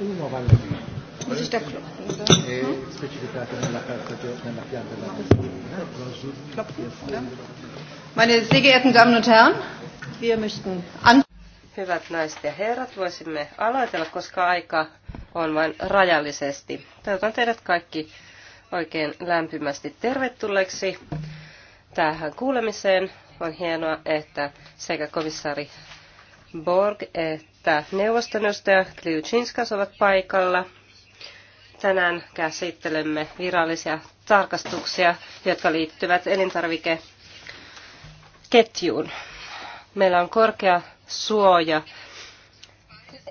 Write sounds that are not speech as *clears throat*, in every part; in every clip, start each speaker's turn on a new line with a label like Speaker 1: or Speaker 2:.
Speaker 1: uno va alla Così sta E mm? specificato nella carta nella pianta della canzone.
Speaker 2: Meine sehr geehrten Damen und Herren, wir möchten an Hyvät naiset ja herrat, voisimme aloitella, koska aika on vain rajallisesti. Toivotan teidät kaikki oikein lämpimästi tervetulleeksi tähän kuulemiseen. On hienoa, että sekä komissaari Borg että neuvostonjohtaja edustaja Kliuchinskas ovat paikalla. Tänään käsittelemme virallisia tarkastuksia, jotka liittyvät elintarvikeketjuun. Meillä on korkea suoja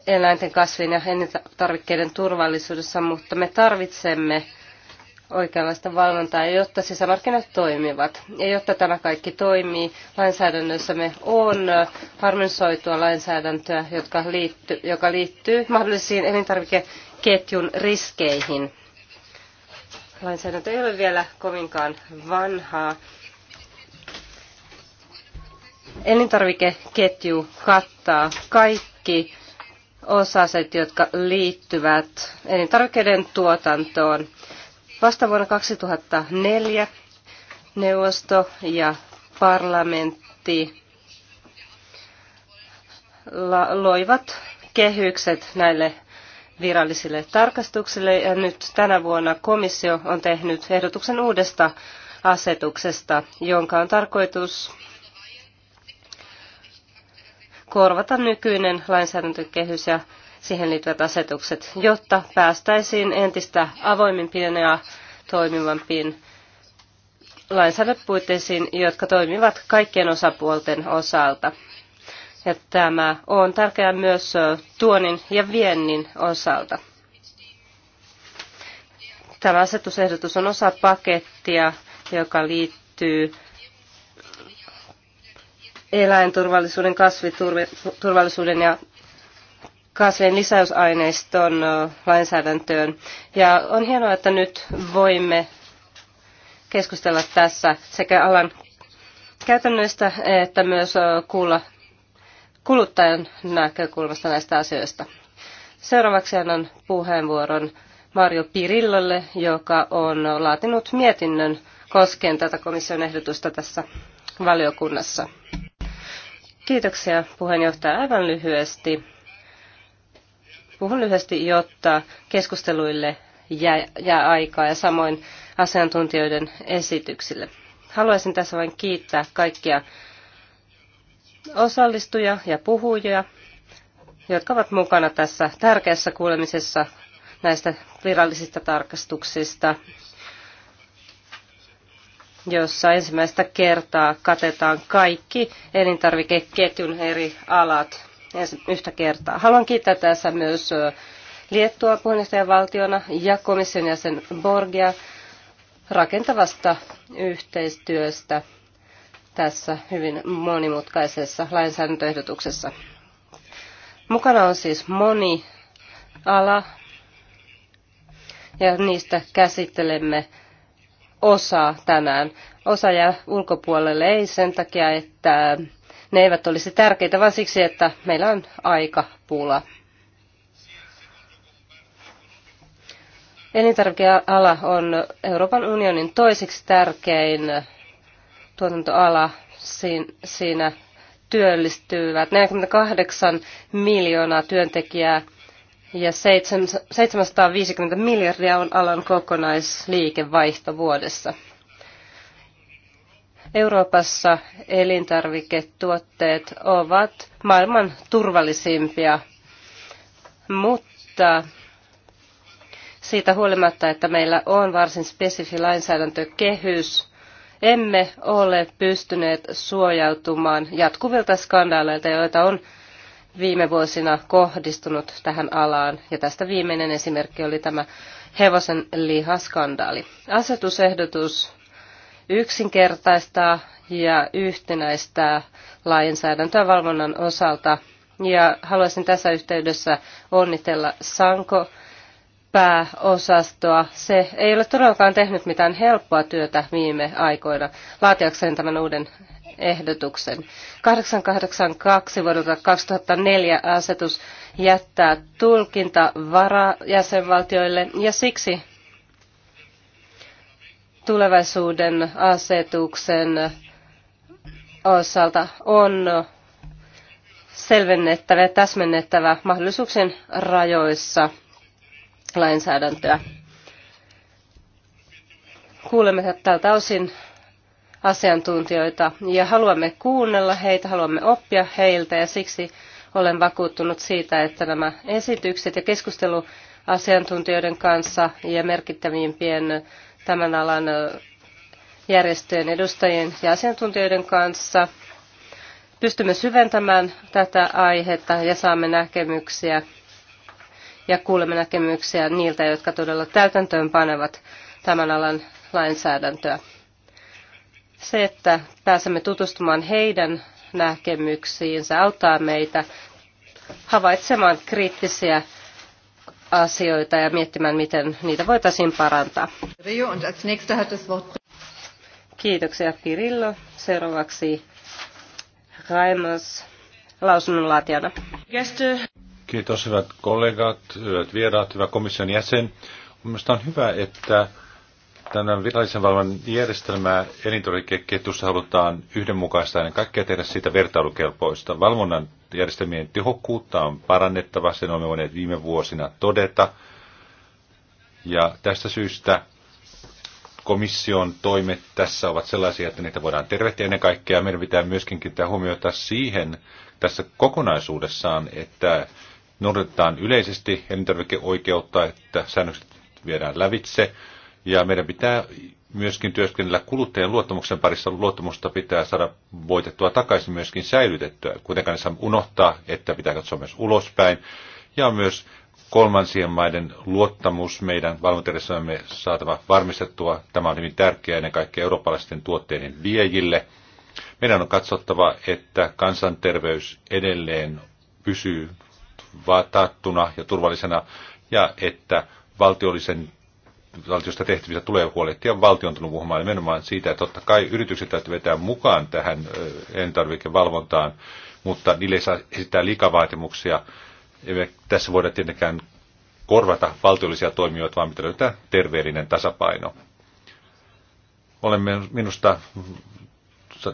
Speaker 2: eläinten kasvien ja elintarvikkeiden turvallisuudessa, mutta me tarvitsemme oikeanlaista valvontaa, jotta sisämarkkinat toimivat. Ja jotta tämä kaikki toimii, lainsäädännössämme on harmonisoitua lainsäädäntöä, jotka liitty, joka liittyy mahdollisiin elintarvikeketjun riskeihin. Lainsäädäntö ei ole vielä kovinkaan vanhaa. Elintarvikeketju kattaa kaikki osaset, jotka liittyvät elintarvikkeiden tuotantoon Vasta vuonna 2004 neuvosto ja parlamentti loivat kehykset näille virallisille tarkastuksille ja nyt tänä vuonna komissio on tehnyt ehdotuksen uudesta asetuksesta, jonka on tarkoitus korvata nykyinen lainsäädäntökehys ja siihen liittyvät asetukset, jotta päästäisiin entistä avoimimpien ja toimivampiin lainsäädäntöpuitteisiin, jotka toimivat kaikkien osapuolten osalta. Ja tämä on tärkeää myös tuonin ja viennin osalta. Tämä asetusehdotus on osa pakettia, joka liittyy eläinturvallisuuden, kasviturvallisuuden ja kasvien lisäysaineiston lainsäädäntöön. Ja on hienoa, että nyt voimme keskustella tässä sekä alan käytännöistä että myös kuulla kuluttajan näkökulmasta näistä asioista. Seuraavaksi annan puheenvuoron Mario Pirillolle, joka on laatinut mietinnön koskien tätä komission ehdotusta tässä valiokunnassa. Kiitoksia puheenjohtaja aivan lyhyesti Puhun lyhyesti, jotta keskusteluille jää, jää aikaa ja samoin asiantuntijoiden esityksille. Haluaisin tässä vain kiittää kaikkia osallistujia ja puhujia, jotka ovat mukana tässä tärkeässä kuulemisessa näistä virallisista tarkastuksista, jossa ensimmäistä kertaa katetaan kaikki elintarvikeketjun eri alat yhtä kertaa. Haluan kiittää tässä myös Liettua puheenjohtajavaltiona ja komission jäsen Borgia rakentavasta yhteistyöstä tässä hyvin monimutkaisessa lainsäädäntöehdotuksessa. Mukana on siis moni ala ja niistä käsittelemme osaa tänään. Osa jää ulkopuolelle ei sen takia, että ne eivät olisi tärkeitä, vaan siksi, että meillä on aikapula. Elintarvikeala on Euroopan unionin toiseksi tärkein tuotantoala. Siinä työllistyvät 48 miljoonaa työntekijää ja 750 miljardia on alan kokonaisliikevaihto vuodessa. Euroopassa elintarviketuotteet ovat maailman turvallisimpia, mutta siitä huolimatta, että meillä on varsin spesifi lainsäädäntökehys, emme ole pystyneet suojautumaan jatkuvilta skandaaleilta, joita on viime vuosina kohdistunut tähän alaan. Ja tästä viimeinen esimerkki oli tämä hevosen lihaskandaali. Asetusehdotus yksinkertaistaa ja yhtenäistää lainsäädäntöä valvonnan osalta. Ja haluaisin tässä yhteydessä onnitella Sanko pääosastoa. Se ei ole todellakaan tehnyt mitään helppoa työtä viime aikoina laatiakseen tämän uuden ehdotuksen. 882 vuodelta 2004 asetus jättää tulkinta vara jäsenvaltioille ja siksi tulevaisuuden asetuksen osalta on selvennettävä ja täsmennettävä mahdollisuuksien rajoissa lainsäädäntöä. Kuulemme tältä osin asiantuntijoita ja haluamme kuunnella heitä, haluamme oppia heiltä ja siksi olen vakuuttunut siitä, että nämä esitykset ja keskustelu asiantuntijoiden kanssa ja merkittävimpien tämän alan järjestöjen edustajien ja asiantuntijoiden kanssa. Pystymme syventämään tätä aihetta ja saamme näkemyksiä ja kuulemme näkemyksiä niiltä, jotka todella täytäntöön panevat tämän alan lainsäädäntöä. Se, että pääsemme tutustumaan heidän näkemyksiinsä, auttaa meitä havaitsemaan kriittisiä asioita ja miettimään, miten niitä voitaisiin parantaa. Rio, und als nächster hat das Wort... Kiitoksia Pirillo. Seuraavaksi Raimas lausunnonlaatijana.
Speaker 1: Kiitos hyvät kollegat, hyvät vieraat, hyvä komission jäsen. Mielestäni on hyvä, että Tämän virallisen valvonnan järjestelmää elintarvikeketjussa halutaan yhdenmukaista ja kaikkea tehdä siitä vertailukelpoista. Valvonnan järjestelmien tehokkuutta on parannettava, sen olemme voineet viime vuosina todeta. Ja tästä syystä komission toimet tässä ovat sellaisia, että niitä voidaan tervehtiä ennen kaikkea. Meidän pitää myöskin kiinnittää huomiota siihen tässä kokonaisuudessaan, että noudatetaan yleisesti elintarvikeoikeutta, että säännökset viedään lävitse ja meidän pitää myöskin työskennellä kuluttajien luottamuksen parissa. Luottamusta pitää saada voitettua takaisin myöskin säilytettyä. Kuitenkaan ei saa unohtaa, että pitää katsoa myös ulospäin. Ja myös kolmansien maiden luottamus meidän valvontajärjestelmämme saatava varmistettua. Tämä on hyvin tärkeää ennen kaikkea eurooppalaisten tuotteiden viejille. Meidän on katsottava, että kansanterveys edelleen pysyy vaatattuna ja turvallisena ja että valtiollisen valtiosta tehtävistä tulee huolehtia valtion puhumaan nimenomaan siitä, että totta kai yritykset täytyy vetää mukaan tähän elintarvikevalvontaan, mutta niille ei saa esittää liikavaatimuksia. Emme tässä voida tietenkään korvata valtiollisia toimijoita, vaan pitää löytää terveellinen tasapaino. Olemme minusta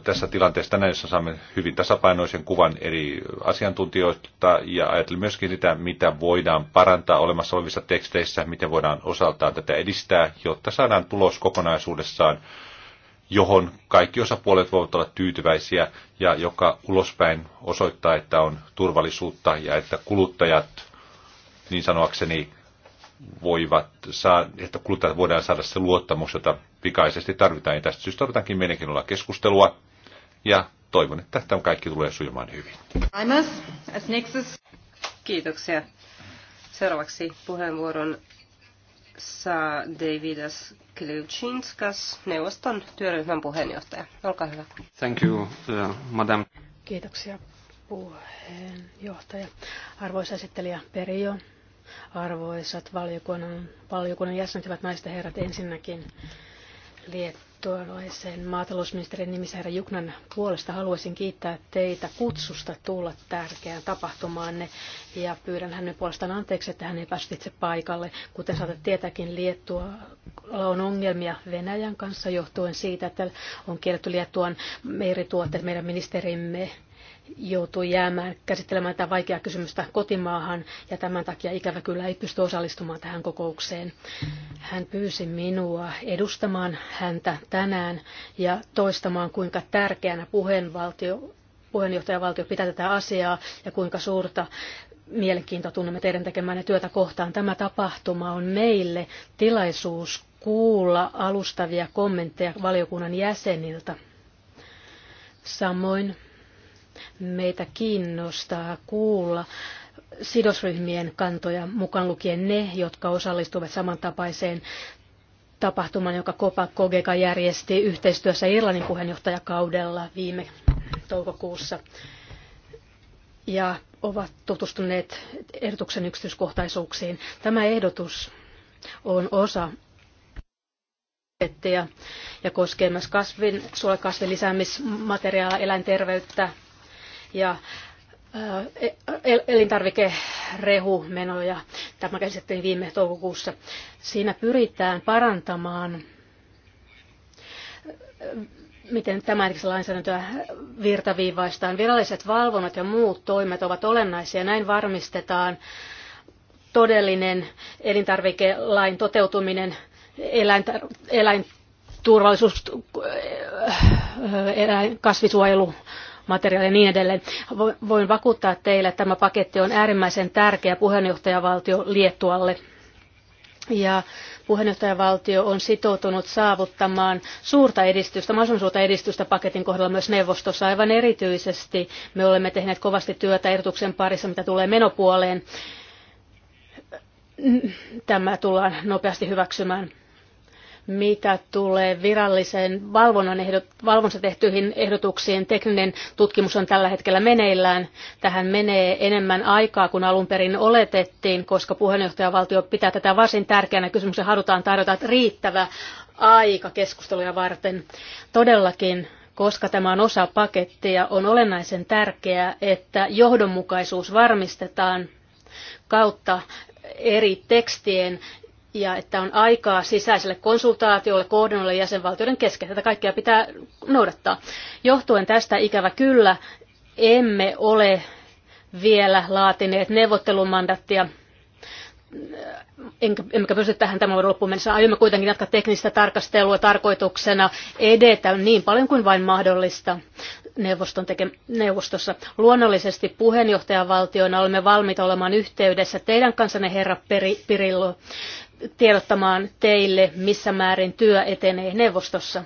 Speaker 1: tässä tilanteessa tänään, jossa saamme hyvin tasapainoisen kuvan eri asiantuntijoista ja ajatellen myöskin sitä, mitä voidaan parantaa olemassa olevissa teksteissä, miten voidaan osaltaan tätä edistää, jotta saadaan tulos kokonaisuudessaan, johon kaikki osapuolet voivat olla tyytyväisiä ja joka ulospäin osoittaa, että on turvallisuutta ja että kuluttajat, niin sanoakseni, voivat saa, että kuluttajat voidaan saada se luottamus, jota pikaisesti tarvitaan. Ja tästä syystä tarvitaankin mielenkiinnolla keskustelua ja toivon, että tämä kaikki tulee sujumaan hyvin.
Speaker 2: Kiitoksia. Seuraavaksi puheenvuoron saa Davidas Klevchinskas, neuvoston työryhmän puheenjohtaja. Olkaa
Speaker 3: hyvä. Thank you, uh, madam. Kiitoksia puheenjohtaja. Arvoisa esittelijä Perio, arvoisat valiokunnan, valiokunnan jäsenet, hyvät naiset ja herrat, ensinnäkin liettualaisen maatalousministerin nimissä herra Juknan puolesta haluaisin kiittää teitä kutsusta tulla tärkeään tapahtumaanne ja pyydän hänen puolestaan anteeksi, että hän ei päässyt itse paikalle. Kuten saatat tietääkin, Liettualla on ongelmia Venäjän kanssa johtuen siitä, että on kielletty Liettuan meirituotteet. Meidän ministerimme joutui jäämään käsittelemään tätä vaikeaa kysymystä kotimaahan ja tämän takia ikävä kyllä ei pysty osallistumaan tähän kokoukseen. Hän pyysi minua edustamaan häntä tänään ja toistamaan kuinka tärkeänä puheenvaltio, puheenjohtajavaltio pitää tätä asiaa ja kuinka suurta mielenkiintoa tunnemme teidän tekemänne työtä kohtaan. Tämä tapahtuma on meille tilaisuus kuulla alustavia kommentteja valiokunnan jäseniltä. Samoin Meitä kiinnostaa kuulla sidosryhmien kantoja, mukaan lukien ne, jotka osallistuvat samantapaiseen tapahtumaan, joka Kopa Kogeka järjesti yhteistyössä Irlannin puheenjohtajakaudella viime toukokuussa. Ja ovat tutustuneet ehdotuksen yksityiskohtaisuuksiin. Tämä ehdotus on osa ja koskee myös kasvin, suolakasvin lisäämismateriaalia, eläinterveyttä, ja e, elintarvikerehumenoja. Tämä käsiteltiin viime toukokuussa. Siinä pyritään parantamaan miten tämä lainsäädäntöä virtaviivaistaan. Viralliset valvonnat ja muut toimet ovat olennaisia. Näin varmistetaan todellinen elintarvikelain toteutuminen, eläintar- eläinturvallisuus, eläin, kasvisuojelu, materiaalia ja niin edelleen. Voin vakuuttaa teille, että tämä paketti on äärimmäisen tärkeä puheenjohtajavaltio Liettualle. Ja puheenjohtajavaltio on sitoutunut saavuttamaan suurta edistystä, mahdollisimman suurta edistystä paketin kohdalla myös neuvostossa. Aivan erityisesti me olemme tehneet kovasti työtä ehdotuksen parissa, mitä tulee menopuoleen. Tämä tullaan nopeasti hyväksymään. Mitä tulee viralliseen valvonnan ehdot, valvonsa tehtyihin ehdotuksiin, tekninen tutkimus on tällä hetkellä meneillään. Tähän menee enemmän aikaa kuin alun perin oletettiin, koska puheenjohtajavaltio pitää tätä varsin tärkeänä kysymyksen. Halutaan tarjota riittävä aika keskusteluja varten. Todellakin koska tämä on osa pakettia, on olennaisen tärkeää, että johdonmukaisuus varmistetaan kautta eri tekstien ja että on aikaa sisäiselle konsultaatiolle, koordinoille jäsenvaltioiden kesken. Tätä kaikkea pitää noudattaa. Johtuen tästä ikävä kyllä emme ole vielä laatineet neuvottelumandattia enkä, emmekä pysty tähän tämän vuoden loppuun mennessä. Aiomme kuitenkin jatkaa teknistä tarkastelua tarkoituksena edetä niin paljon kuin vain mahdollista neuvoston teke- neuvostossa. Luonnollisesti puheenjohtajavaltiona olemme valmiita olemaan yhteydessä teidän kanssanne, herra Pirillo, tiedottamaan teille, missä määrin työ etenee neuvostossa.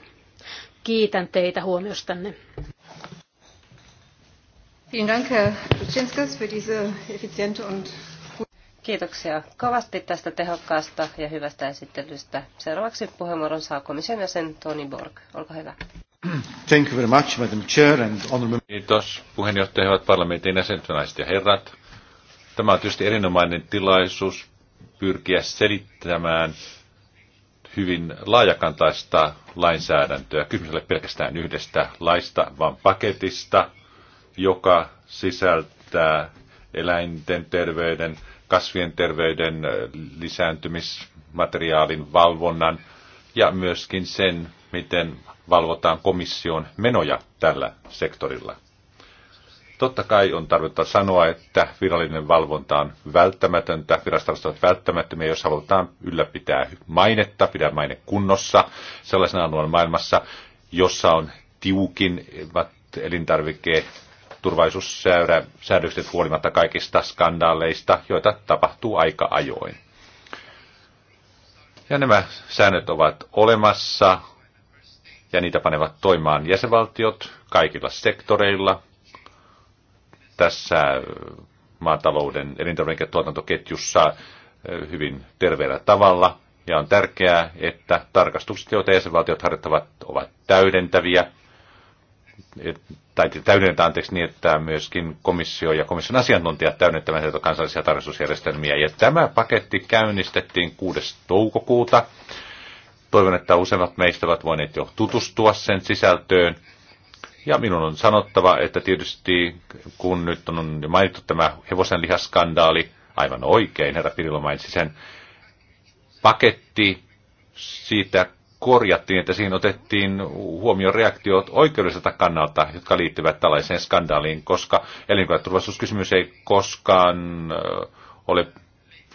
Speaker 3: Kiitän teitä huomiostanne.
Speaker 2: Kiitoksia kovasti tästä tehokkaasta ja hyvästä esittelystä. Seuraavaksi puheenvuoron saa komission jäsen Toni Borg. Olkaa hyvä.
Speaker 1: Thank you very much, Madam Chair and honorable... Kiitos puheenjohtaja, hyvät parlamentin jäsenet, naiset ja herrat. Tämä on tietysti erinomainen tilaisuus pyrkiä selittämään hyvin laajakantaista lainsäädäntöä. Kysymys ei pelkästään yhdestä laista, vaan paketista, joka sisältää eläinten terveyden, kasvien terveyden, äh, lisääntymismateriaalin valvonnan ja myöskin sen, miten valvotaan komission menoja tällä sektorilla. Totta kai on tarvetta sanoa, että virallinen valvonta on välttämätöntä, virastot ovat välttämättömiä, jos halutaan ylläpitää mainetta, pidä maine kunnossa sellaisena alueen maailmassa, jossa on tiukin elintarvikkeet turvallisuussäädökset huolimatta kaikista skandaaleista, joita tapahtuu aika ajoin. Ja nämä säännöt ovat olemassa ja niitä panevat toimaan jäsenvaltiot kaikilla sektoreilla, tässä maatalouden elintarviketuotantoketjussa eh, hyvin terveellä tavalla. Ja on tärkeää, että tarkastukset, joita jäsenvaltiot harjoittavat, ovat täydentäviä, tai täydentää anteeksi niin, että myöskin komissio ja komission asiantuntijat täydentävät näitä kansallisia tarkastusjärjestelmiä. Ja tämä paketti käynnistettiin 6. toukokuuta. Toivon, että useimmat meistä ovat voineet jo tutustua sen sisältöön. Ja minun on sanottava, että tietysti kun nyt on mainittu tämä hevosen lihaskandaali, aivan oikein, herra Pirilo mainitsi sen, paketti siitä korjattiin, että siinä otettiin huomioon reaktiot oikeudelliselta kannalta, jotka liittyvät tällaiseen skandaaliin, koska elinkeinoturvallisuuskysymys ei koskaan äh, ole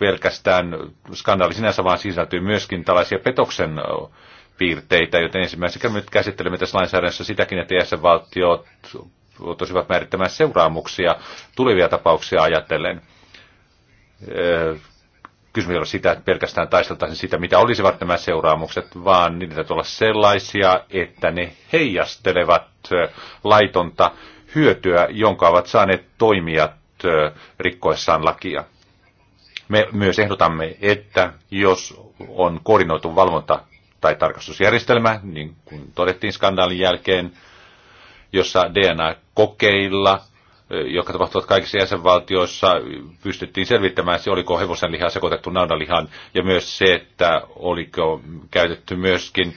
Speaker 1: pelkästään skandaali sinänsä, vaan sisältyy myöskin tällaisia petoksen äh, piirteitä, joten ensimmäisenä nyt käsittelemme tässä lainsäädännössä sitäkin, että jäsenvaltiot tosivat määrittämään seuraamuksia tulevia tapauksia ajatellen. Kysymys ei ole sitä, että pelkästään taisteltaisiin sitä, mitä olisivat nämä seuraamukset, vaan niitä täytyy olla sellaisia, että ne heijastelevat laitonta hyötyä, jonka ovat saaneet toimijat rikkoessaan lakia. Me myös ehdotamme, että jos on koordinoitu valvonta tai tarkastusjärjestelmä, niin kuin todettiin skandaalin jälkeen, jossa DNA-kokeilla, jotka tapahtuvat kaikissa jäsenvaltioissa, pystyttiin selvittämään se, oliko hevosen lihaa sekoitettu naudanlihaan, ja myös se, että oliko käytetty myöskin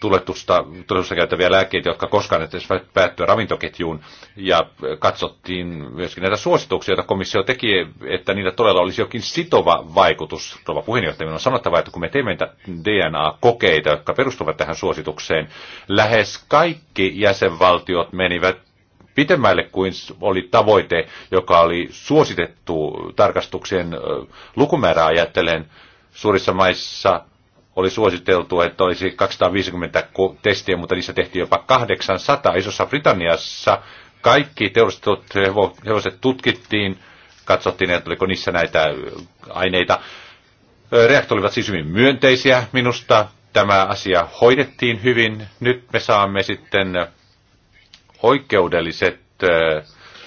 Speaker 1: tuletusta, tuletusta käyttäviä lääkkeitä, jotka koskaan eivät päättyä ravintoketjuun. Ja katsottiin myöskin näitä suosituksia, joita komissio teki, että niillä todella olisi jokin sitova vaikutus. Tuolla puheenjohtaja on sanottava, että kun me teemme DNA-kokeita, jotka perustuvat tähän suositukseen, lähes kaikki jäsenvaltiot menivät pitemmälle kuin oli tavoite, joka oli suositettu tarkastuksien lukumäärää ajattelen. Suurissa maissa oli suositeltu, että olisi 250 testiä, mutta niissä tehtiin jopa 800. Isossa Britanniassa kaikki teurastetut hevoset tutkittiin, katsottiin, että oliko niissä näitä äh, aineita. Reaktio olivat siis hyvin myönteisiä minusta. Tämä asia hoidettiin hyvin. Nyt me saamme sitten oikeudelliset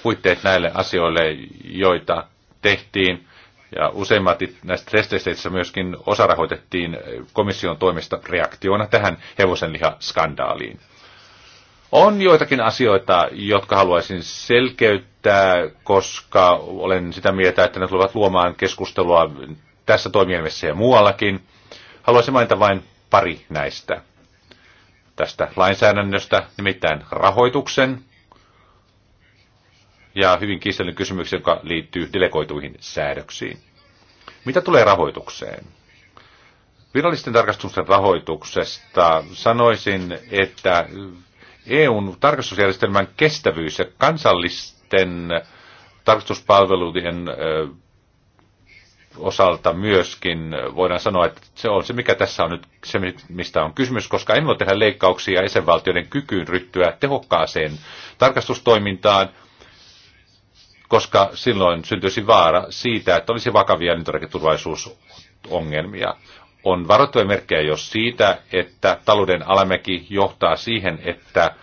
Speaker 1: puitteet näille asioille, joita tehtiin ja useimmat näistä testeissä myöskin osarahoitettiin komission toimesta reaktiona tähän hevosenlihaskandaaliin. On joitakin asioita, jotka haluaisin selkeyttää, koska olen sitä mieltä, että ne tulevat luomaan keskustelua tässä toimielimessä ja muuallakin. Haluaisin mainita vain pari näistä tästä lainsäädännöstä, nimittäin rahoituksen ja hyvin kiistellinen kysymys, joka liittyy delegoituihin säädöksiin. Mitä tulee rahoitukseen? Virallisten tarkastusten rahoituksesta sanoisin, että EUn tarkastusjärjestelmän kestävyys ja kansallisten tarkastuspalveluiden osalta myöskin voidaan sanoa, että se on se, mikä tässä on nyt se, mistä on kysymys, koska emme voi tehdä leikkauksia jäsenvaltioiden kykyyn ryhtyä tehokkaaseen tarkastustoimintaan – koska silloin syntyisi vaara siitä, että olisi vakavia elintarviketurvallisuusongelmia. On varoittavia merkkejä jo siitä, että talouden alamäki johtaa siihen, että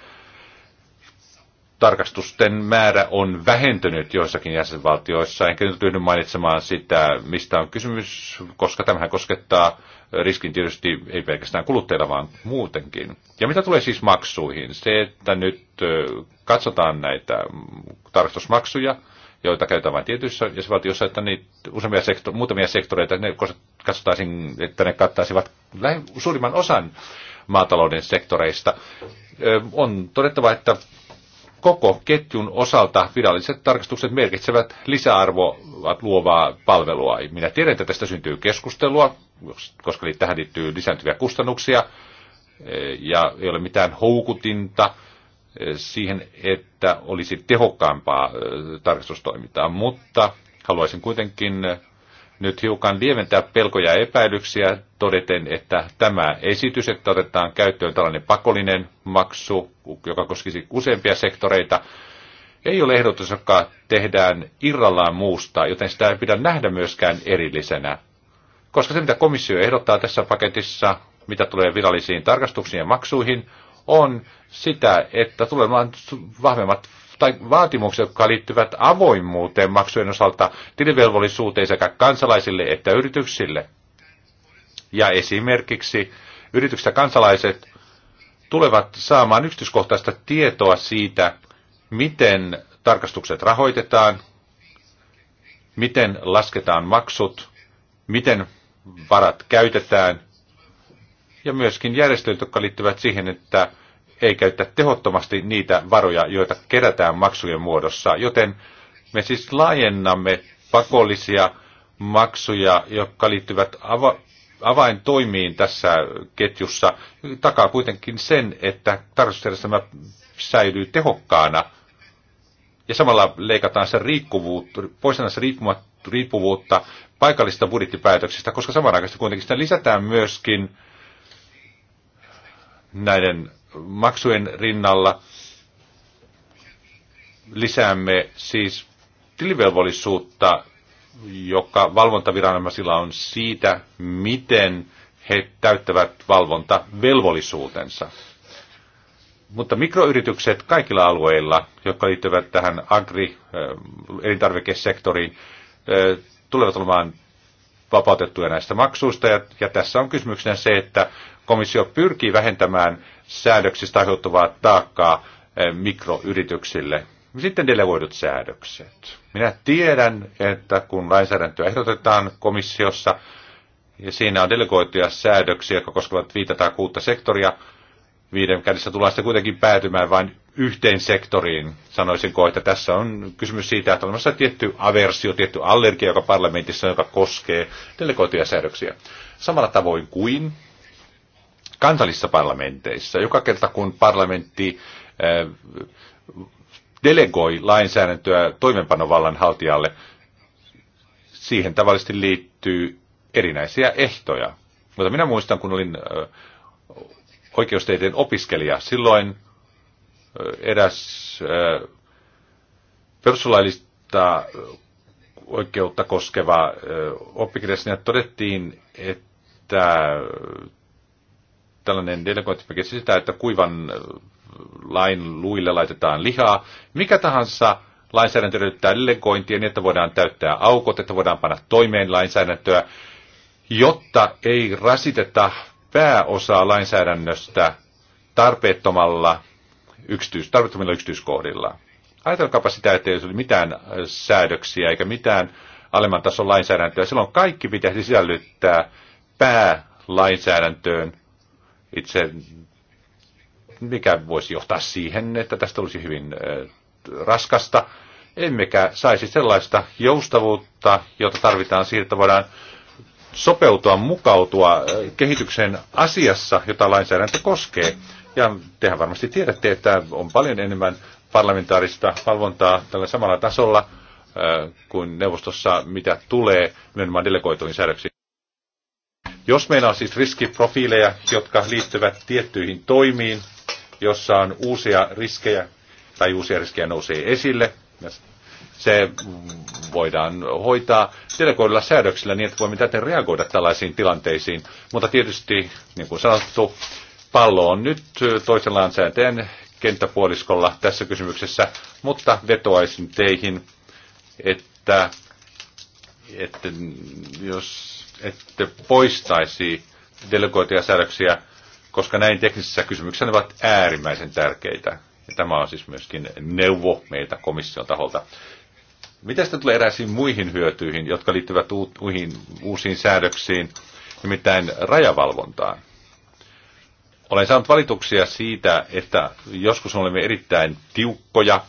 Speaker 1: tarkastusten määrä on vähentynyt joissakin jäsenvaltioissa. Enkä nyt yhdy mainitsemaan sitä, mistä on kysymys, koska tämähän koskettaa riskin tietysti ei pelkästään kuluttajilla, vaan muutenkin. Ja mitä tulee siis maksuihin? Se, että nyt katsotaan näitä tarkastusmaksuja, joita käytetään vain tietyissä jäsenvaltioissa, että niitä sekto, muutamia sektoreita, ne katsotaisiin, että ne kattaisivat suurimman osan maatalouden sektoreista. On todettava, että koko ketjun osalta viralliset tarkastukset merkitsevät lisäarvoa luovaa palvelua. Minä tiedän, että tästä syntyy keskustelua, koska tähän liittyy lisääntyviä kustannuksia ja ei ole mitään houkutinta – siihen, että olisi tehokkaampaa tarkastustoimintaa, mutta haluaisin kuitenkin nyt hiukan lieventää pelkoja ja epäilyksiä todeten, että tämä esitys, että otetaan käyttöön tällainen pakollinen maksu, joka koskisi useampia sektoreita, ei ole ehdotus, joka tehdään irrallaan muusta, joten sitä ei pidä nähdä myöskään erillisenä. Koska se, mitä komissio ehdottaa tässä paketissa, mitä tulee virallisiin tarkastuksiin ja maksuihin, on sitä, että tulemaan vahvemmat tai vaatimukset, jotka liittyvät avoimuuteen maksujen osalta tilivelvollisuuteen sekä kansalaisille että yrityksille. Ja esimerkiksi yritykset ja kansalaiset tulevat saamaan yksityiskohtaista tietoa siitä, miten tarkastukset rahoitetaan, miten lasketaan maksut, miten varat käytetään ja myöskin järjestöt, jotka liittyvät siihen, että ei käytä tehottomasti niitä varoja, joita kerätään maksujen muodossa. Joten me siis laajennamme pakollisia maksuja, jotka liittyvät ava- avaintoimiin tässä ketjussa, takaa kuitenkin sen, että tarkastusjärjestelmä säilyy tehokkaana ja samalla leikataan se riippuvuutta, poistetaan se riippuvuutta paikallista budjettipäätöksistä, koska samanaikaisesti kuitenkin sitä lisätään myöskin näiden maksujen rinnalla lisäämme siis tilivelvollisuutta, joka valvontaviranomaisilla on siitä, miten he täyttävät valvontavelvollisuutensa. Mutta mikroyritykset kaikilla alueilla, jotka liittyvät tähän agri-elintarvikesektoriin, eh, eh, tulevat olemaan vapautettuja näistä maksuista. Ja, ja tässä on kysymyksenä se, että komissio pyrkii vähentämään säädöksistä aiheutuvaa taakkaa eh, mikroyrityksille. Sitten delegoidut säädökset. Minä tiedän, että kun lainsäädäntöä ehdotetaan komissiossa, ja siinä on delegoituja säädöksiä, jotka koskevat viitä tai kuutta sektoria, viiden kädessä tullaan sitten kuitenkin päätymään vain yhteen sektoriin. Sanoisinko, että tässä on kysymys siitä, että on olemassa tietty aversio, tietty allergia, joka parlamentissa on, joka koskee delegoituja säädöksiä. Samalla tavoin kuin kansallisissa parlamenteissa. Joka kerta kun parlamentti eh, delegoi lainsäädäntöä toimenpanovallan haltijalle, siihen tavallisesti liittyy erinäisiä ehtoja. Mutta minä muistan, kun olin eh, oikeustieteen opiskelija, silloin eh, eräs perustuslaillista oikeutta koskeva oppikirjassa todettiin, että tällainen delegointi merkitsi sitä, että kuivan äh, lain luille laitetaan lihaa. Mikä tahansa lainsäädäntö edellyttää delegointia niin, että voidaan täyttää aukot, että voidaan panna toimeen lainsäädäntöä, jotta ei rasiteta pääosaa lainsäädännöstä tarpeettomalla yksityis, tarpeettomilla yksityiskohdilla. Ajatelkaapa sitä, että ei ole mitään äh, säädöksiä eikä mitään alemman tason lainsäädäntöä. Silloin kaikki pitäisi sisällyttää päälainsäädäntöön, itse, mikä voisi johtaa siihen, että tästä olisi hyvin raskasta, emmekä saisi sellaista joustavuutta, jota tarvitaan siitä, että voidaan sopeutua, mukautua kehityksen asiassa, jota lainsäädäntö koskee. Ja tehän varmasti tiedätte, että on paljon enemmän parlamentaarista valvontaa tällä samalla tasolla kuin neuvostossa, mitä tulee nimenomaan delegoituihin säädöksiin. Jos meillä on siis riskiprofiileja, jotka liittyvät tiettyihin toimiin, jossa on uusia riskejä tai uusia riskejä nousee esille, se voidaan hoitaa delegoidulla säädöksillä niin, että voimme täten reagoida tällaisiin tilanteisiin. Mutta tietysti, niin kuin sanottu, pallo on nyt toisen lainsäätäjän kenttäpuoliskolla tässä kysymyksessä, mutta vetoaisin teihin, että, että jos ette poistaisi delegoituja säädöksiä, koska näin teknisissä kysymyksissä ne ovat äärimmäisen tärkeitä. Ja tämä on siis myöskin neuvo meitä komission taholta. Mitä sitten tulee eräisiin muihin hyötyihin, jotka liittyvät uusiin, uusiin säädöksiin, nimittäin rajavalvontaan? Olen saanut valituksia siitä, että joskus olemme erittäin tiukkoja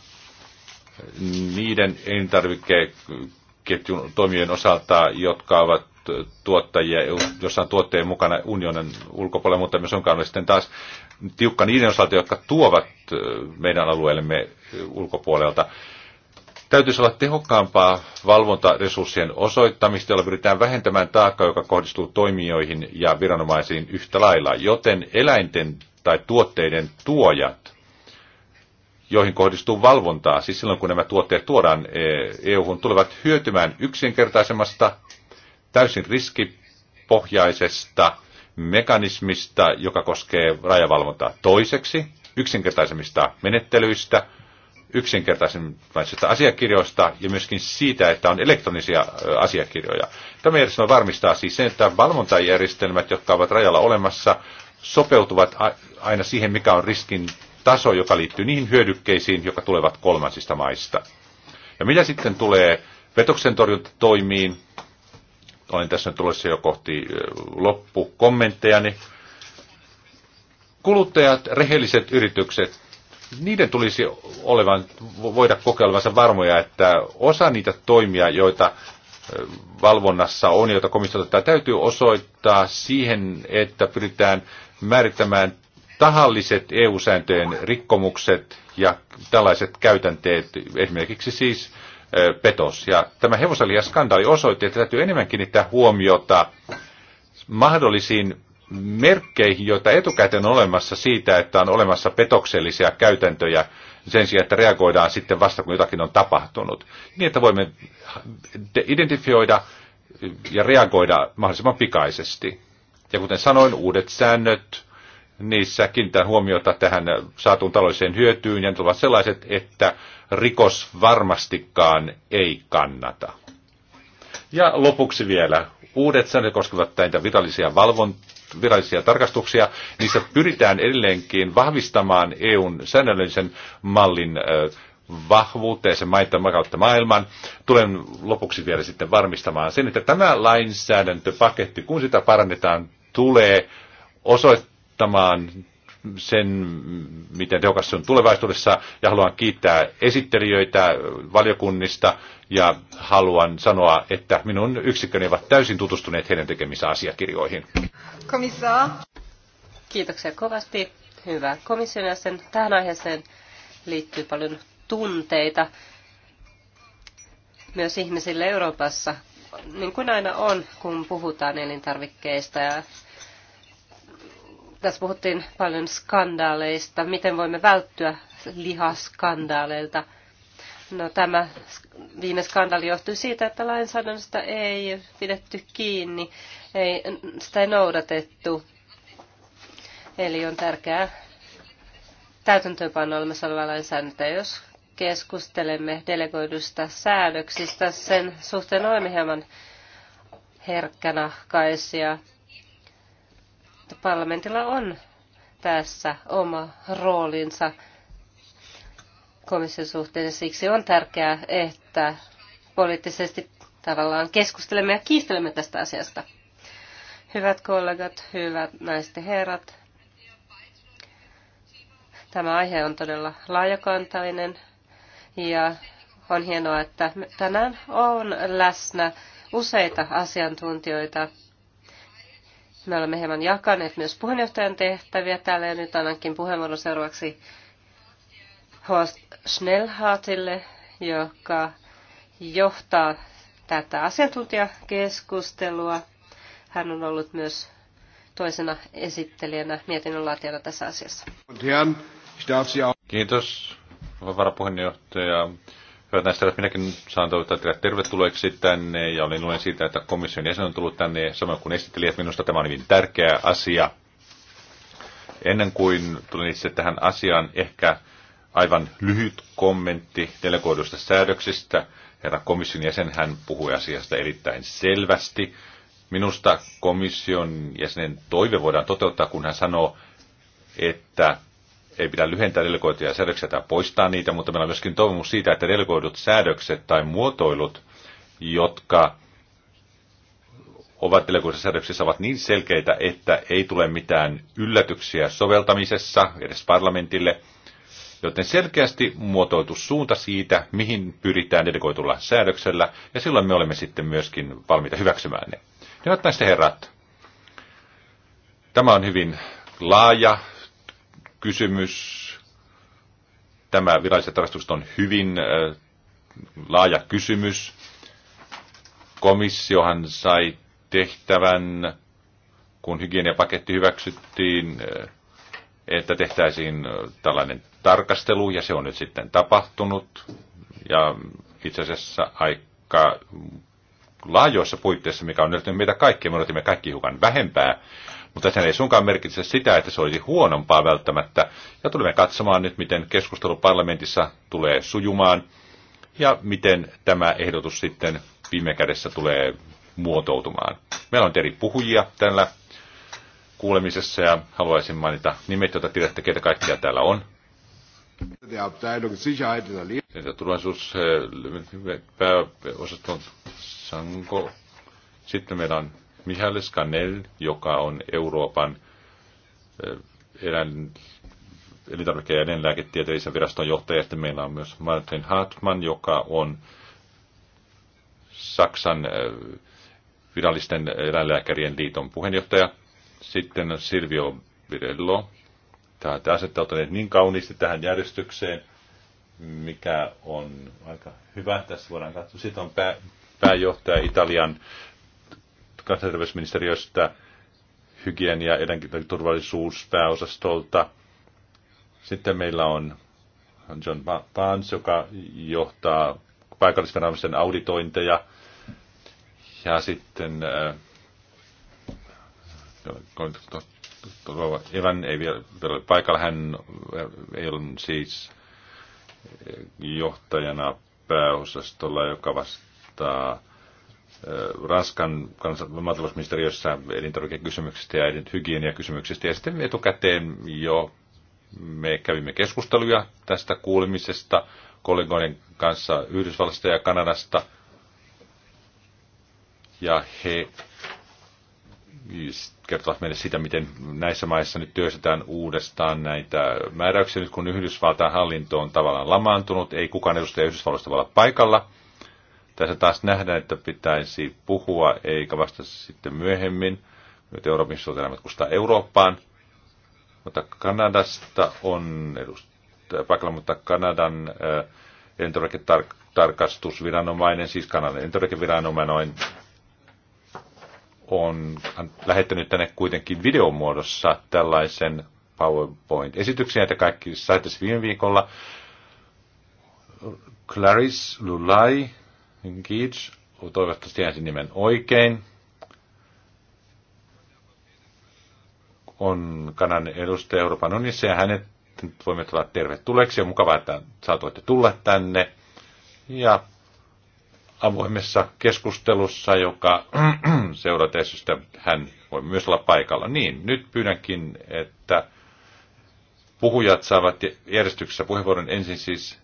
Speaker 1: niiden elintarvikeketjun toimijoiden osalta, jotka ovat tuottajia, jossa on mukana unionin ulkopuolella, mutta myös onkaan sitten taas tiukka niiden osalta, jotka tuovat meidän alueellemme ulkopuolelta. Täytyisi olla tehokkaampaa valvontaresurssien osoittamista, jolla pyritään vähentämään taakkaa, joka kohdistuu toimijoihin ja viranomaisiin yhtä lailla, joten eläinten tai tuotteiden tuojat, joihin kohdistuu valvontaa, siis silloin kun nämä tuotteet tuodaan e, EU-hun, tulevat hyötymään yksinkertaisemmasta täysin riskipohjaisesta mekanismista, joka koskee rajavalvontaa toiseksi, yksinkertaisemmista menettelyistä, yksinkertaisemmista asiakirjoista ja myöskin siitä, että on elektronisia asiakirjoja. Tämä järjestelmä varmistaa siis sen, että valvontajärjestelmät, jotka ovat rajalla olemassa, sopeutuvat aina siihen, mikä on riskin taso, joka liittyy niihin hyödykkeisiin, jotka tulevat kolmansista maista. Ja mitä sitten tulee petoksen torjuntatoimiin, olen tässä nyt tulossa jo kohti loppukommenttejani. Kuluttajat, rehelliset yritykset, niiden tulisi olevan, voida kokeilevansa varmoja, että osa niitä toimia, joita valvonnassa on, joita komissiota täytyy osoittaa siihen, että pyritään määrittämään tahalliset EU-sääntöjen rikkomukset ja tällaiset käytänteet, esimerkiksi siis petos. Ja tämä hevosalian skandaali osoitti, että täytyy enemmän kiinnittää huomiota mahdollisiin merkkeihin, joita etukäteen on olemassa siitä, että on olemassa petoksellisia käytäntöjä sen sijaan, että reagoidaan sitten vasta, kun jotakin on tapahtunut. Niin, että voimme identifioida ja reagoida mahdollisimman pikaisesti. Ja kuten sanoin, uudet säännöt niissä kiinnitetään huomiota tähän saatuun taloudelliseen hyötyyn ja ne ovat sellaiset, että rikos varmastikaan ei kannata. Ja lopuksi vielä uudet säännöt koskevat näitä virallisia valvon, virallisia tarkastuksia. Niissä pyritään edelleenkin vahvistamaan EUn säännöllisen mallin vahvuutta ja sen maita kautta maailman. Tulen lopuksi vielä sitten varmistamaan sen, että tämä lainsäädäntöpaketti, kun sitä parannetaan, tulee osoittamaan osoittamaan sen, miten tehokas se on tulevaisuudessa, ja haluan kiittää esittelijöitä valiokunnista, ja haluan sanoa, että minun yksikköni ovat täysin tutustuneet heidän tekemissä asiakirjoihin.
Speaker 2: Komissaa. Kiitoksia kovasti. Hyvä komission jäsen. Tähän aiheeseen liittyy paljon tunteita myös ihmisille Euroopassa, niin kuin aina on, kun puhutaan elintarvikkeista ja tässä puhuttiin paljon skandaaleista. Miten voimme välttyä lihaskandaaleilta? No, tämä viime skandaali johtui siitä, että lainsäädännöstä ei pidetty kiinni, ei, sitä ei noudatettu. Eli on tärkeää täytäntöönpanna olemassa olevaa lainsäädäntöä. Jos keskustelemme delegoidusta säädöksistä, sen suhteen olemme hieman herkkänahkaisia että parlamentilla on tässä oma roolinsa komission suhteen. Ja siksi on tärkeää, että poliittisesti tavallaan keskustelemme ja kiistelemme tästä asiasta. Hyvät kollegat, hyvät naiset ja herrat, tämä aihe on todella laajakantainen ja on hienoa, että tänään on läsnä useita asiantuntijoita me olemme hieman jakaneet myös puheenjohtajan tehtäviä täällä ja nyt annankin puheenvuoron seuraavaksi Horst Schnellhartille, joka johtaa tätä asiantuntijakeskustelua. Hän on ollut myös toisena esittelijänä mietinnön laatijana tässä asiassa.
Speaker 1: Kiitos, varapuheenjohtaja. Hyvät näistä, minäkin saan toivottaa teille tervetulleeksi tänne ja olen iloinen siitä, että komission jäsen on tullut tänne samoin kuin että Minusta tämä on hyvin tärkeä asia. Ennen kuin tulin itse tähän asiaan, ehkä aivan lyhyt kommentti delegoidusta säädöksistä. Herra komission jäsen hän puhui asiasta erittäin selvästi. Minusta komission jäsenen toive voidaan toteuttaa, kun hän sanoo, että ei pidä lyhentää delegoituja säädöksiä tai poistaa niitä, mutta meillä on myöskin toivomus siitä, että delegoidut säädökset tai muotoilut, jotka ovat delegoidut säädöksissä, ovat niin selkeitä, että ei tule mitään yllätyksiä soveltamisessa edes parlamentille, joten selkeästi muotoiltu suunta siitä, mihin pyritään delegoitulla säädöksellä, ja silloin me olemme sitten myöskin valmiita hyväksymään ne. Hyvät näistä herrat, tämä on hyvin laaja kysymys. Tämä viralliset tarkastukset on hyvin äh, laaja kysymys. Komissiohan sai tehtävän, kun hygieniapaketti hyväksyttiin, äh, että tehtäisiin äh, tällainen tarkastelu, ja se on nyt sitten tapahtunut. Ja itse asiassa aika laajoissa puitteissa, mikä on nyt meitä kaikkia, me odotimme kaikki hiukan vähempää, mutta sehän ei sunkaan merkitse sitä, että se olisi huonompaa välttämättä. Ja tulemme katsomaan nyt, miten keskustelu parlamentissa tulee sujumaan ja miten tämä ehdotus sitten viime kädessä tulee muotoutumaan. Meillä on eri puhujia tällä kuulemisessa ja haluaisin mainita nimet, joita tiedätte, ketä kaikkia täällä on. Der äh, Sanko. Sitten meillä on Mihail Skanel, joka on Euroopan elintarvike- ja eläinlääketieteellisen viraston johtaja. Sitten meillä on myös Martin Hartmann, joka on Saksan virallisten eläinlääkärien liiton puheenjohtaja. Sitten on Silvio Virello. Tämä on asettautuneet niin kauniisti tähän järjestykseen, mikä on aika hyvä. Tässä voidaan katsoa. Sitten on pää, pääjohtaja Italian kansanterveysministeriöstä, hygienia- ja turvallisuuspääosastolta. Sitten meillä on John Barnes, joka johtaa paikallisviranomaisten auditointeja. Ja sitten äh, Evan ei vielä ole paikalla. Hän äh, ei ole siis äh, johtajana pääosastolla, joka vastaa Ranskan maatalousministeriössä elintarvikekysymyksistä ja hygieniakysymyksistä. Ja sitten etukäteen jo me kävimme keskusteluja tästä kuulemisesta kollegoiden kanssa Yhdysvallasta ja Kanadasta. Ja he kertovat meille sitä, miten näissä maissa nyt työstetään uudestaan näitä määräyksiä, nyt kun Yhdysvaltain hallinto on tavallaan lamaantunut, ei kukaan edustaja Yhdysvalloista voi olla paikalla – tässä taas nähdään, että pitäisi puhua, eikä vasta sitten myöhemmin. Nyt Euroopan suhteen matkustaa Eurooppaan. Mutta Kanadasta on edustaja äh, paikalla, mutta Kanadan äh, elintarviketarkastusviranomainen, siis Kanadan elintarvikeviranomainen, on lähettänyt tänne kuitenkin videomuodossa tällaisen PowerPoint-esityksen, että kaikki saitte viime viikolla. Clarice Lulai, Geach, toivottavasti äänsin nimen oikein, on Kanan edustaja Euroopan unissa ja hänet voimme tulla tervetulleeksi. On mukavaa, että saatoitte tulla tänne. Ja avoimessa keskustelussa, joka *clears throat* seuratessystä hän voi myös olla paikalla. Niin, nyt pyydänkin, että puhujat saavat järjestyksessä puheenvuoron ensin siis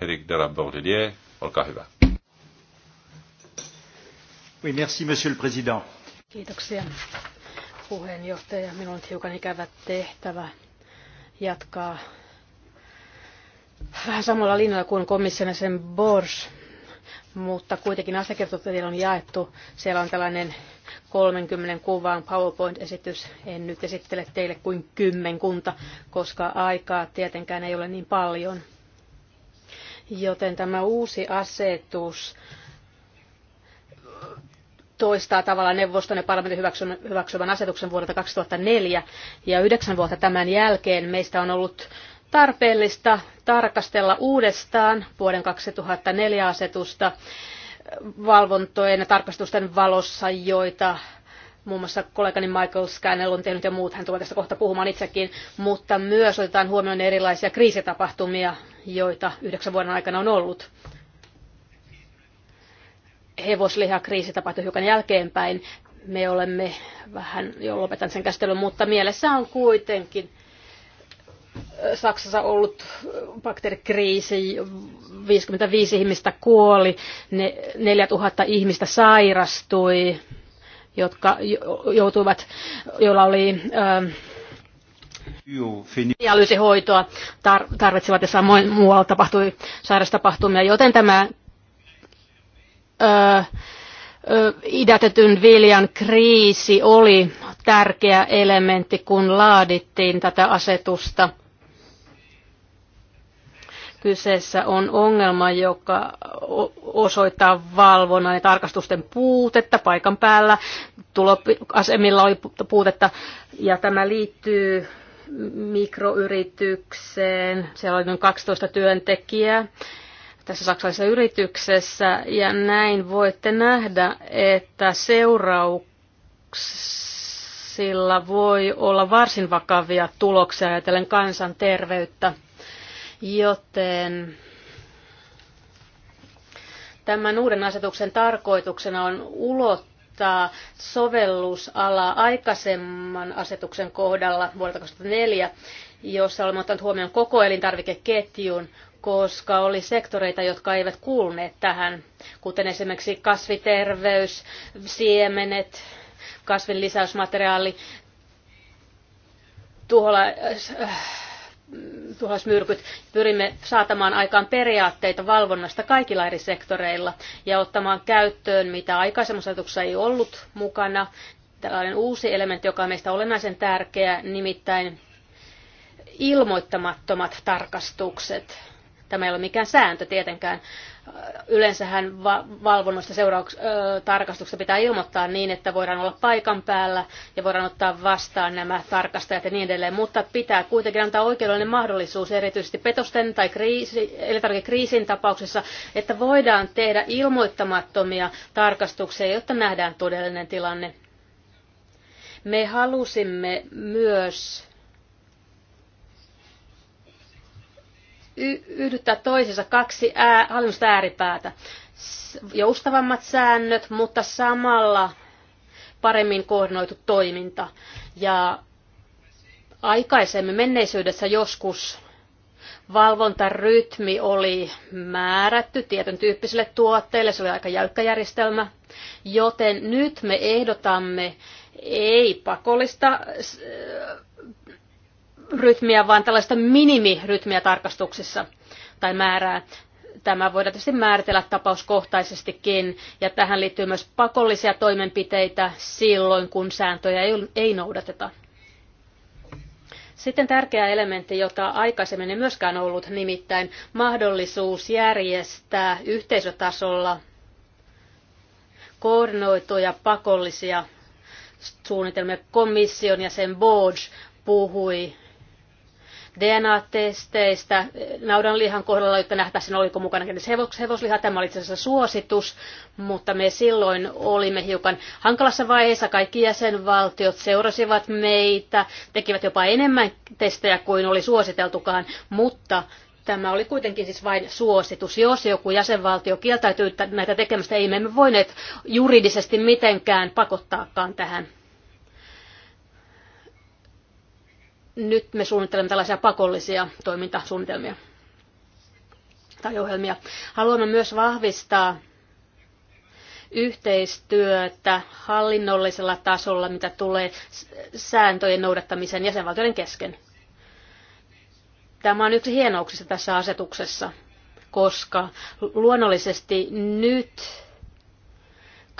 Speaker 1: Eric de la Bordellier. Olkaa hyvä monsieur le président.
Speaker 3: Kiitoksia puheenjohtaja. Minulla on hiukan ikävä tehtävä jatkaa vähän samalla linjalla kuin komission sen Bors, mutta kuitenkin asiakirjoitteilla on jaettu. Siellä on tällainen 30 kuvan PowerPoint-esitys. En nyt esittele teille kuin kymmenkunta, koska aikaa tietenkään ei ole niin paljon. Joten tämä uusi asetus toistaa tavallaan neuvoston ja parlamentin hyväksymän asetuksen vuodelta 2004 ja yhdeksän vuotta tämän jälkeen meistä on ollut tarpeellista tarkastella uudestaan vuoden 2004 asetusta valvontojen ja tarkastusten valossa, joita muun muassa kollegani Michael Scannell on tehnyt ja muut, hän tulee tästä kohta puhumaan itsekin, mutta myös otetaan huomioon erilaisia kriisitapahtumia, joita yhdeksän vuoden aikana on ollut hevoslihakriisi tapahtui hiukan jälkeenpäin. Me olemme vähän jo lopetan sen käsittelyn, mutta mielessä on kuitenkin Saksassa ollut bakteerikriisi, 55 ihmistä kuoli, 4000 ihmistä sairastui, jotka joutuivat, joilla oli dialyysihoitoa tarvitsivat ja samoin muualla tapahtui sairastapahtumia, joten tämä idätetyn viljan kriisi oli tärkeä elementti, kun laadittiin tätä asetusta. Kyseessä on ongelma, joka osoittaa valvonnan ja tarkastusten puutetta paikan päällä. Tuloasemilla oli puutetta ja tämä liittyy mikroyritykseen. Siellä oli noin 12 työntekijää tässä saksalaisessa yrityksessä ja näin voitte nähdä, että seurauksilla voi olla varsin vakavia tuloksia ajatellen kansanterveyttä, joten tämän uuden asetuksen tarkoituksena on ulottaa sovellusala aikaisemman asetuksen kohdalla vuodelta 2004 jossa olemme ottaneet huomioon koko elintarvikeketjun, koska oli sektoreita, jotka eivät kuuluneet tähän, kuten esimerkiksi kasviterveys, siemenet, kasvin lisäysmateriaali, äh, tuholaismyrkyt. Pyrimme saatamaan aikaan periaatteita valvonnasta kaikilla eri sektoreilla ja ottamaan käyttöön, mitä aikaisemmassa ajatuksessa ei ollut mukana, tällainen uusi elementti, joka on meistä olennaisen tärkeä, nimittäin ilmoittamattomat tarkastukset. Tämä ei ole mikään sääntö tietenkään. Yleensähän va- valvonnoista seurauks- tarkastuksesta pitää ilmoittaa niin, että voidaan olla paikan päällä ja voidaan ottaa vastaan nämä tarkastajat ja niin edelleen, mutta pitää kuitenkin antaa oikeudellinen mahdollisuus erityisesti petosten tai kriisi, elintarvikekriisin tapauksessa, että voidaan tehdä ilmoittamattomia tarkastuksia, jotta nähdään todellinen tilanne. Me halusimme myös yhdyttää toisensa kaksi ää, hallinnosta ääripäätä. Joustavammat säännöt, mutta samalla paremmin koordinoitu toiminta. Ja aikaisemmin menneisyydessä joskus valvontarytmi oli määrätty tietyn tyyppisille tuotteille, se oli aika jäykkä järjestelmä, joten nyt me ehdotamme ei pakollista rytmiä, vaan tällaista minimirytmiä tarkastuksissa tai määrää. Tämä voidaan tietysti määritellä tapauskohtaisestikin, ja tähän liittyy myös pakollisia toimenpiteitä silloin, kun sääntöjä ei noudateta. Sitten tärkeä elementti, jota aikaisemmin ei myöskään ollut, nimittäin mahdollisuus järjestää yhteisötasolla koordinoituja pakollisia suunnitelmia. Komission ja sen board puhui DNA-testeistä naudanlihan kohdalla, jotta nähtäisiin, oliko mukana kenties hevos, hevosliha. Tämä oli itse asiassa suositus, mutta me silloin olimme hiukan hankalassa vaiheessa. Kaikki jäsenvaltiot seurasivat meitä, tekivät jopa enemmän testejä kuin oli suositeltukaan, mutta tämä oli kuitenkin siis vain suositus. Jos joku jäsenvaltio kieltäytyy näitä tekemästä, ei me emme voineet juridisesti mitenkään pakottaakaan tähän. nyt me suunnittelemme tällaisia pakollisia toimintasuunnitelmia tai ohjelmia. Haluamme myös vahvistaa yhteistyötä hallinnollisella tasolla, mitä tulee sääntöjen noudattamisen jäsenvaltioiden kesken. Tämä on yksi hienouksista tässä asetuksessa, koska luonnollisesti nyt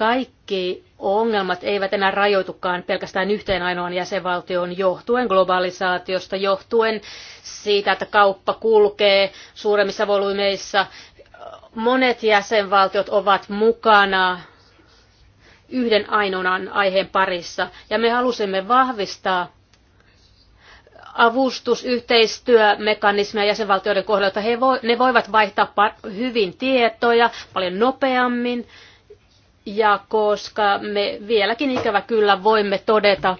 Speaker 3: kaikki ongelmat eivät enää rajoitukaan pelkästään yhteen ainoan jäsenvaltioon johtuen globalisaatiosta, johtuen siitä, että kauppa kulkee suuremmissa volyymeissa. Monet jäsenvaltiot ovat mukana yhden ainoan aiheen parissa ja me halusimme vahvistaa avustusyhteistyömekanismeja jäsenvaltioiden kohdalta. He vo, ne voivat vaihtaa par- hyvin tietoja paljon nopeammin ja koska me vieläkin ikävä kyllä voimme todeta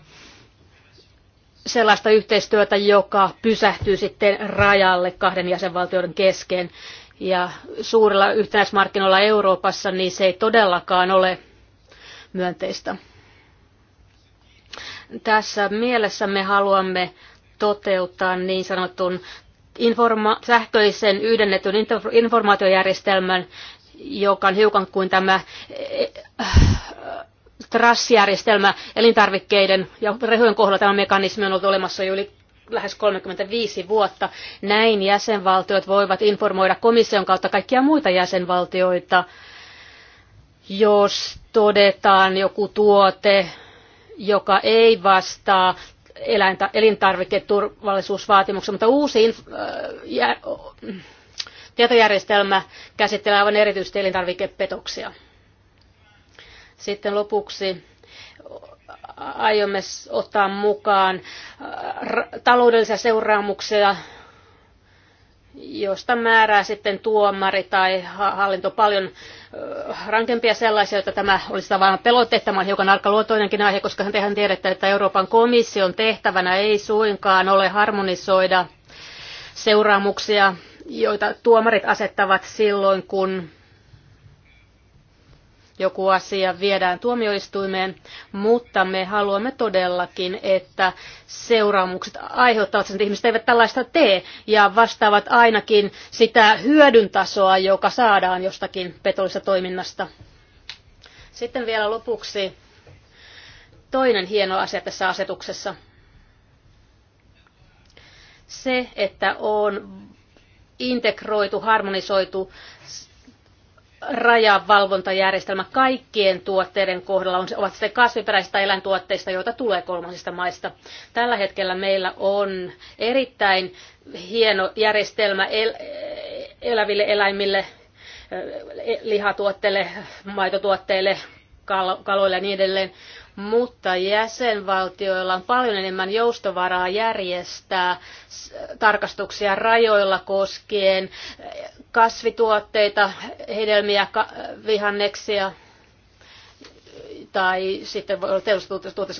Speaker 3: sellaista yhteistyötä, joka pysähtyy sitten rajalle kahden jäsenvaltioiden kesken. Ja suurilla yhtenäismarkkinoilla Euroopassa, niin se ei todellakaan ole myönteistä. Tässä mielessä me haluamme toteuttaa niin sanotun informa- sähköisen yhdennetyn informaatiojärjestelmän, joka on hiukan kuin tämä eh, eh, trassijärjestelmä elintarvikkeiden ja rehujen kohdalla tämä mekanismi on ollut olemassa jo yli lähes 35 vuotta. Näin jäsenvaltiot voivat informoida komission kautta kaikkia muita jäsenvaltioita, jos todetaan joku tuote, joka ei vastaa elintarviketurvallisuusvaatimuksia, mutta uusi eh, tietojärjestelmä käsittelee aivan erityisesti elintarvikepetoksia. Sitten lopuksi aiomme ottaa mukaan äh, taloudellisia seuraamuksia, josta määrää sitten tuomari tai hallinto paljon äh, rankempia sellaisia, että tämä olisi tavallaan pelote. Tämä on hiukan arkaluotoinenkin aihe, koska tehän tiedätte, että Euroopan komission tehtävänä ei suinkaan ole harmonisoida seuraamuksia joita tuomarit asettavat silloin, kun joku asia viedään tuomioistuimeen, mutta me haluamme todellakin, että seuraamukset aiheuttavat sen, että ihmiset eivät tällaista tee ja vastaavat ainakin sitä hyödyn tasoa, joka saadaan jostakin petollisesta toiminnasta. Sitten vielä lopuksi toinen hieno asia tässä asetuksessa. Se, että on integroitu, harmonisoitu rajavalvontajärjestelmä kaikkien tuotteiden kohdalla, on, ovat sitten kasviperäisistä eläintuotteista, joita tulee kolmansista maista. Tällä hetkellä meillä on erittäin hieno järjestelmä el, eläville eläimille, eh, lihatuotteille, maitotuotteille, kaloilla ja niin edelleen, mutta jäsenvaltioilla on paljon enemmän joustovaraa järjestää tarkastuksia rajoilla koskien kasvituotteita, hedelmiä, vihanneksia tai sitten voi olla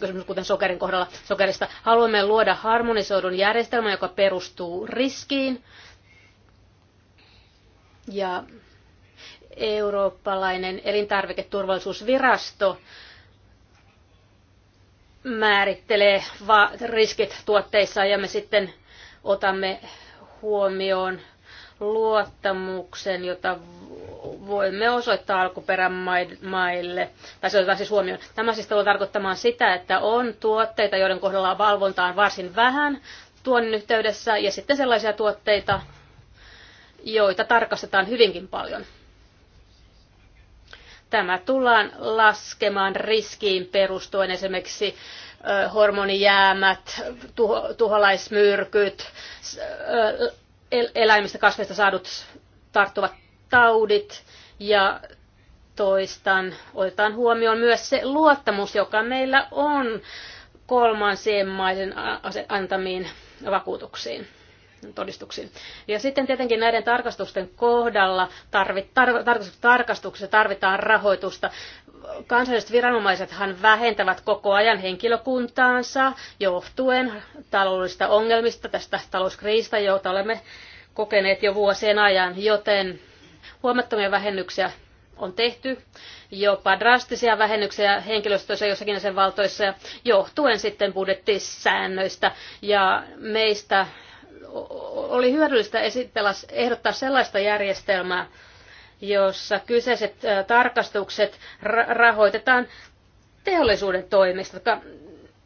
Speaker 3: kysymys, kuten sokerin kohdalla sokerista. Haluamme luoda harmonisoidun järjestelmän, joka perustuu riskiin ja eurooppalainen elintarviketurvallisuusvirasto määrittelee riskit tuotteissa ja me sitten otamme huomioon luottamuksen, jota voimme osoittaa alkuperän maille, tai se otetaan siis huomioon. Tämä siis tulee tarkoittamaan sitä, että on tuotteita, joiden kohdalla valvonta on varsin vähän tuonnin yhteydessä, ja sitten sellaisia tuotteita, joita tarkastetaan hyvinkin paljon. Tämä tullaan laskemaan riskiin perustuen esimerkiksi hormonijäämät, tuho, tuholaismyrkyt, eläimistä kasveista saadut tarttuvat taudit ja toistan, otetaan huomioon myös se luottamus, joka meillä on kolmansien maiden antamiin vakuutuksiin todistuksiin. Ja sitten tietenkin näiden tarkastusten kohdalla tarvit, tar, tarkastuksessa tarvitaan rahoitusta. Kansalliset viranomaisethan vähentävät koko ajan henkilökuntaansa johtuen taloudellisista ongelmista, tästä talouskriisistä, jota olemme kokeneet jo vuosien ajan, joten huomattomia vähennyksiä on tehty, jopa drastisia vähennyksiä henkilöstössä jossakin sen valtoissa johtuen sitten budjettisäännöistä. Ja meistä oli hyödyllistä esitellä, ehdottaa sellaista järjestelmää, jossa kyseiset tarkastukset rahoitetaan teollisuuden toimista,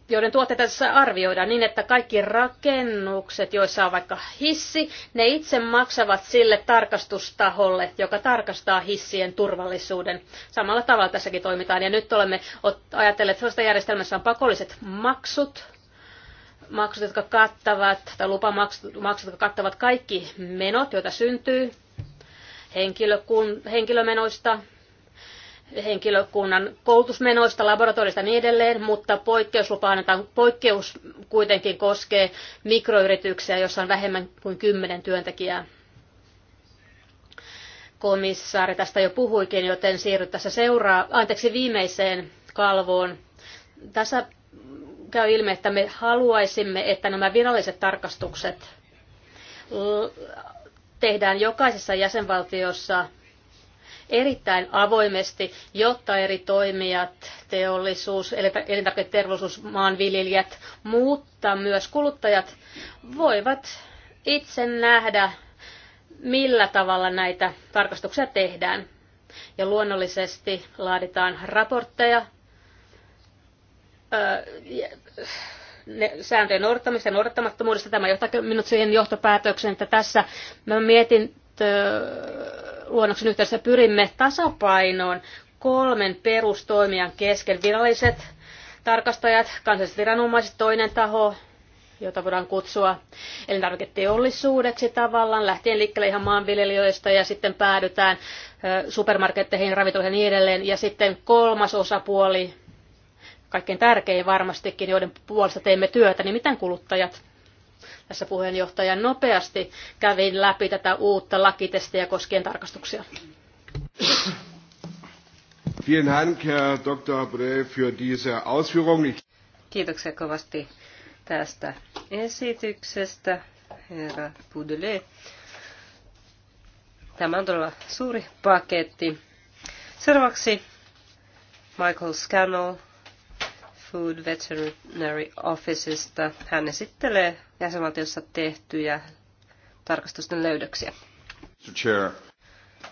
Speaker 3: joiden tuotteita tässä arvioidaan niin, että kaikki rakennukset, joissa on vaikka hissi, ne itse maksavat sille tarkastustaholle, joka tarkastaa hissien turvallisuuden. Samalla tavalla tässäkin toimitaan. Ja nyt olemme ajatelleet, että sellaista järjestelmässä on pakolliset maksut maksut, jotka kattavat, tai lupamaksut, maksut, jotka kattavat kaikki menot, joita syntyy henkilökun, henkilömenoista, henkilökunnan koulutusmenoista, laboratorista ja niin edelleen, mutta poikkeuslupa annetaan, poikkeus kuitenkin koskee mikroyrityksiä, joissa on vähemmän kuin kymmenen työntekijää. Komissaari tästä jo puhuikin, joten siirry tässä seuraa, anteeksi viimeiseen kalvoon. Tässä käy ilmi, että me haluaisimme, että nämä viralliset tarkastukset tehdään jokaisessa jäsenvaltiossa erittäin avoimesti, jotta eri toimijat, teollisuus, elintarviketeollisuus, maanviljelijät, mutta myös kuluttajat voivat itse nähdä, millä tavalla näitä tarkastuksia tehdään. Ja luonnollisesti laaditaan raportteja ne, sääntöjen noudattamista ja noudattamattomuudesta. Tämä johtaa minut siihen johtopäätöksen, että tässä mä mietin luonnoksen yhteydessä pyrimme tasapainoon kolmen perustoimijan kesken viralliset tarkastajat, kansalliset viranomaiset, toinen taho, jota voidaan kutsua elintarviketeollisuudeksi tavallaan, lähtien liikkeelle ihan maanviljelijöistä ja sitten päädytään supermarketteihin, ravintoloihin ja niin edelleen. Ja sitten kolmas osapuoli, kaikkein tärkein varmastikin, joiden puolesta teemme työtä, nimittäin niin kuluttajat. Tässä puheenjohtaja nopeasti kävin läpi tätä uutta lakitestiä koskien tarkastuksia.
Speaker 2: Vielen Dank, Herr Dr. Bre, für diese Ausführung. Kiitoksia kovasti tästä esityksestä, herra Pudele. Tämä on todella suuri paketti. Seuraavaksi Michael Scannell Food Veterinary Officesta. Hän esittelee jäsenvaltiossa tehtyjä tarkastusten löydöksiä.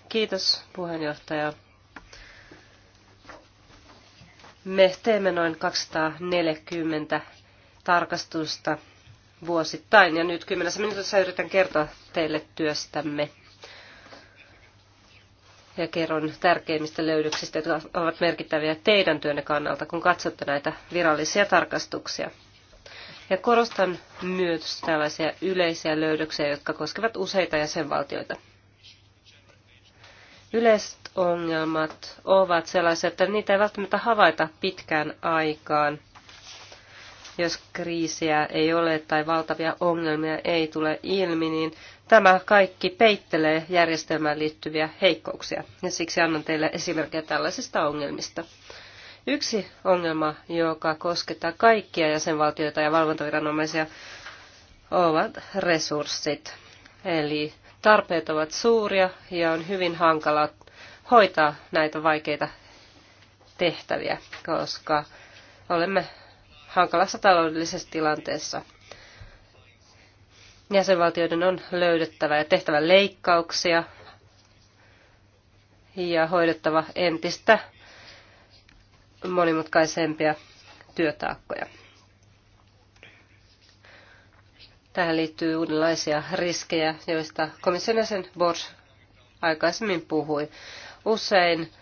Speaker 2: Kiitos puheenjohtaja. Me teemme noin 240 tarkastusta vuosittain ja nyt kymmenessä minuutissa yritän kertoa teille työstämme ja kerron tärkeimmistä löydöksistä, jotka ovat merkittäviä teidän työnne kannalta, kun katsotte näitä virallisia tarkastuksia. Ja korostan myös tällaisia yleisiä löydöksiä, jotka koskevat useita jäsenvaltioita. Yleiset ongelmat ovat sellaisia, että niitä ei välttämättä havaita pitkään aikaan, jos kriisiä ei ole tai valtavia ongelmia ei tule ilmi, niin Tämä kaikki peittelee järjestelmään liittyviä heikkouksia, ja siksi annan teille esimerkkejä tällaisista ongelmista. Yksi ongelma, joka koskettaa kaikkia jäsenvaltioita ja valvontaviranomaisia, ovat resurssit. Eli tarpeet ovat suuria ja on hyvin hankala hoitaa näitä vaikeita tehtäviä, koska olemme hankalassa taloudellisessa tilanteessa. Jäsenvaltioiden on löydettävä ja tehtävä leikkauksia ja hoidettava entistä monimutkaisempia työtaakkoja. Tähän liittyy uudenlaisia riskejä, joista komission jäsen Bors aikaisemmin puhui. Usein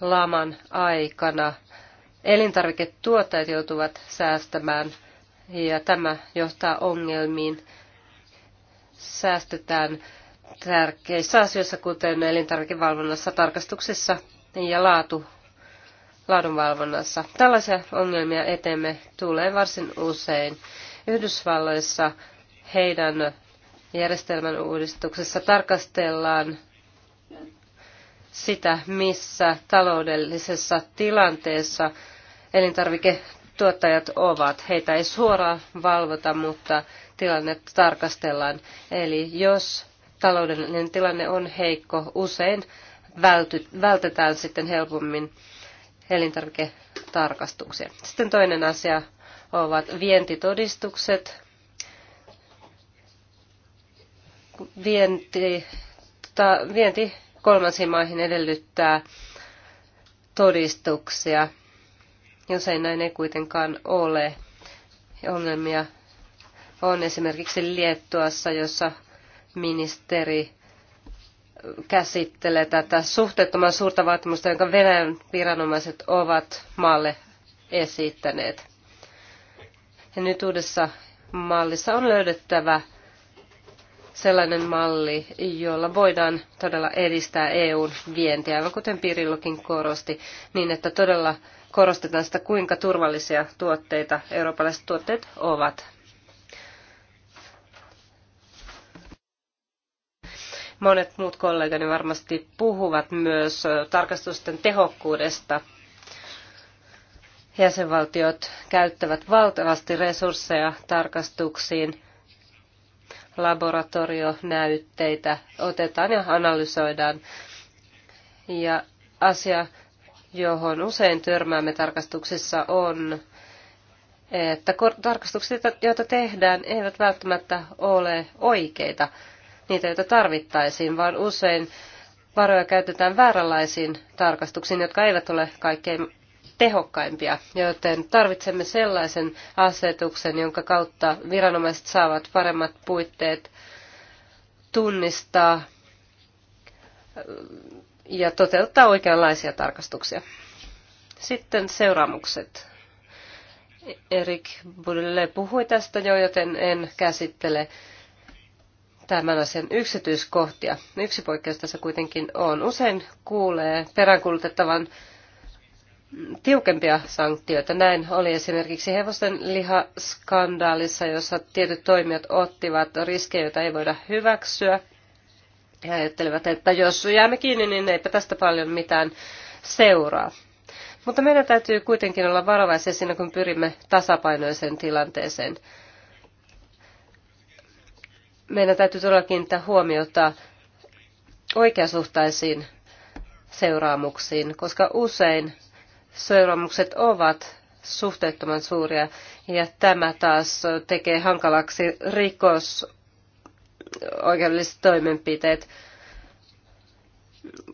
Speaker 2: laman aikana elintarviketuottajat joutuvat säästämään ja tämä johtaa ongelmiin säästetään tärkeissä asioissa, kuten elintarvikevalvonnassa, tarkastuksissa ja laatu, laadunvalvonnassa. Tällaisia ongelmia eteemme tulee varsin usein. Yhdysvalloissa heidän järjestelmän uudistuksessa tarkastellaan sitä, missä taloudellisessa tilanteessa elintarviketuottajat ovat. Heitä ei suoraan valvota, mutta tilannetta tarkastellaan. Eli jos taloudellinen tilanne on heikko, usein vältetään sitten helpommin elintarviketarkastuksia. Sitten toinen asia ovat vientitodistukset. Vienti, ta, vienti kolmansiin maihin edellyttää todistuksia. Usein näin ei kuitenkaan ole. Ongelmia on esimerkiksi Liettuassa, jossa ministeri käsittelee tätä suhteettoman suurta vaatimusta, jonka Venäjän viranomaiset ovat maalle esittäneet. Ja nyt uudessa mallissa on löydettävä sellainen malli, jolla voidaan todella edistää EUn vientiä, aivan kuten Pirillokin korosti, niin että todella korostetaan sitä, kuinka turvallisia tuotteita eurooppalaiset tuotteet ovat. Monet muut kollegani varmasti puhuvat myös tarkastusten tehokkuudesta. Jäsenvaltiot käyttävät valtavasti resursseja tarkastuksiin. Laboratorionäytteitä otetaan ja analysoidaan. Ja asia, johon usein törmäämme tarkastuksissa, on että tarkastukset, joita tehdään, eivät välttämättä ole oikeita niitä, joita tarvittaisiin, vaan usein varoja käytetään vääränlaisiin tarkastuksiin, jotka eivät ole kaikkein tehokkaimpia, joten tarvitsemme sellaisen asetuksen, jonka kautta viranomaiset saavat paremmat puitteet tunnistaa äh, ja toteuttaa oikeanlaisia tarkastuksia. Sitten seuraamukset. Erik Budelle puhui tästä jo, joten en käsittele tämän asian yksityiskohtia. Yksi poikkeus tässä kuitenkin on. Usein kuulee peräänkuulutettavan tiukempia sanktioita. Näin oli esimerkiksi hevosten lihaskandaalissa, jossa tietyt toimijat ottivat riskejä, joita ei voida hyväksyä. He ajattelivat, että jos jäämme kiinni, niin eipä tästä paljon mitään seuraa. Mutta meidän täytyy kuitenkin olla varovaisia siinä, kun pyrimme tasapainoiseen tilanteeseen meidän täytyy todella kiinnittää huomiota oikeasuhtaisiin seuraamuksiin, koska usein seuraamukset ovat suhteettoman suuria ja tämä taas tekee hankalaksi rikos oikeudelliset toimenpiteet.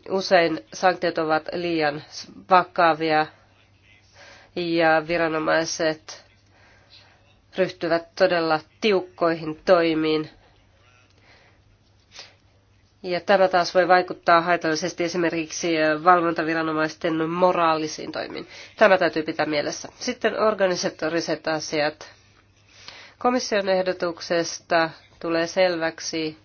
Speaker 2: Usein sanktiot ovat liian vakavia ja viranomaiset ryhtyvät todella tiukkoihin toimiin ja tämä taas voi vaikuttaa haitallisesti esimerkiksi eh, valvontaviranomaisten moraalisiin toimiin. Tämä täytyy pitää mielessä. Sitten organisatoriset asiat. Komission ehdotuksesta tulee selväksi,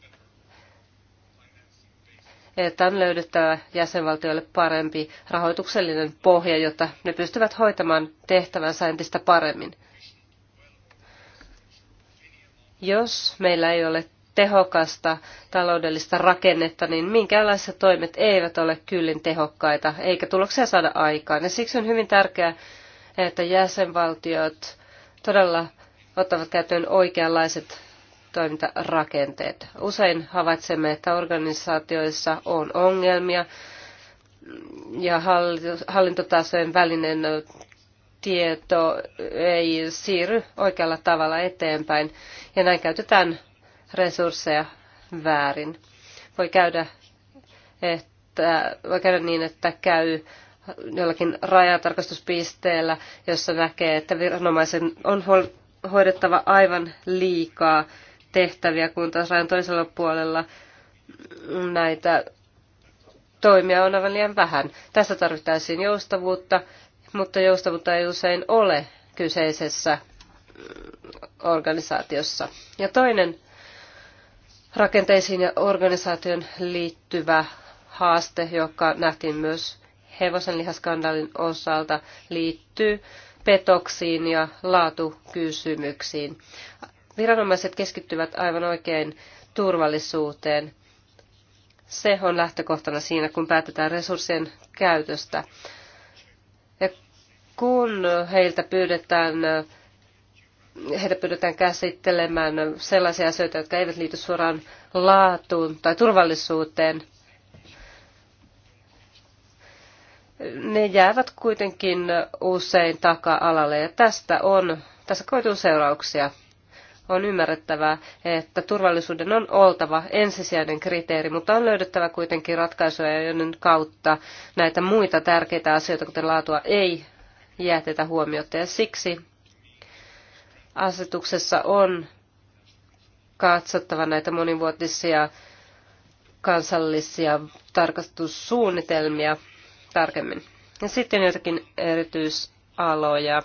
Speaker 2: että on löydettävä jäsenvaltioille parempi rahoituksellinen pohja, jotta ne pystyvät hoitamaan tehtävänsä entistä paremmin. Jos meillä ei ole tehokasta taloudellista rakennetta, niin minkäänlaiset toimet eivät ole kyllin tehokkaita, eikä tuloksia saada aikaan. Ja siksi on hyvin tärkeää, että jäsenvaltiot todella ottavat käyttöön oikeanlaiset toimintarakenteet. Usein havaitsemme, että organisaatioissa on ongelmia ja hallintotasojen välinen tieto ei siirry oikealla tavalla eteenpäin. Ja näin käytetään resursseja väärin. Voi käydä, että, voi käydä niin, että käy jollakin rajatarkastuspisteellä, jossa näkee, että viranomaisen on hoidettava aivan liikaa tehtäviä, kun taas rajan toisella puolella näitä toimia on aivan liian vähän. Tässä tarvittaisiin joustavuutta, mutta joustavuutta ei usein ole kyseisessä organisaatiossa. Ja toinen rakenteisiin ja organisaation liittyvä haaste, joka nähtiin myös hevosenlihaskandaalin osalta, liittyy petoksiin ja laatukysymyksiin. Viranomaiset keskittyvät aivan oikein turvallisuuteen. Se on lähtökohtana siinä, kun päätetään resurssien käytöstä. Ja kun heiltä pyydetään heitä pyydetään käsittelemään sellaisia asioita, jotka eivät liity suoraan laatuun tai turvallisuuteen. Ne jäävät kuitenkin usein taka-alalle ja tästä on, tässä koituu seurauksia. On ymmärrettävää, että turvallisuuden on oltava ensisijainen kriteeri, mutta on löydettävä kuitenkin ratkaisuja, joiden kautta näitä muita tärkeitä asioita, kuten laatua, ei jätetä huomiota. Ja siksi asetuksessa on katsottava näitä monivuotisia kansallisia tarkastussuunnitelmia tarkemmin. Ja sitten joitakin erityisaloja.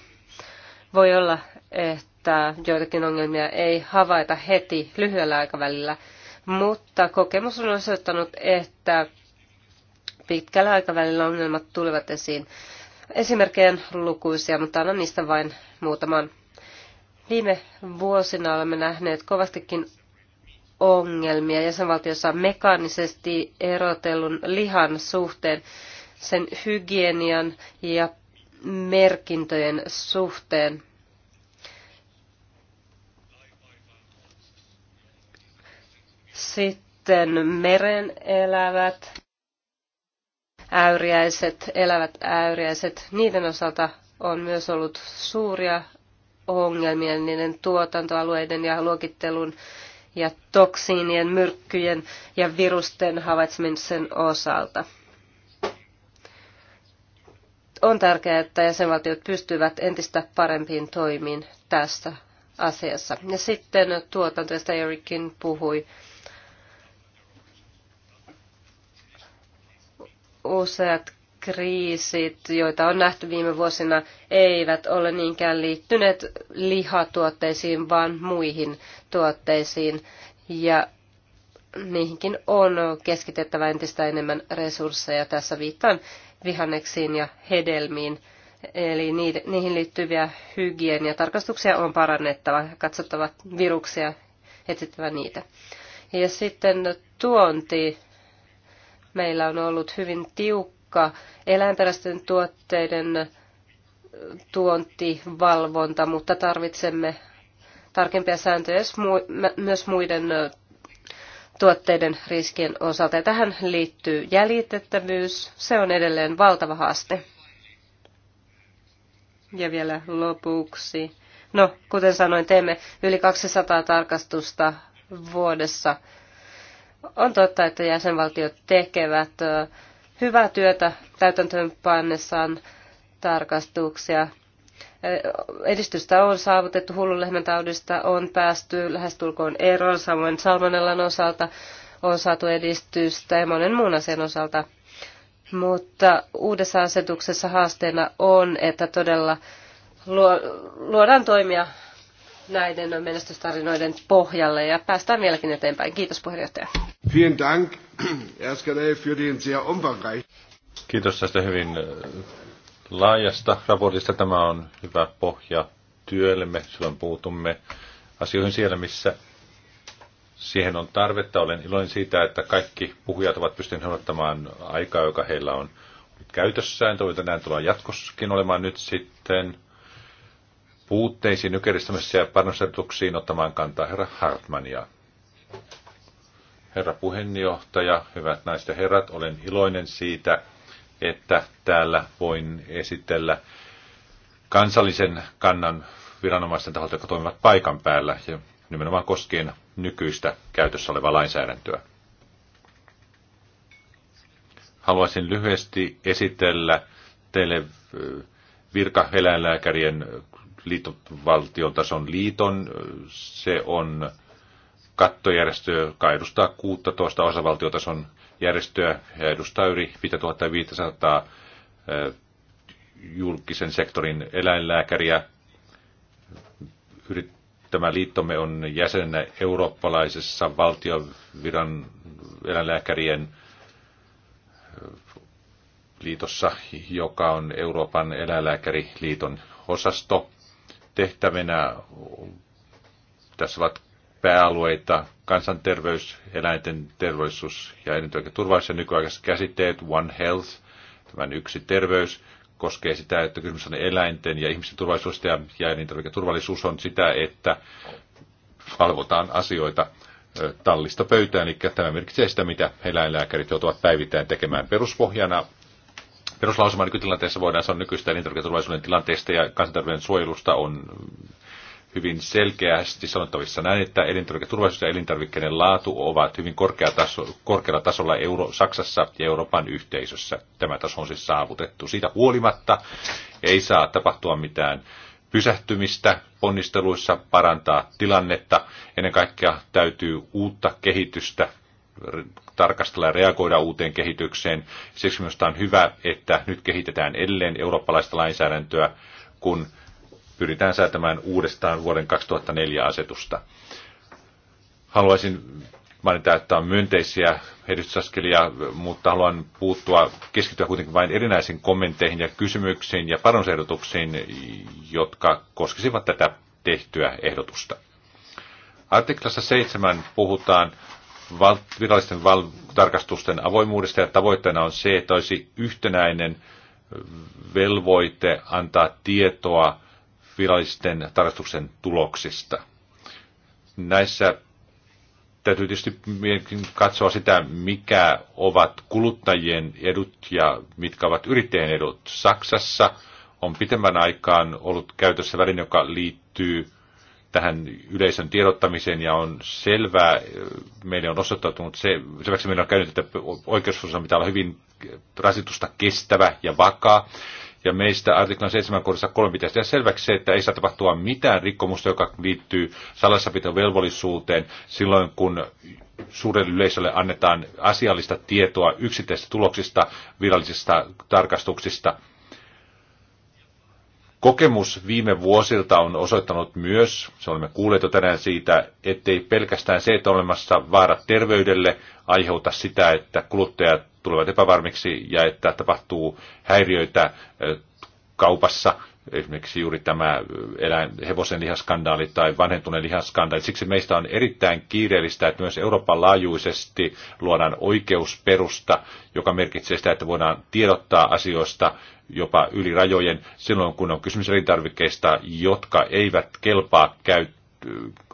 Speaker 2: Voi olla, että joitakin ongelmia ei havaita heti lyhyellä aikavälillä, mutta kokemus on osoittanut, että pitkällä aikavälillä ongelmat tulevat esiin. Esimerkkejä lukuisia, mutta annan niistä vain muutaman. Viime vuosina olemme nähneet kovastikin ongelmia jäsenvaltiossa mekaanisesti erotellun lihan suhteen, sen hygienian ja merkintöjen suhteen. Sitten meren elävät, äyriäiset, elävät äyriäiset, niiden osalta on myös ollut suuria ongelmia niiden tuotantoalueiden ja luokittelun ja toksiinien, myrkkyjen ja virusten havaitsemisen osalta. On tärkeää, että jäsenvaltiot pystyvät entistä parempiin toimiin tässä asiassa. Ja sitten tuotanto, josta Erikin puhui. Useat kriisit, joita on nähty viime vuosina, eivät ole niinkään liittyneet lihatuotteisiin, vaan muihin tuotteisiin. Ja niihinkin on keskitettävä entistä enemmän resursseja. Tässä viittaan vihanneksiin ja hedelmiin. Eli niihin liittyviä hygieniatarkastuksia on parannettava, katsottava viruksia, etsittävä niitä. Ja sitten tuonti. Meillä on ollut hyvin tiukka tiukka eläinperäisten tuotteiden tuontivalvonta, mutta tarvitsemme tarkempia sääntöjä myös muiden tuotteiden riskien osalta. Ja tähän liittyy jäljitettävyys. Se on edelleen valtava haaste. Ja vielä lopuksi. No, kuten sanoin, teemme yli 200 tarkastusta vuodessa. On totta, että jäsenvaltiot tekevät hyvää työtä täytäntöönpannessaan tarkastuksia. Eh, edistystä on saavutettu lehmän taudista, on päästy lähestulkoon eroon, samoin Salmonellan osalta on saatu edistystä ja monen muun asian osalta. Mutta uudessa asetuksessa haasteena on, että todella luodaan toimia näiden menestystarinoiden pohjalle ja päästään vieläkin eteenpäin. Kiitos puheenjohtaja. Vielen Dank, für den sehr umfangreich.
Speaker 1: Kiitos tästä hyvin äh, laajasta raportista. Tämä on hyvä pohja työllemme. Silloin puutumme asioihin siellä, missä siihen on tarvetta. Olen iloinen siitä, että kaikki puhujat ovat pystyneet ottamaan aikaa, joka heillä on käytössään. Toivotan näin tullaan jatkossakin olemaan nyt sitten puutteisiin ykeristymessä ja panostetuksiin ottamaan kantaa herra Hartmania. Herra puheenjohtaja, hyvät naiset ja herrat, olen iloinen siitä, että täällä voin esitellä kansallisen kannan viranomaisten taholta, jotka toimivat paikan päällä ja nimenomaan koskien nykyistä käytössä olevaa lainsäädäntöä. Haluaisin lyhyesti esitellä teille virkaeläinlääkärien tason liiton. Se on kattojärjestö, joka edustaa 16 osavaltiotason järjestöä ja edustaa yli 5500 eh, julkisen sektorin eläinlääkäriä. Tämä liittomme on jäsenenä eurooppalaisessa valtioviran eläinlääkärien eh, liitossa, joka on Euroopan eläinlääkäriliiton osasto tehtävinä. Tässä ovat pääalueita, kansanterveys, eläinten terveys ja elintarviketurvallisuus ja nykyaikaiset käsitteet, One Health, tämän yksi terveys, koskee sitä, että kysymys on eläinten ja ihmisten turvallisuudesta ja, ja elintarviketurvallisuus on sitä, että valvotaan asioita tallista pöytään, eli tämä merkitsee sitä, mitä eläinlääkärit joutuvat päivittäin tekemään peruspohjana peruslausuma nykytilanteessa voidaan sanoa nykyistä elintarviketurvallisuuden tilanteesta ja kansanterveyden suojelusta on hyvin selkeästi sanottavissa näin, että elintarviketurvallisuus ja elintarvikkeiden laatu ovat hyvin korkea taso, korkealla tasolla Euro, Saksassa ja Euroopan yhteisössä. Tämä taso on siis saavutettu. Siitä huolimatta ei saa tapahtua mitään pysähtymistä ponnisteluissa parantaa tilannetta. Ennen kaikkea täytyy uutta kehitystä tarkastella ja reagoida uuteen kehitykseen. Siksi minusta on hyvä, että nyt kehitetään edelleen eurooppalaista lainsäädäntöä, kun pyritään säätämään uudestaan vuoden 2004 asetusta. Haluaisin mainita, että on myönteisiä edistysaskelia, mutta haluan puuttua, keskittyä kuitenkin vain erinäisiin kommentteihin ja kysymyksiin ja parannusehdotuksiin, jotka koskisivat tätä tehtyä ehdotusta. Artiklassa 7 puhutaan val- virallisten val- tarkastusten avoimuudesta ja tavoitteena on se, että olisi yhtenäinen velvoite antaa tietoa virallisten tarkastuksen tuloksista. Näissä täytyy tietysti katsoa sitä, mikä ovat kuluttajien edut ja mitkä ovat yrittäjien edut. Saksassa on pitemmän aikaan ollut käytössä väline, joka liittyy tähän yleisön tiedottamiseen ja on selvää, äh, meille on osoittautunut se, selväksi meillä on käynyt, että oikeussuojelun pitää olla hyvin rasitusta kestävä ja vakaa. Ja meistä artiklan 7 kohdassa 3 pitäisi tehdä selväksi se, että ei saa tapahtua mitään rikkomusta, joka liittyy salassapitovelvollisuuteen silloin, kun suurelle yleisölle annetaan asiallista tietoa yksittäisistä tuloksista, virallisista tarkastuksista – Kokemus viime vuosilta on osoittanut myös, se olemme kuulleet jo tänään siitä, ettei pelkästään se, että olemassa vaara terveydelle, aiheuta sitä, että kuluttajat tulevat epävarmiksi ja että tapahtuu häiriöitä kaupassa, esimerkiksi juuri tämä eläin, hevosen lihaskandaali tai vanhentuneen lihaskandaali. Siksi meistä on erittäin kiireellistä, että myös Euroopan laajuisesti luodaan oikeusperusta, joka merkitsee sitä, että voidaan tiedottaa asioista jopa yli rajojen silloin, kun on kysymys elintarvikkeista, jotka eivät kelpaa käyttöön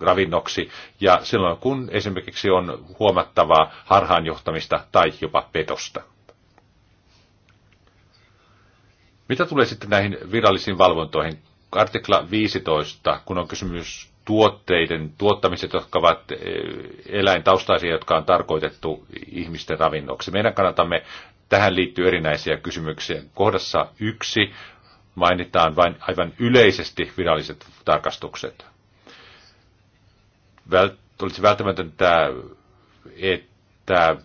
Speaker 1: ravinnoksi, ja silloin kun esimerkiksi on huomattavaa harhaanjohtamista tai jopa petosta. Mitä tulee sitten näihin virallisiin valvontoihin? Artikla 15, kun on kysymys tuotteiden tuottamiset, jotka ovat eh, eläintaustaisia, jotka on tarkoitettu ihmisten ravinnoksi. Meidän kannatamme Tähän liittyy erinäisiä kysymyksiä. Kohdassa yksi mainitaan vain aivan yleisesti viralliset tarkastukset. Vält, olisi välttämätöntä, että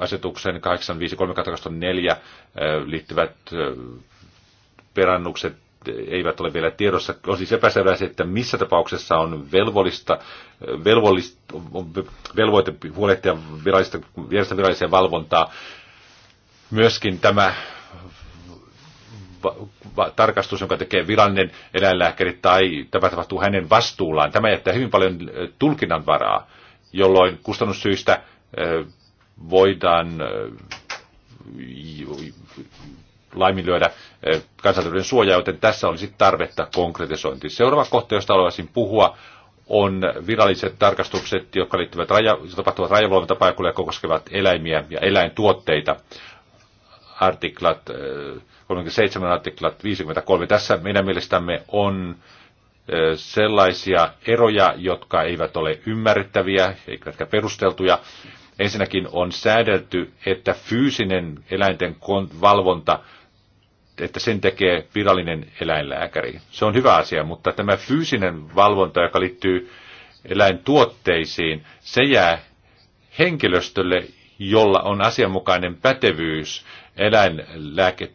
Speaker 1: asetuksen 853-2004 äh, liittyvät äh, perannukset eivät ole vielä tiedossa. On siis epäselvää että missä tapauksessa on velvollista, äh, velvollista velvoite huolehtia virallista, virallista virallisia valvontaa Myöskin tämä tarkastus, jonka tekee virallinen eläinlääkäri tai tämä tapahtuu hänen vastuullaan, tämä jättää hyvin paljon äh, tulkinnan varaa, jolloin kustannussyistä äh, voidaan äh, laiminlyödä kansanterveyden suojaa, joten tässä olisi tarvetta konkretisointiin. Seuraava kohta, josta haluaisin puhua, on viralliset tarkastukset, jotka liittyvät raja, tapahtuvat rajavalvontapaikoille ja koskevat eläimiä ja eläintuotteita artiklat, 37 äh, artiklat 53. Tässä meidän mielestämme on äh, sellaisia eroja, jotka eivät ole ymmärrettäviä eivätkä perusteltuja. Ensinnäkin on säädelty, että fyysinen eläinten valvonta, että sen tekee virallinen eläinlääkäri. Se on hyvä asia, mutta tämä fyysinen valvonta, joka liittyy eläintuotteisiin, se jää henkilöstölle, jolla on asianmukainen pätevyys eläinlääke,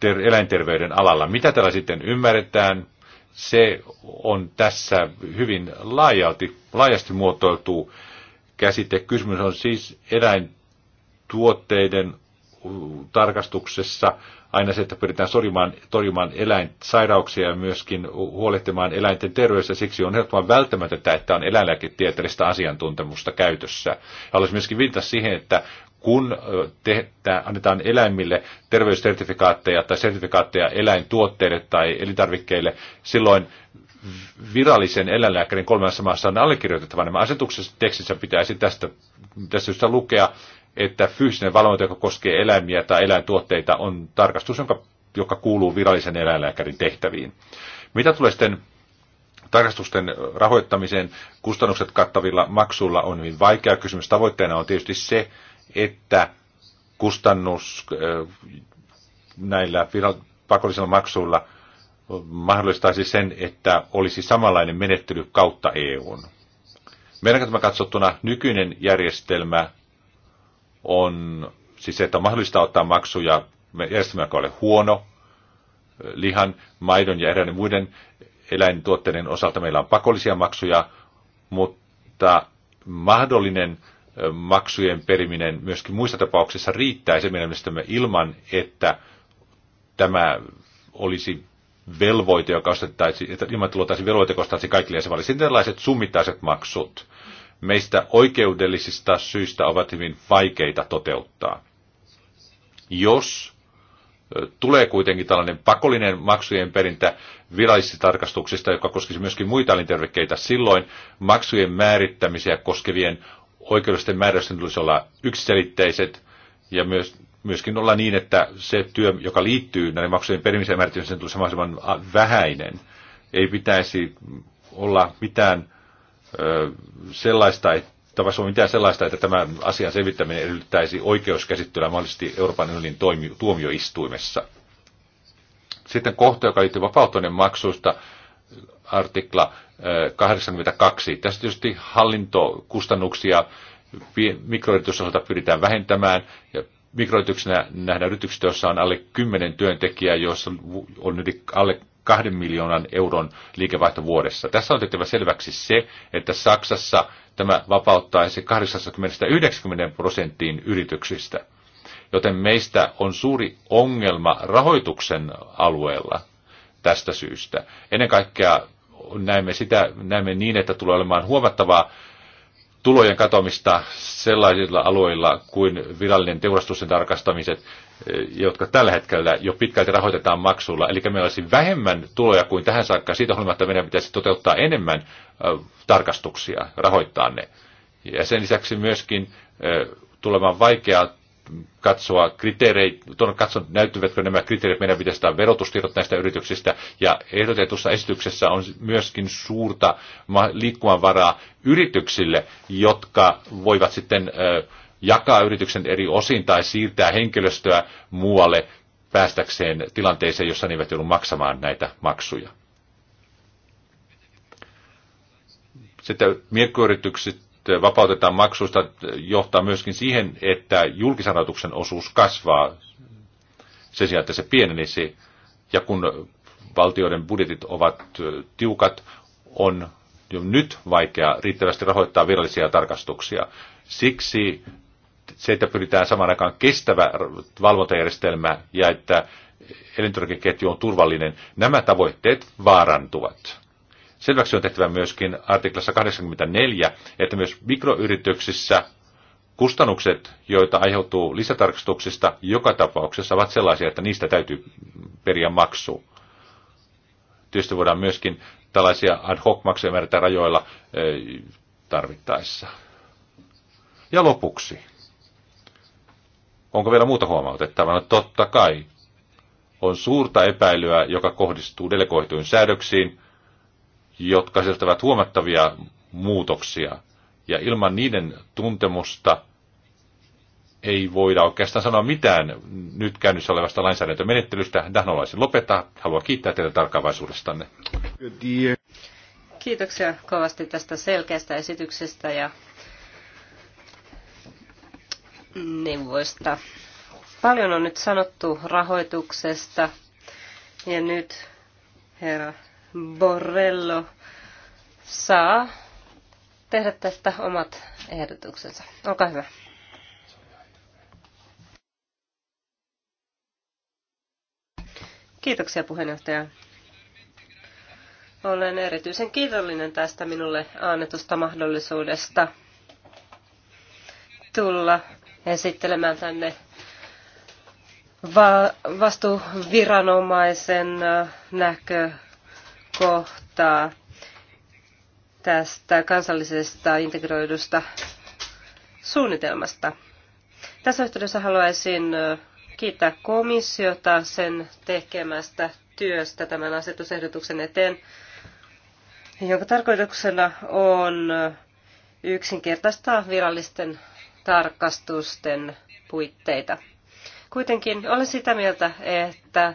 Speaker 1: ter, eläinterveyden alalla. Mitä tällä sitten ymmärretään? Se on tässä hyvin laajalti, laajasti muotoiltu käsite. Kysymys on siis eläintuotteiden tarkastuksessa aina se, että pyritään sorimaan, torjumaan eläinsairauksia ja myöskin huolehtimaan eläinten terveydestä. Siksi on ehdottoman välttämätöntä, että on eläinlääketieteellistä asiantuntemusta käytössä. Haluaisin myöskin viitata siihen, että kun tehdään, annetaan eläimille terveyssertifikaatteja tai sertifikaatteja eläintuotteille tai elintarvikkeille, silloin virallisen eläinlääkärin kolmessa maassa on allekirjoitettava nämä asetuksessa tekstissä pitäisi tästä, tästä syystä lukea, että fyysinen valvonta, joka koskee eläimiä tai eläintuotteita, on tarkastus, jonka, joka kuuluu virallisen eläinlääkärin tehtäviin. Mitä tulee sitten tarkastusten rahoittamiseen, kustannukset kattavilla maksuilla on hyvin vaikea kysymys. Tavoitteena on tietysti se, että kustannus äh, näillä pakollisilla maksuilla mahdollistaisi sen, että olisi samanlainen menettely kautta EUn. Merkittävä katsottuna nykyinen järjestelmä on siis se, että on mahdollista ottaa maksuja järjestelmä, joka ole huono, äh, lihan, maidon ja eräiden muiden eläintuotteiden osalta meillä on pakollisia maksuja, mutta mahdollinen maksujen periminen myöskin muissa tapauksissa riittäisi meidän mielestämme ilman, että tämä olisi velvoite, joka ostettaisiin, että ilman tulotaisiin velvoite, joka ostettaisiin kaikille jäsenvaltioille. Sitten tällaiset summittaiset maksut meistä oikeudellisista syistä ovat hyvin vaikeita toteuttaa. Jos tulee kuitenkin tällainen pakollinen maksujen perintä virallisista tarkastuksista, joka koskisi myöskin muita elintarvikkeita, silloin maksujen määrittämisiä koskevien oikeudellisten määräysten tulisi olla yksiselitteiset ja myös, myöskin olla niin, että se työ, joka liittyy näiden maksujen perimiseen ja määrittämiseen, tulisi mahdollisimman vähäinen. Ei pitäisi olla mitään ö, sellaista, että on mitään sellaista, että tämän asian selvittäminen edellyttäisi oikeuskäsittelyä mahdollisesti Euroopan unionin tuomioistuimessa. Sitten kohta, joka liittyy vapautuneen maksuista, artikla 82. Tässä tietysti hallintokustannuksia mikroyritysosalta pyritään vähentämään ja mikroyrityksenä nähdään yrityksistä, joissa on alle 10 työntekijää, joissa on yli alle 2 miljoonan euron liikevaihto vuodessa. Tässä on tehtävä selväksi se, että Saksassa tämä vapauttaisi 80-90 prosenttiin yrityksistä. Joten meistä on suuri ongelma rahoituksen alueella tästä syystä. Ennen kaikkea näemme, sitä, näemme niin, että tulee olemaan huomattavaa tulojen katomista sellaisilla alueilla kuin virallinen teurastusten tarkastamiset, eh, jotka tällä hetkellä jo pitkälti rahoitetaan maksulla. Eli meillä olisi vähemmän tuloja kuin tähän saakka. Siitä huolimatta meidän pitäisi toteuttaa enemmän eh, tarkastuksia, rahoittaa ne. Ja sen lisäksi myöskin eh, tulemaan vaikeaa katsoa kriteereitä, katson, näyttyvätkö nämä kriteerit, meidän pitäisi saada verotustiedot näistä yrityksistä, ja ehdotetussa esityksessä on myöskin suurta varaa yrityksille, jotka voivat sitten jakaa yrityksen eri osiin tai siirtää henkilöstöä muualle päästäkseen tilanteeseen, jossa ne eivät joudu maksamaan näitä maksuja. Sitten mikroyritykset vapautetaan maksusta johtaa myöskin siihen, että julkisanoituksen osuus kasvaa sen sijaan, että se pienenisi. Ja kun valtioiden budjetit ovat tiukat, on jo nyt vaikea riittävästi rahoittaa virallisia tarkastuksia. Siksi se, että pyritään samaan aikaan kestävä valvontajärjestelmä ja että elintarvikeketju on turvallinen, nämä tavoitteet vaarantuvat. Selväksi on tehtävä myöskin artiklassa 84, että myös mikroyrityksissä kustannukset, joita aiheutuu lisätarkastuksista, joka tapauksessa ovat sellaisia, että niistä täytyy periä maksu. Tietysti voidaan myöskin tällaisia ad hoc maksuja määrätä rajoilla e, tarvittaessa. Ja lopuksi. Onko vielä muuta huomautettavaa? No totta kai. On suurta epäilyä, joka kohdistuu delegoituin säädöksiin, jotka sisältävät huomattavia muutoksia. Ja ilman niiden tuntemusta ei voida oikeastaan sanoa mitään nyt käynnissä olevasta lainsäädäntömenettelystä. Dahnolaisen lopettaa. Haluan kiittää teitä tarkkaavaisuudestanne.
Speaker 2: Kiitoksia kovasti tästä selkeästä esityksestä ja neuvoista. Paljon on nyt sanottu rahoituksesta ja nyt herra Borrello saa tehdä tästä omat ehdotuksensa. Olkaa hyvä. Kiitoksia puheenjohtaja. Olen erityisen kiitollinen tästä minulle annetusta mahdollisuudesta tulla esittelemään tänne vastuviranomaisen äh, näkö kohtaa tästä kansallisesta integroidusta suunnitelmasta. Tässä yhteydessä haluaisin kiittää komissiota sen tekemästä työstä tämän asetusehdotuksen eteen, jonka tarkoituksena on yksinkertaistaa virallisten tarkastusten puitteita. Kuitenkin olen sitä mieltä, että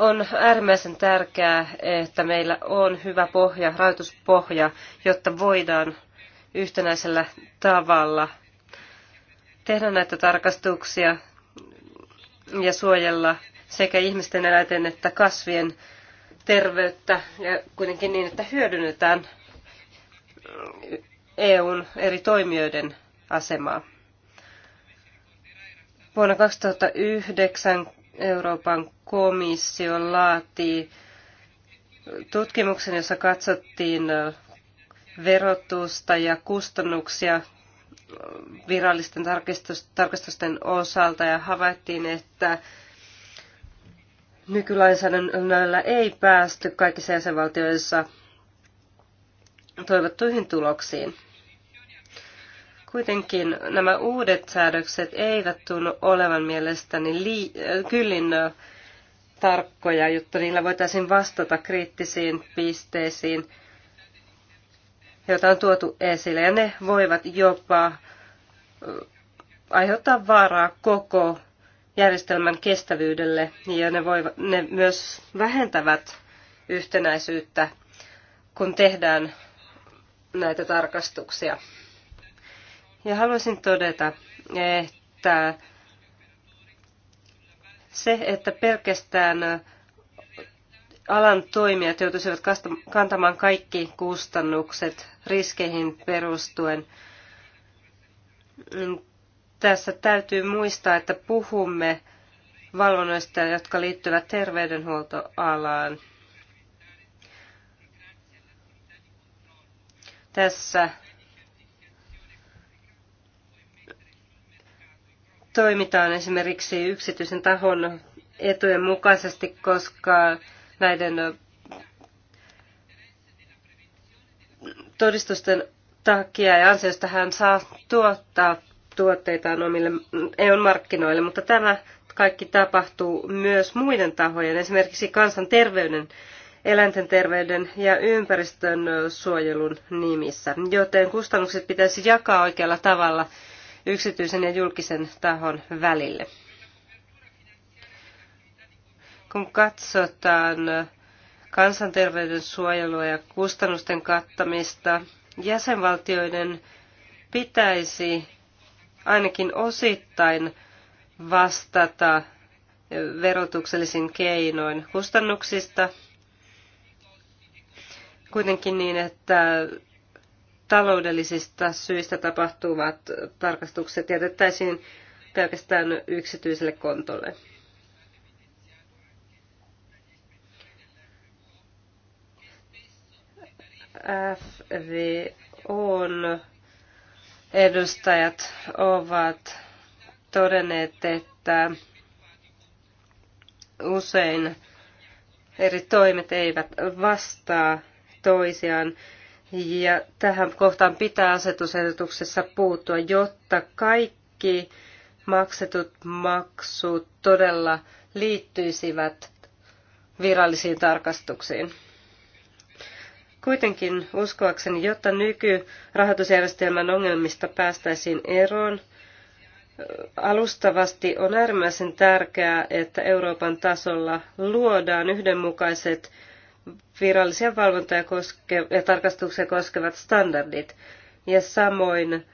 Speaker 2: on äärimmäisen tärkeää, että meillä on hyvä pohja, rahoituspohja, jotta voidaan yhtenäisellä tavalla tehdä näitä tarkastuksia ja suojella sekä ihmisten eläinten että kasvien terveyttä ja kuitenkin niin, että hyödynnetään EUn eri toimijoiden asemaa. Vuonna 2009 Euroopan komissio laati tutkimuksen, jossa katsottiin verotusta ja kustannuksia virallisten tarkastusten osalta ja havaittiin, että nykylainsäädännöllä ei päästy kaikissa jäsenvaltioissa toivottuihin tuloksiin. Kuitenkin nämä uudet säädökset eivät tunnu olevan mielestäni lii- äh, kyllin äh, tarkkoja, jotta niillä voitaisiin vastata kriittisiin pisteisiin, joita on tuotu esille. Ja ne voivat jopa äh, aiheuttaa vaaraa koko järjestelmän kestävyydelle, ja ne, voivat, ne myös vähentävät yhtenäisyyttä, kun tehdään näitä tarkastuksia. Ja haluaisin todeta, että se, että pelkästään alan toimijat joutuisivat kantamaan kaikki kustannukset riskeihin perustuen, mm, tässä täytyy muistaa, että puhumme valvonnoista, jotka liittyvät terveydenhuoltoalaan. Tässä toimitaan esimerkiksi yksityisen tahon etujen mukaisesti, koska näiden todistusten takia ja ansiosta hän saa tuottaa tuotteitaan omille EU-markkinoille, mutta tämä kaikki tapahtuu myös muiden tahojen, esimerkiksi kansanterveyden, eläinten terveyden ja ympäristön suojelun nimissä, joten kustannukset pitäisi jakaa oikealla tavalla – yksityisen ja julkisen tahon välille. Kun katsotaan kansanterveyden suojelua ja kustannusten kattamista, jäsenvaltioiden pitäisi ainakin osittain vastata verotuksellisin keinoin kustannuksista, kuitenkin niin, että taloudellisista syistä tapahtuvat tarkastukset jätettäisiin pelkästään yksityiselle kontolle. on edustajat ovat todenneet, että usein eri toimet eivät vastaa toisiaan ja tähän kohtaan pitää asetusehdotuksessa puuttua, jotta kaikki maksetut maksut todella liittyisivät virallisiin tarkastuksiin. Kuitenkin uskoakseni, jotta nykyrahoitusjärjestelmän ongelmista päästäisiin eroon, alustavasti on äärimmäisen tärkeää, että Euroopan tasolla luodaan yhdenmukaiset virallisia valvontoja koske- ja tarkastuksia koskevat standardit ja samoin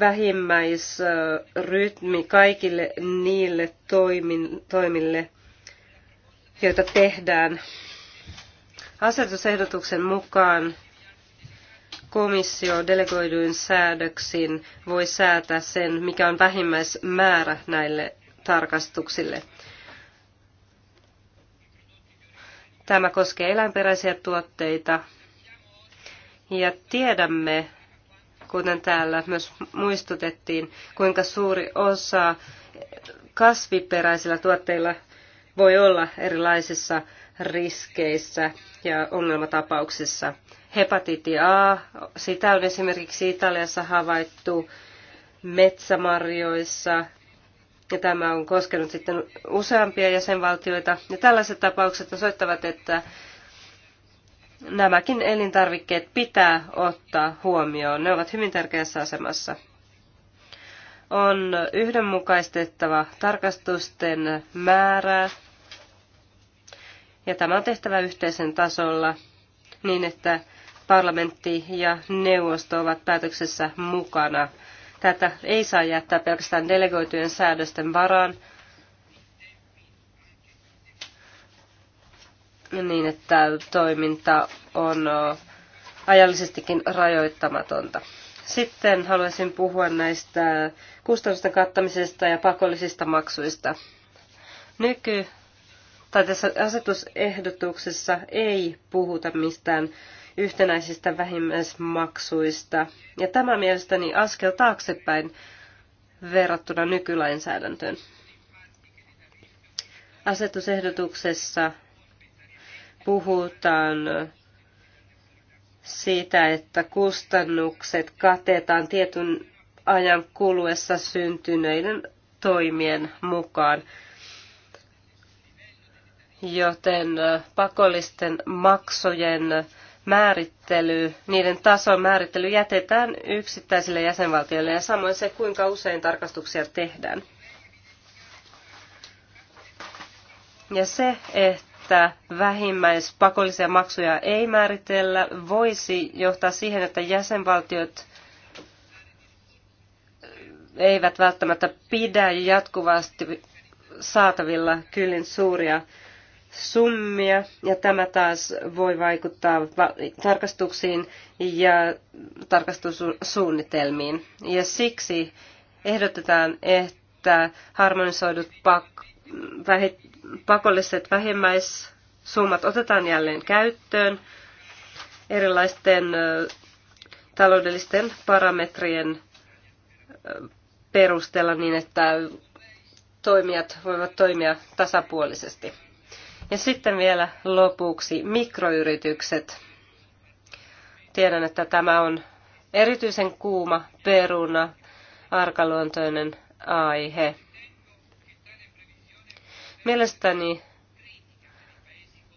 Speaker 2: vähimmäisrytmi kaikille niille toimin, toimille, joita tehdään. Asetusehdotuksen mukaan komissio delegoiduin säädöksiin voi säätää sen, mikä on vähimmäismäärä näille tarkastuksille – Tämä koskee eläinperäisiä tuotteita. Ja tiedämme, kuten täällä myös muistutettiin, kuinka suuri osa kasviperäisillä tuotteilla voi olla erilaisissa riskeissä ja ongelmatapauksissa. Hepatiitti A, sitä on esimerkiksi Italiassa havaittu metsämarjoissa ja tämä on koskenut sitten useampia jäsenvaltioita. Ja tällaiset tapaukset osoittavat, että nämäkin elintarvikkeet pitää ottaa huomioon. Ne ovat hyvin tärkeässä asemassa. On yhdenmukaistettava tarkastusten määrää. Ja tämä on tehtävä yhteisen tasolla niin, että parlamentti ja neuvosto ovat päätöksessä mukana Tätä ei saa jättää pelkästään delegoitujen säädösten varaan, niin että toiminta on ajallisestikin rajoittamatonta. Sitten haluaisin puhua näistä kustannusten kattamisesta ja pakollisista maksuista. Nyky- tai tässä asetusehdotuksessa ei puhuta mistään yhtenäisistä vähimmäismaksuista. Ja tämä mielestäni askel taaksepäin verrattuna nykylainsäädäntöön. Asetusehdotuksessa puhutaan siitä, että kustannukset katetaan tietyn ajan kuluessa syntyneiden toimien mukaan. Joten pakollisten maksojen määrittely, niiden tason määrittely jätetään yksittäisille jäsenvaltioille ja samoin se, kuinka usein tarkastuksia tehdään. Ja se, että vähimmäispakollisia maksuja ei määritellä, voisi johtaa siihen, että jäsenvaltiot eivät välttämättä pidä jatkuvasti saatavilla kyllin suuria summia ja tämä taas voi vaikuttaa tarkastuksiin ja tarkastussuunnitelmiin. Ja siksi ehdotetaan, että harmonisoidut pak- vähi- pakolliset vähimmäissummat otetaan jälleen käyttöön erilaisten taloudellisten parametrien perusteella niin, että toimijat voivat toimia tasapuolisesti. Ja sitten vielä lopuksi mikroyritykset. Tiedän, että tämä on erityisen kuuma peruna, arkaluontoinen aihe. Mielestäni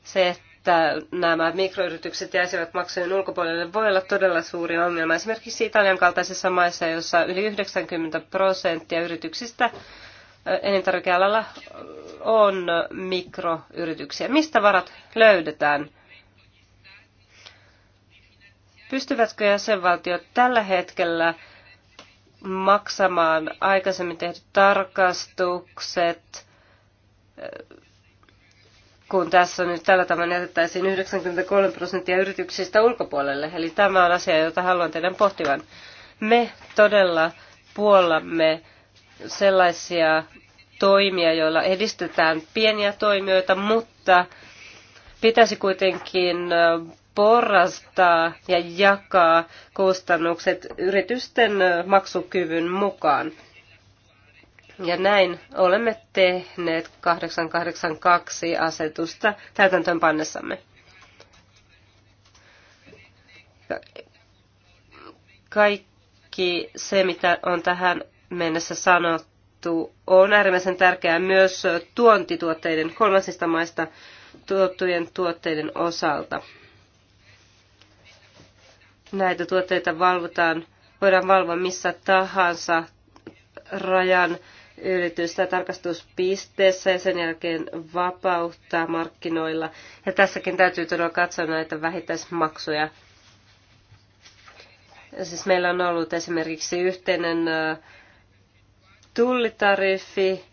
Speaker 2: se, että nämä mikroyritykset jäisivät maksujen ulkopuolelle, voi olla todella suuri ongelma. Esimerkiksi Italian kaltaisissa maissa, jossa yli 90 prosenttia yrityksistä elintarvikealalla on mikroyrityksiä. Mistä varat löydetään? Pystyvätkö jäsenvaltiot tällä hetkellä maksamaan aikaisemmin tehdyt tarkastukset, kun tässä nyt tällä tavalla jätettäisiin 93 prosenttia yrityksistä ulkopuolelle. Eli tämä on asia, jota haluan teidän pohtivan. Me todella puollamme sellaisia toimia, joilla edistetään pieniä toimijoita, mutta pitäisi kuitenkin porrastaa ja jakaa kustannukset yritysten maksukyvyn mukaan. Ja näin olemme tehneet 882 asetusta täytäntöönpannessamme. Kaikki se, mitä on tähän mennessä sanottu on äärimmäisen tärkeää myös tuontituotteiden kolmansista maista tuottujen tuotteiden osalta. Näitä tuotteita valvotaan, voidaan valvoa missä tahansa rajan ylitystä tarkastuspisteessä ja sen jälkeen vapauttaa markkinoilla. Ja tässäkin täytyy todella katsoa näitä vähittäismaksuja. Siis meillä on ollut esimerkiksi yhteinen äh, tullitariffi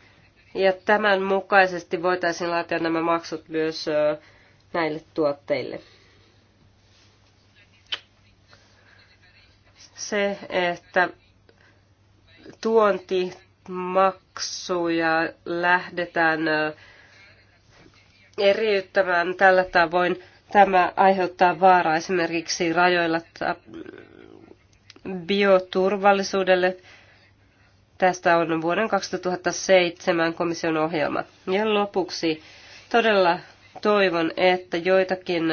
Speaker 2: ja tämän mukaisesti voitaisiin laatia nämä maksut myös näille tuotteille. Se, että tuontimaksuja lähdetään eriyttämään tällä tavoin, tämä aiheuttaa vaaraa esimerkiksi rajoilla bioturvallisuudelle Tästä on vuoden 2007 komission ohjelma. Ja lopuksi todella toivon, että joitakin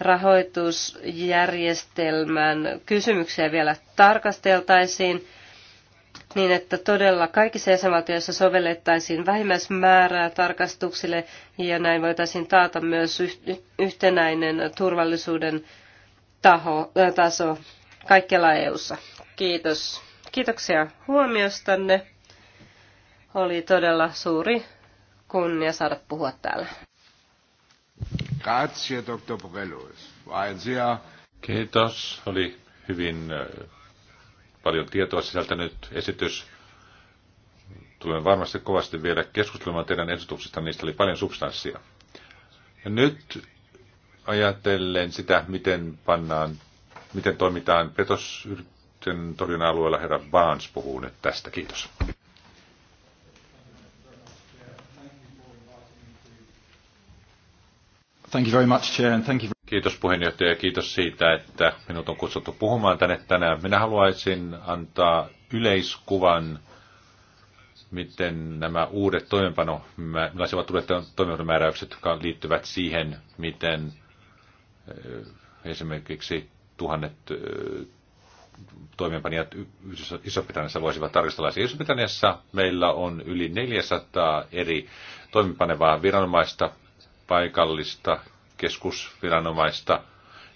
Speaker 2: rahoitusjärjestelmän kysymyksiä vielä tarkasteltaisiin niin, että todella kaikissa jäsenvaltioissa sovellettaisiin vähimmäismäärää tarkastuksille ja näin voitaisiin taata myös yhtenäinen turvallisuuden taho, taso kaikkialla EU:ssa. Kiitos. Kiitoksia huomiostanne. Oli todella suuri kunnia saada puhua täällä.
Speaker 1: Grazie, Dr. Borellos. Kiitos. Oli hyvin paljon tietoa sisältänyt esitys. Tulen varmasti kovasti vielä keskustelemaan teidän esityksistä, niistä oli paljon substanssia. Ja nyt ajatellen sitä, miten pannaan, miten toimitaan petos, sitten torjunnan alueella herra Barnes puhuu nyt tästä. Kiitos. Thank you very much, Chair, and thank you. Kiitos puheenjohtaja ja kiitos siitä, että minut on kutsuttu puhumaan tänne tänään. Minä haluaisin antaa yleiskuvan, miten nämä uudet toimenpano, millaiset ovat uudet toimenpanomääräykset, jotka liittyvät siihen, miten eh, esimerkiksi tuhannet eh, toimeenpanijat Iso-Britanniassa voisivat tarkistella. Iso-Britanniassa meillä on yli 400 eri toimipanevaa viranomaista, paikallista, keskusviranomaista,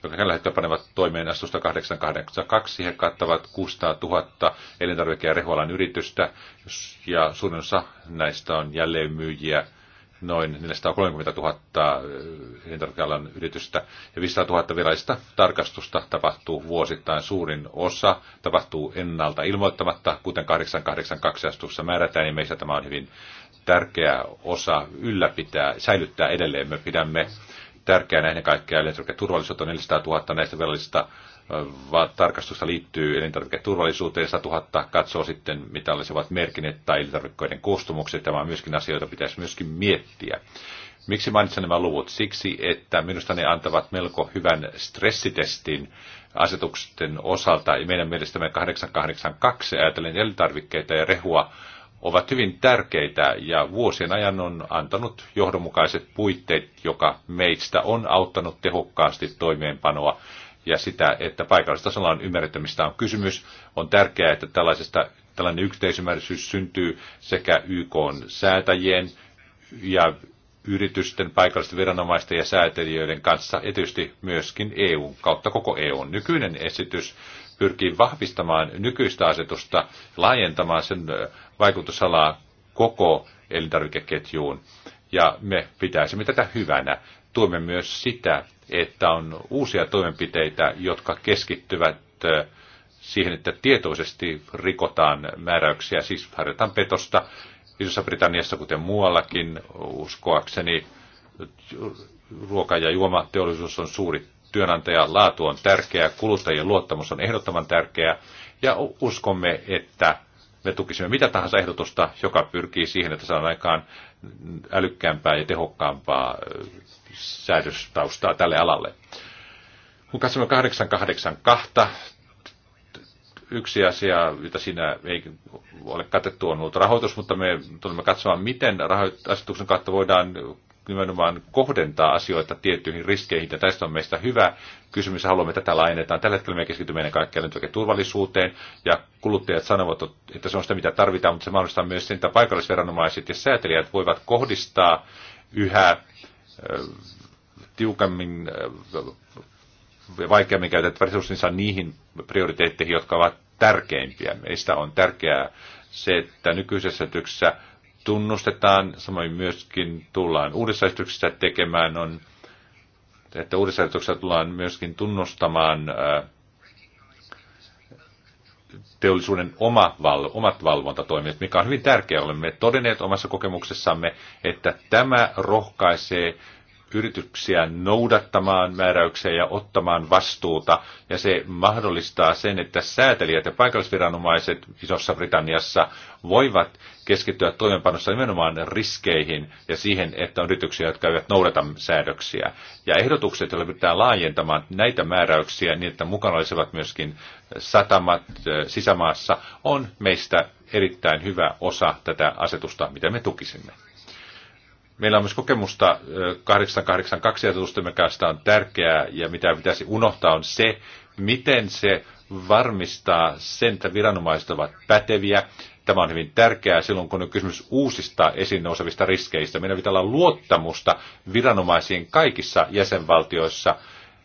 Speaker 1: jotka tällä hetkellä panevat toimeen astusta 882. He kattavat 600 000 elintarvike- ja rehualan yritystä, ja suurin osa näistä on jälleenmyyjiä noin 430 000 äh, elintarvikealan yritystä ja 500 000 virallista tarkastusta tapahtuu vuosittain. Suurin osa tapahtuu ennalta ilmoittamatta, kuten 882 astuksessa määrätään, niin meissä tämä on hyvin tärkeä osa ylläpitää, säilyttää edelleen. Me pidämme tärkeänä ennen kaikkea elintarviketurvallisuutta 400 000 näistä virallisista tarkastusta liittyy elintarviketurvallisuuteen, 100 000 katsoo sitten, mitä olisivat merkinnät tai elintarvikkeiden koostumukset. Tämä on myöskin asioita, pitäisi myöskin miettiä. Miksi mainitsen nämä luvut? Siksi, että minusta ne antavat melko hyvän stressitestin asetuksen osalta. Ja meidän mielestämme 882 ajatellen elintarvikkeita ja rehua ovat hyvin tärkeitä ja vuosien ajan on antanut johdonmukaiset puitteet, joka meistä on auttanut tehokkaasti toimeenpanoa ja sitä, että paikallistasolla on ymmärretty, mistä on kysymys. On tärkeää, että tällaisesta, tällainen yhteisymmärrys syntyy sekä YK säätäjien ja yritysten, paikallisten viranomaisten ja säätelijöiden kanssa, ja tietysti myöskin EUn kautta koko EUn. Nykyinen esitys pyrkii vahvistamaan nykyistä asetusta, laajentamaan sen vaikutusalaa koko elintarvikeketjuun, ja me pitäisimme tätä hyvänä. Tuomme myös sitä, että on uusia toimenpiteitä, jotka keskittyvät siihen, että tietoisesti rikotaan määräyksiä, siis harjoitetaan petosta. Isossa Britanniassa, kuten muuallakin, uskoakseni ruoka- ja juomateollisuus on suuri työnantaja, laatu on tärkeää, kuluttajien luottamus on ehdottoman tärkeää, ja uskomme, että me tukisimme mitä tahansa ehdotusta, joka pyrkii siihen, että saadaan aikaan älykkäämpää ja tehokkaampaa säädöstaustaa tälle alalle. Kun katsomme 882, yksi asia, jota siinä ei ole katettu, on ollut rahoitus, mutta me tulemme katsomaan, miten asetuksen kautta voidaan nimenomaan kohdentaa asioita tiettyihin riskeihin, ja tästä on meistä hyvä kysymys, haluamme tätä laajennetaan. Tällä hetkellä me keskitymme meidän kaikkea turvallisuuteen, ja kuluttajat sanovat, että se on sitä, mitä tarvitaan, mutta se mahdollistaa myös sen, että paikallisviranomaiset ja säätelijät voivat kohdistaa yhä tiukemmin vaikeammin käytät resurssinsa niihin prioriteetteihin, jotka ovat tärkeimpiä. Meistä on tärkeää se, että nykyisessä tyksessä tunnustetaan, samoin myöskin tullaan uudessa esityksessä tekemään, on, että uudessa tullaan myöskin tunnustamaan teollisuuden oma val, omat valvontatoimijat, mikä on hyvin tärkeää. Olemme todenneet omassa kokemuksessamme, että tämä rohkaisee yrityksiä noudattamaan määräyksiä ja ottamaan vastuuta, ja se mahdollistaa sen, että säätelijät ja paikallisviranomaiset Isossa Britanniassa voivat keskittyä toimenpanossa nimenomaan riskeihin ja siihen, että on yrityksiä, jotka eivät noudata säädöksiä. Ja ehdotukset, joilla pitää laajentamaan näitä määräyksiä niin, että mukana olisivat myöskin satamat sisämaassa, on meistä erittäin hyvä osa tätä asetusta, mitä me tukisimme. Meillä on myös kokemusta 882 asetusta, mikä on tärkeää ja mitä pitäisi unohtaa on se, miten se varmistaa sen, että viranomaiset ovat päteviä Tämä on hyvin tärkeää silloin, kun on kysymys uusista esiin nousevista riskeistä. Meidän pitää olla luottamusta viranomaisiin kaikissa jäsenvaltioissa,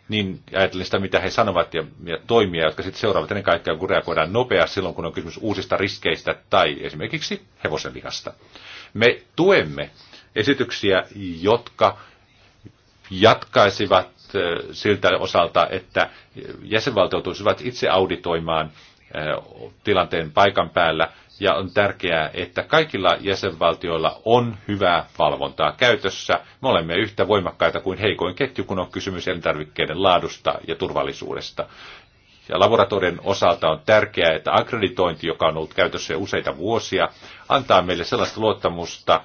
Speaker 1: niin ajatellen sitä, mitä he sanovat ja, ja toimia, jotka sitten seuraavat ennen kaikkea, kun reagoidaan nopeasti silloin, kun on kysymys uusista riskeistä tai esimerkiksi lihasta. Me tuemme esityksiä, jotka jatkaisivat siltä osalta, että jäsenvaltioituisivat itse auditoimaan tilanteen paikan päällä ja on tärkeää, että kaikilla jäsenvaltioilla on hyvää valvontaa käytössä. Me olemme yhtä voimakkaita kuin heikoin ketju, kun on kysymys elintarvikkeiden laadusta ja turvallisuudesta. Ja laboratorion osalta on tärkeää, että akkreditointi, joka on ollut käytössä jo useita vuosia, antaa meille sellaista luottamusta,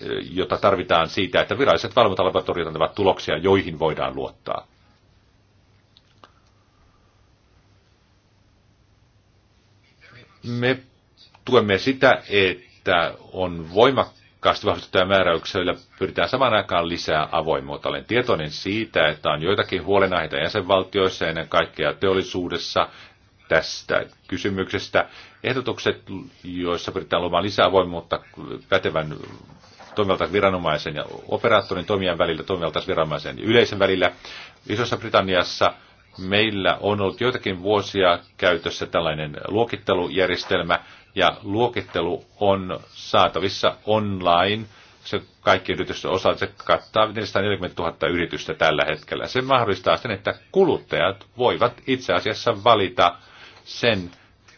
Speaker 1: eh, jota tarvitaan siitä, että viralliset valvontalaboratoriot antavat tuloksia, joihin voidaan luottaa. Me tuemme sitä, että on voimakkaasti vahvistettuja määräyksiä, joilla pyritään samaan aikaan lisää avoimuutta. Olen tietoinen siitä, että on joitakin huolenaiheita jäsenvaltioissa, ennen kaikkea teollisuudessa, tästä kysymyksestä. Ehdotukset, joissa pyritään luomaan lisää avoimuutta pätevän toimialta viranomaisen ja operaattorin toimijan välillä, toimialta viranomaisen ja yleisen välillä. Isossa Britanniassa meillä on ollut joitakin vuosia käytössä tällainen luokittelujärjestelmä, ja luokittelu on saatavissa online. Se kaikki yritysten osa, se kattaa 440 000 yritystä tällä hetkellä. Se mahdollistaa sen, että kuluttajat voivat itse asiassa valita sen,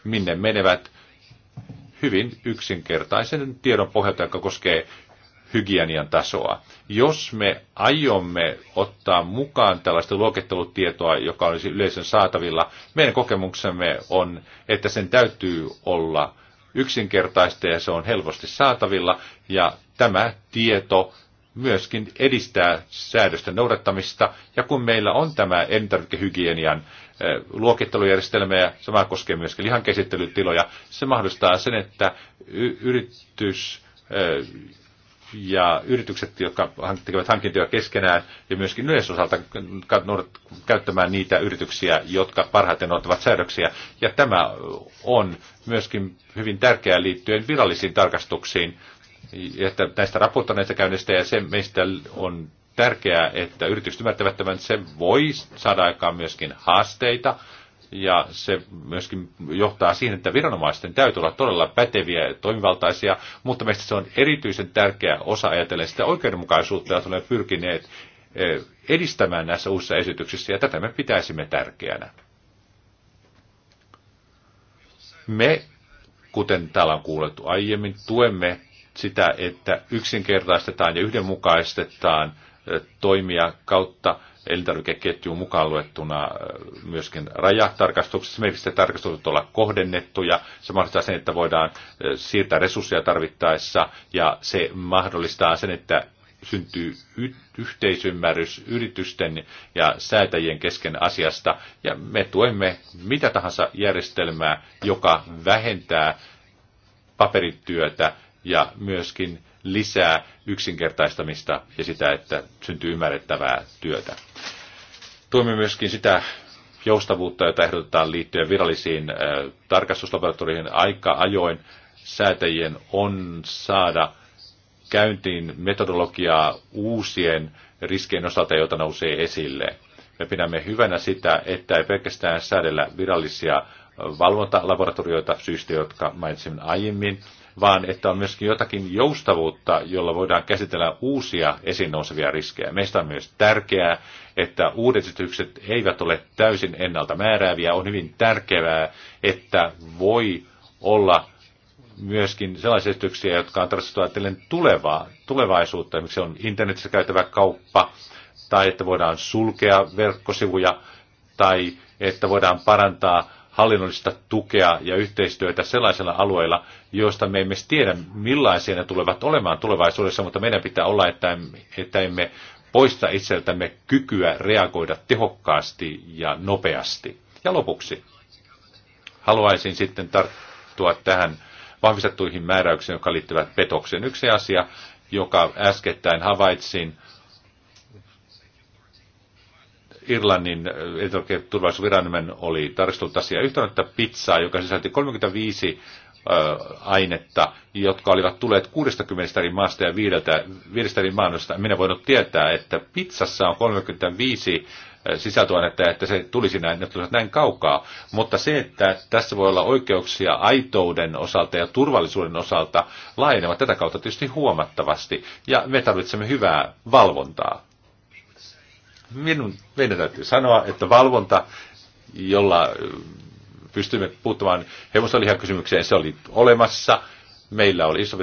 Speaker 1: minne menevät hyvin yksinkertaisen tiedon pohjalta, joka koskee hygienian tasoa. Jos me aiomme ottaa mukaan tällaista luokittelutietoa, joka olisi yleisön saatavilla, meidän kokemuksemme on, että sen täytyy olla yksinkertaista ja se on helposti saatavilla ja tämä tieto myöskin edistää säädösten noudattamista. Ja kun meillä on tämä elintarvikehygienian eh, luokittelujärjestelmä ja sama koskee myöskin lihankäsittelytiloja, se mahdollistaa sen, että yritys eh, ja yritykset, jotka tekevät hankintoja keskenään ja myöskin osalta käyttämään niitä yrityksiä, jotka parhaiten ottavat säädöksiä. Ja tämä on myöskin hyvin tärkeää liittyen virallisiin tarkastuksiin, että näistä raportoineista käynnistä ja se meistä on tärkeää, että yritykset ymmärtävät tämän, se voi saada aikaan myöskin haasteita, ja se myöskin johtaa siihen, että viranomaisten täytyy olla todella päteviä ja toimivaltaisia, mutta meistä se on erityisen tärkeä osa ajatellen sitä oikeudenmukaisuutta, jota olemme pyrkineet eh, edistämään näissä uusissa esityksissä, ja tätä me pitäisimme tärkeänä. Me, kuten täällä on kuulettu aiemmin, tuemme sitä, että yksinkertaistetaan ja yhdenmukaistetaan eh, toimia kautta elintarvikeketjuun mukaan luettuna äh, myöskin rajatarkastukset. Esimerkiksi tarkastukset olla kohdennettuja. Se mahdollistaa sen, että voidaan äh, siirtää resursseja tarvittaessa ja se mahdollistaa sen, että syntyy y- yhteisymmärrys yritysten ja säätäjien kesken asiasta ja me tuemme mitä tahansa järjestelmää, joka vähentää paperityötä ja myöskin lisää yksinkertaistamista ja sitä, että syntyy ymmärrettävää työtä. Tuemme myöskin sitä joustavuutta, jota ehdotetaan liittyen virallisiin äh, tarkastuslaboratorioihin aika ajoin. Säätäjien on saada käyntiin metodologiaa uusien riskien osalta, joita nousee esille. Me pidämme hyvänä sitä, että ei pelkästään säädellä virallisia valvontalaboratorioita syystä, jotka mainitsin aiemmin, vaan että on myöskin jotakin joustavuutta, jolla voidaan käsitellä uusia esiin nousevia riskejä. Meistä on myös tärkeää, että uudet esitykset eivät ole täysin ennalta määrääviä. On hyvin tärkeää, että voi olla myöskin sellaisia esityksiä, jotka on tarkoitettu ajatellen tulevaa, tulevaisuutta, esimerkiksi on internetissä käytävä kauppa, tai että voidaan sulkea verkkosivuja, tai että voidaan parantaa hallinnollista tukea ja yhteistyötä sellaisilla alueilla, joista me emme tiedä, millaisia ne tulevat olemaan tulevaisuudessa, mutta meidän pitää olla, että, että emme poista itseltämme kykyä reagoida tehokkaasti ja nopeasti. Ja lopuksi haluaisin sitten tarttua tähän vahvistettuihin määräyksiin, jotka liittyvät petokseen. Yksi asia, joka äskettäin havaitsin, Irlannin turvallisuusviranomainen oli tarkistellut asiaa yhtä pizzaa, joka sisälti 35 ainetta, jotka olivat tulleet 60 eri maasta ja viidestä eri maanosta. Minä voinut tietää, että pizzassa on 35 sisältöainetta, että se tulisi näin, ne tulisivat näin kaukaa. Mutta se, että tässä voi olla oikeuksia aitouden osalta ja turvallisuuden osalta laajenevat tätä kautta tietysti huomattavasti. Ja me tarvitsemme hyvää valvontaa minun, meidän täytyy sanoa, että valvonta, jolla äh, pystymme puuttumaan hevosolihan kysymykseen, se oli olemassa. Meillä oli iso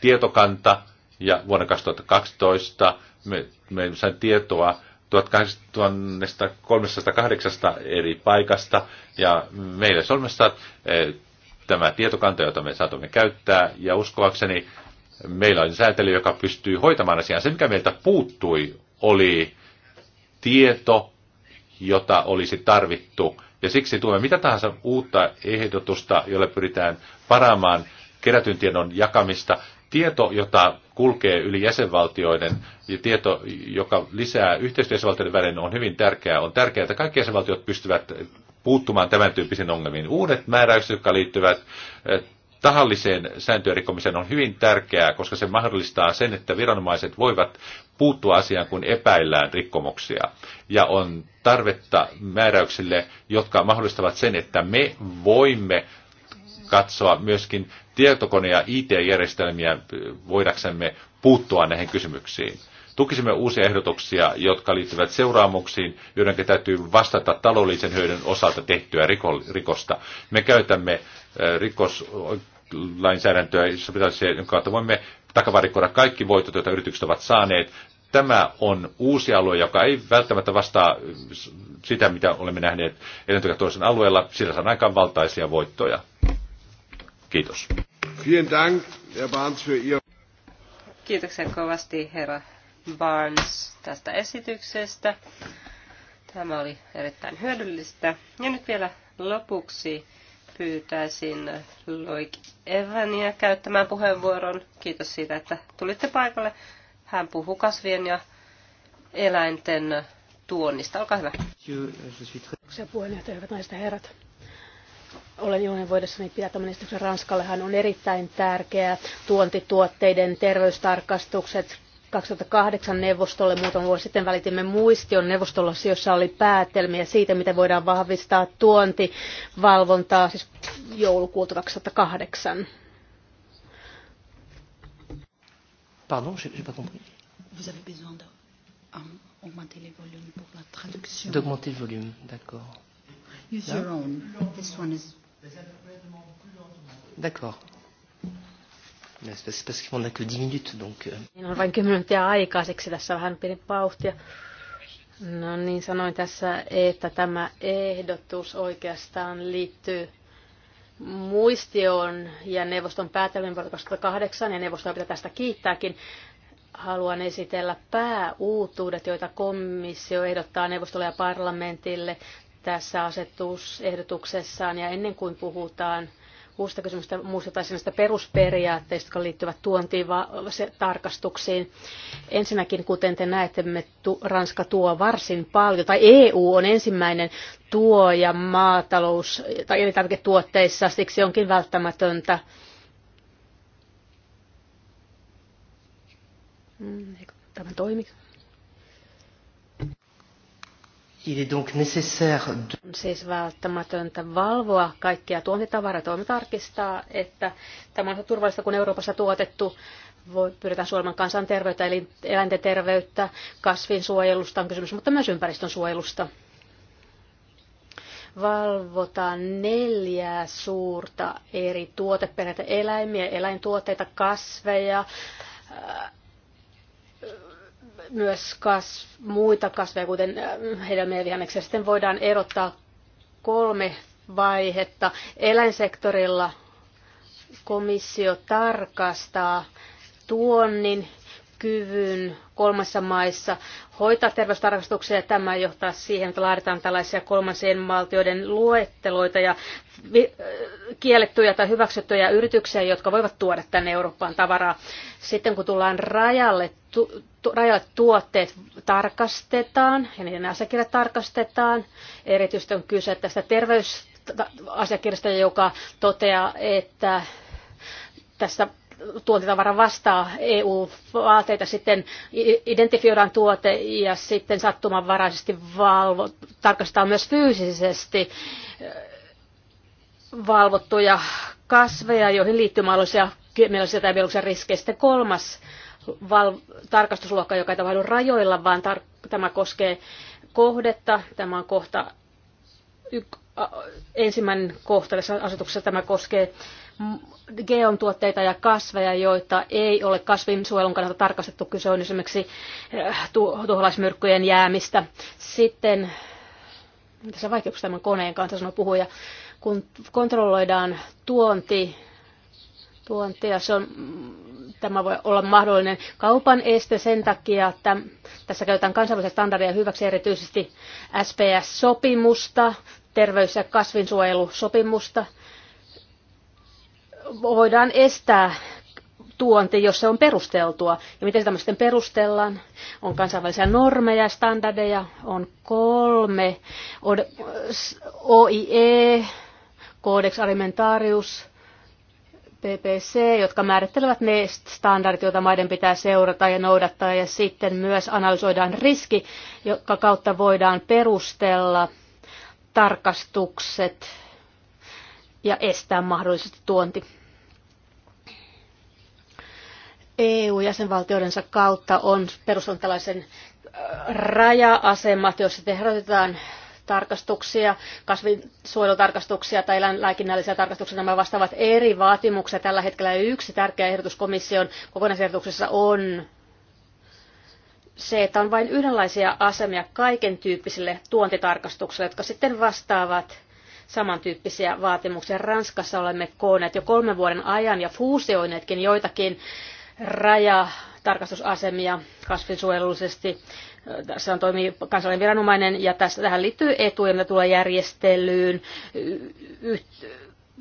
Speaker 1: tietokanta ja vuonna 2012 me, me sain tietoa 1308 eri paikasta ja meillä Solmessa äh, tämä tietokanta, jota me saatamme käyttää ja uskoakseni meillä on säätely, joka pystyy hoitamaan asiaa. Se, mikä meiltä puuttui, oli tieto, jota olisi tarvittu. Ja siksi tuemme mitä tahansa uutta ehdotusta, jolle pyritään paraamaan kerätyn tiedon jakamista. Tieto, jota kulkee yli jäsenvaltioiden ja tieto, joka lisää yhteistyöjäsenvaltioiden välinen, on hyvin tärkeää. On tärkeää, että kaikki jäsenvaltiot pystyvät puuttumaan tämän tyyppisiin ongelmiin. Uudet määräykset, jotka liittyvät eh, tahalliseen sääntöjen rikkomiseen on hyvin tärkeää, koska se mahdollistaa sen, että viranomaiset voivat puuttua asiaan, kun epäillään rikkomuksia. Ja on tarvetta määräyksille, jotka mahdollistavat sen, että me voimme katsoa myöskin tietokone- ja IT-järjestelmiä voidaksemme puuttua näihin kysymyksiin tukisimme uusia ehdotuksia, jotka liittyvät seuraamuksiin, joiden täytyy vastata taloudellisen hyödyn osalta tehtyä rikosta. Me käytämme rikoslainsäädäntöä, jossa jonka kautta voimme takavarikoida kaikki voitot, joita yritykset ovat saaneet. Tämä on uusi alue, joka ei välttämättä vastaa sitä, mitä olemme nähneet toisen alueella. Sillä saa aikaan valtaisia voittoja. Kiitos. Vielen Dank, für Ihr
Speaker 2: Kiitoksia kovasti herra Barnes tästä esityksestä. Tämä oli erittäin hyödyllistä. Ja nyt vielä lopuksi pyytäisin Loik Evania käyttämään puheenvuoron. Kiitos siitä, että tulitte paikalle. Hän puhuu kasvien ja eläinten tuonnista. Olkaa hyvä.
Speaker 3: Kiitoksia puheenjohtaja, hyvät naiset ja herrat. Olen iloinen voidessani pitää tämän esityksen Ranskalle. Hän on erittäin tärkeä tuontituotteiden terveystarkastukset, 2008 neuvostolle muutama vuosi sitten välitimme muistion neuvostolla, jossa oli päätelmiä siitä, miten voidaan vahvistaa tuontivalvontaa siis joulukuuta 2008. Pardon, j'ai pas compris. Vous avez besoin d'augmenter um, le volume pour la traduction. D'augmenter
Speaker 2: le volume, d'accord. Use your
Speaker 1: own.
Speaker 3: This one is.
Speaker 2: D'accord. Spesifikin on 10 donc... Euh.
Speaker 3: on vain 10 minuuttia aikaa, siksi tässä vähän pieni pauhtia. No niin, sanoin tässä, että tämä ehdotus oikeastaan liittyy muistioon ja neuvoston päätelmiin vuonna 2008, ja neuvostoa pitää tästä kiittääkin. Haluan esitellä pääuutuudet, joita komissio ehdottaa neuvostolle ja parlamentille tässä asetusehdotuksessaan, ja ennen kuin puhutaan muusta kysymystä muistuttaisin näistä perusperiaatteista, jotka liittyvät tuontiin tarkastuksiin. Ensinnäkin, kuten te näette, me tu, Ranska tuo varsin paljon, tai EU on ensimmäinen tuoja maatalous- tai elintarviketuotteissa, siksi onkin välttämätöntä mm, Tämä toimii.
Speaker 2: Il est donc nécessaire de...
Speaker 3: On siis välttämätöntä valvoa kaikkia tuontitavaroita. Voimme tarkistaa, että tämä on turvallista, kun Euroopassa tuotettu voi, pyritään suojelemaan kansanterveyttä, eli eläinten terveyttä, kasvinsuojelusta on kysymys, mutta myös ympäristön suojelusta. Valvotaan neljää suurta eri tuoteperheitä, eläimiä, eläintuotteita, kasveja, myös kas, muita kasveja, kuten äh, hedelmiä ja vihanneksia. Sitten voidaan erottaa kolme vaihetta. Eläinsektorilla komissio tarkastaa tuonnin kyvyn kolmessa maissa hoitaa terveystarkastuksia. Tämä johtaa siihen, että laaditaan tällaisia kolmansien valtioiden luetteloita ja äh, kiellettyjä tai hyväksyttyjä yrityksiä, jotka voivat tuoda tänne Eurooppaan tavaraa. Sitten kun tullaan rajalle, tu, tu, rajalle tuotteet tarkastetaan ja niiden asiakirjat tarkastetaan. Erityisesti on kyse tästä terveysasiakirjasta, joka toteaa, että tässä tuontitavara vastaa EU-vaateita, sitten identifioidaan tuote ja sitten sattumanvaraisesti valvo, tarkastetaan myös fyysisesti valvottuja kasveja, joihin liittyy mahdollisia kemiallisia tai biologisia riskejä. Sitten kolmas val- tarkastusluokka, joka ei tapahdu rajoilla, vaan tar- tämä koskee kohdetta. Tämä on kohta, y- ensimmäinen kohta tässä asetuksessa, tämä koskee geontuotteita ja kasveja, joita ei ole kasvinsuojelun kannalta tarkastettu. Kyse on esimerkiksi äh, tuholaismyrkkyjen jäämistä. Sitten, tässä vaikeuksia tämän koneen kanssa sanoo puhuja, kun kontrolloidaan tuonti, tuontia, se on, tämä voi olla mahdollinen kaupan este sen takia, että tässä käytetään kansainvälisiä standardeja hyväksi erityisesti SPS-sopimusta, terveys- ja kasvinsuojelusopimusta, voidaan estää tuonti, jos se on perusteltua. Ja miten sitä sitten perustellaan? On kansainvälisiä normeja, standardeja, on kolme, OIE, Codex Alimentarius, PPC, jotka määrittelevät ne standardit, joita maiden pitää seurata ja noudattaa, ja sitten myös analysoidaan riski, joka kautta voidaan perustella tarkastukset ja estää mahdollisesti tuonti. EU-jäsenvaltioidensa kautta on perustanut äh, raja-asemat, joissa tehdään tarkastuksia, kasvinsuojelutarkastuksia tai eläinlääkinnällisiä tarkastuksia. Nämä vastaavat eri vaatimuksia tällä hetkellä. Yksi tärkeä ehdotus komission kokonaisehdotuksessa on se, että on vain yhdenlaisia asemia kaiken tyyppisille tuontitarkastuksille, jotka sitten vastaavat samantyyppisiä vaatimuksia. Ranskassa olemme kooneet jo kolmen vuoden ajan ja fuusioineetkin joitakin raja tarkastusasemia kasvinsuojelullisesti. Tässä on toimii kansallinen viranomainen ja tässä, tähän liittyy etuja, mitä tulee järjestelyyn. Y-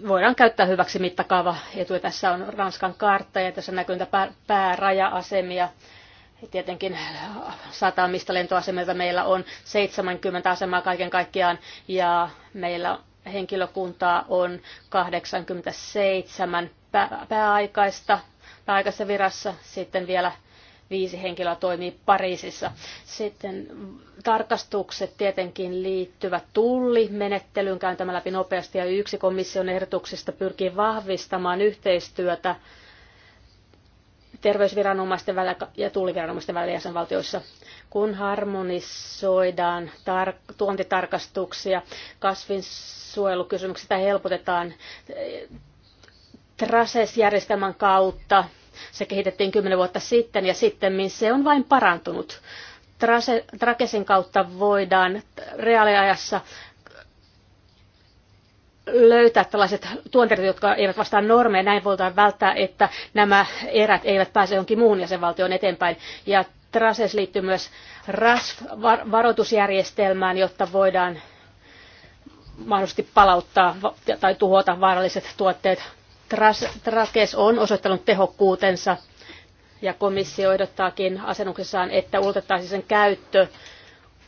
Speaker 3: voidaan käyttää hyväksi mittakaava etuja. Tässä on Ranskan kartta ja tässä näkyy niitä pää- pääraja-asemia. Tietenkin satamista lentoasemilta meillä on 70 asemaa kaiken kaikkiaan ja meillä henkilökuntaa on 87 pääaikaista, pääaikaisessa virassa, sitten vielä viisi henkilöä toimii Pariisissa. Sitten tarkastukset tietenkin liittyvät tullimenettelyyn käyntämällä läpi nopeasti ja yksi komission ehdotuksista pyrkii vahvistamaan yhteistyötä terveysviranomaisten välillä ja tulliviranomaisten välillä jäsenvaltioissa, kun harmonisoidaan tar- tuontitarkastuksia, kasvinsuojelukysymyksiä helpotetaan eh, TRASES-järjestelmän kautta. Se kehitettiin kymmenen vuotta sitten ja sitten se on vain parantunut. Trakesin kautta voidaan reaaliajassa löytää tällaiset tuonteet, jotka eivät vastaa normeja. Näin voidaan välttää, että nämä erät eivät pääse jonkin muun jäsenvaltion eteenpäin. Ja TRASES liittyy myös rasf varoitusjärjestelmään jotta voidaan mahdollisesti palauttaa tai tuhota vaaralliset tuotteet. TRAKES on osoittanut tehokkuutensa ja komissio ehdottaakin asennuksessaan, että ulotettaisiin sen käyttö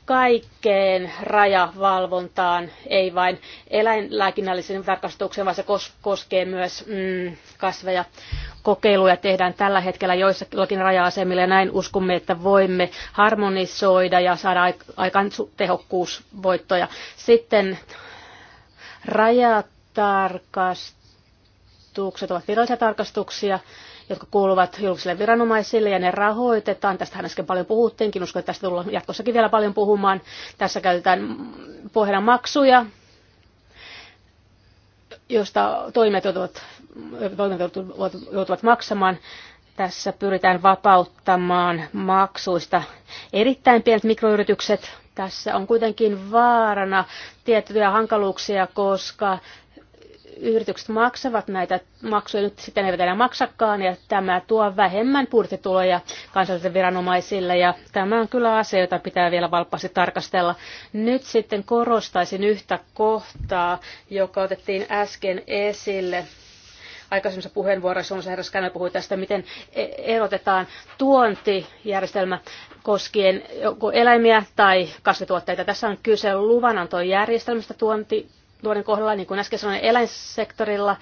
Speaker 3: kaikkeen rajavalvontaan, ei vain eläinlääkinnällisen tarkastuksen, vaan se koskee myös mm, kasveja. Kokeiluja tehdään tällä hetkellä joissakin raja-asemilla ja näin uskomme, että voimme harmonisoida ja saada aikaan tehokkuusvoittoja. Sitten rajatarkastukset ovat virallisia tarkastuksia jotka kuuluvat julkisille viranomaisille ja ne rahoitetaan. Tästä äsken paljon puhuttiinkin, uskon, että tästä tullaan jatkossakin vielä paljon puhumaan. Tässä käytetään pohjana maksuja, josta toimet joutuvat, joutuvat maksamaan. Tässä pyritään vapauttamaan maksuista erittäin pienet mikroyritykset. Tässä on kuitenkin vaarana tiettyjä hankaluuksia, koska yritykset maksavat näitä maksuja, nyt sitten ne eivät enää maksakaan, ja tämä tuo vähemmän purtituloja kansallisille viranomaisille, ja tämä on kyllä asia, jota pitää vielä valppaasti tarkastella. Nyt sitten korostaisin yhtä kohtaa, joka otettiin äsken esille. Aikaisemmissa puheenvuoroissa on herra Skännä puhui tästä, miten erotetaan tuontijärjestelmä koskien eläimiä tai kasvituotteita. Tässä on kyse luvanantojärjestelmästä tuonti luoden kohdalla, niin kuin äsken sanoin, eläinsektorilla.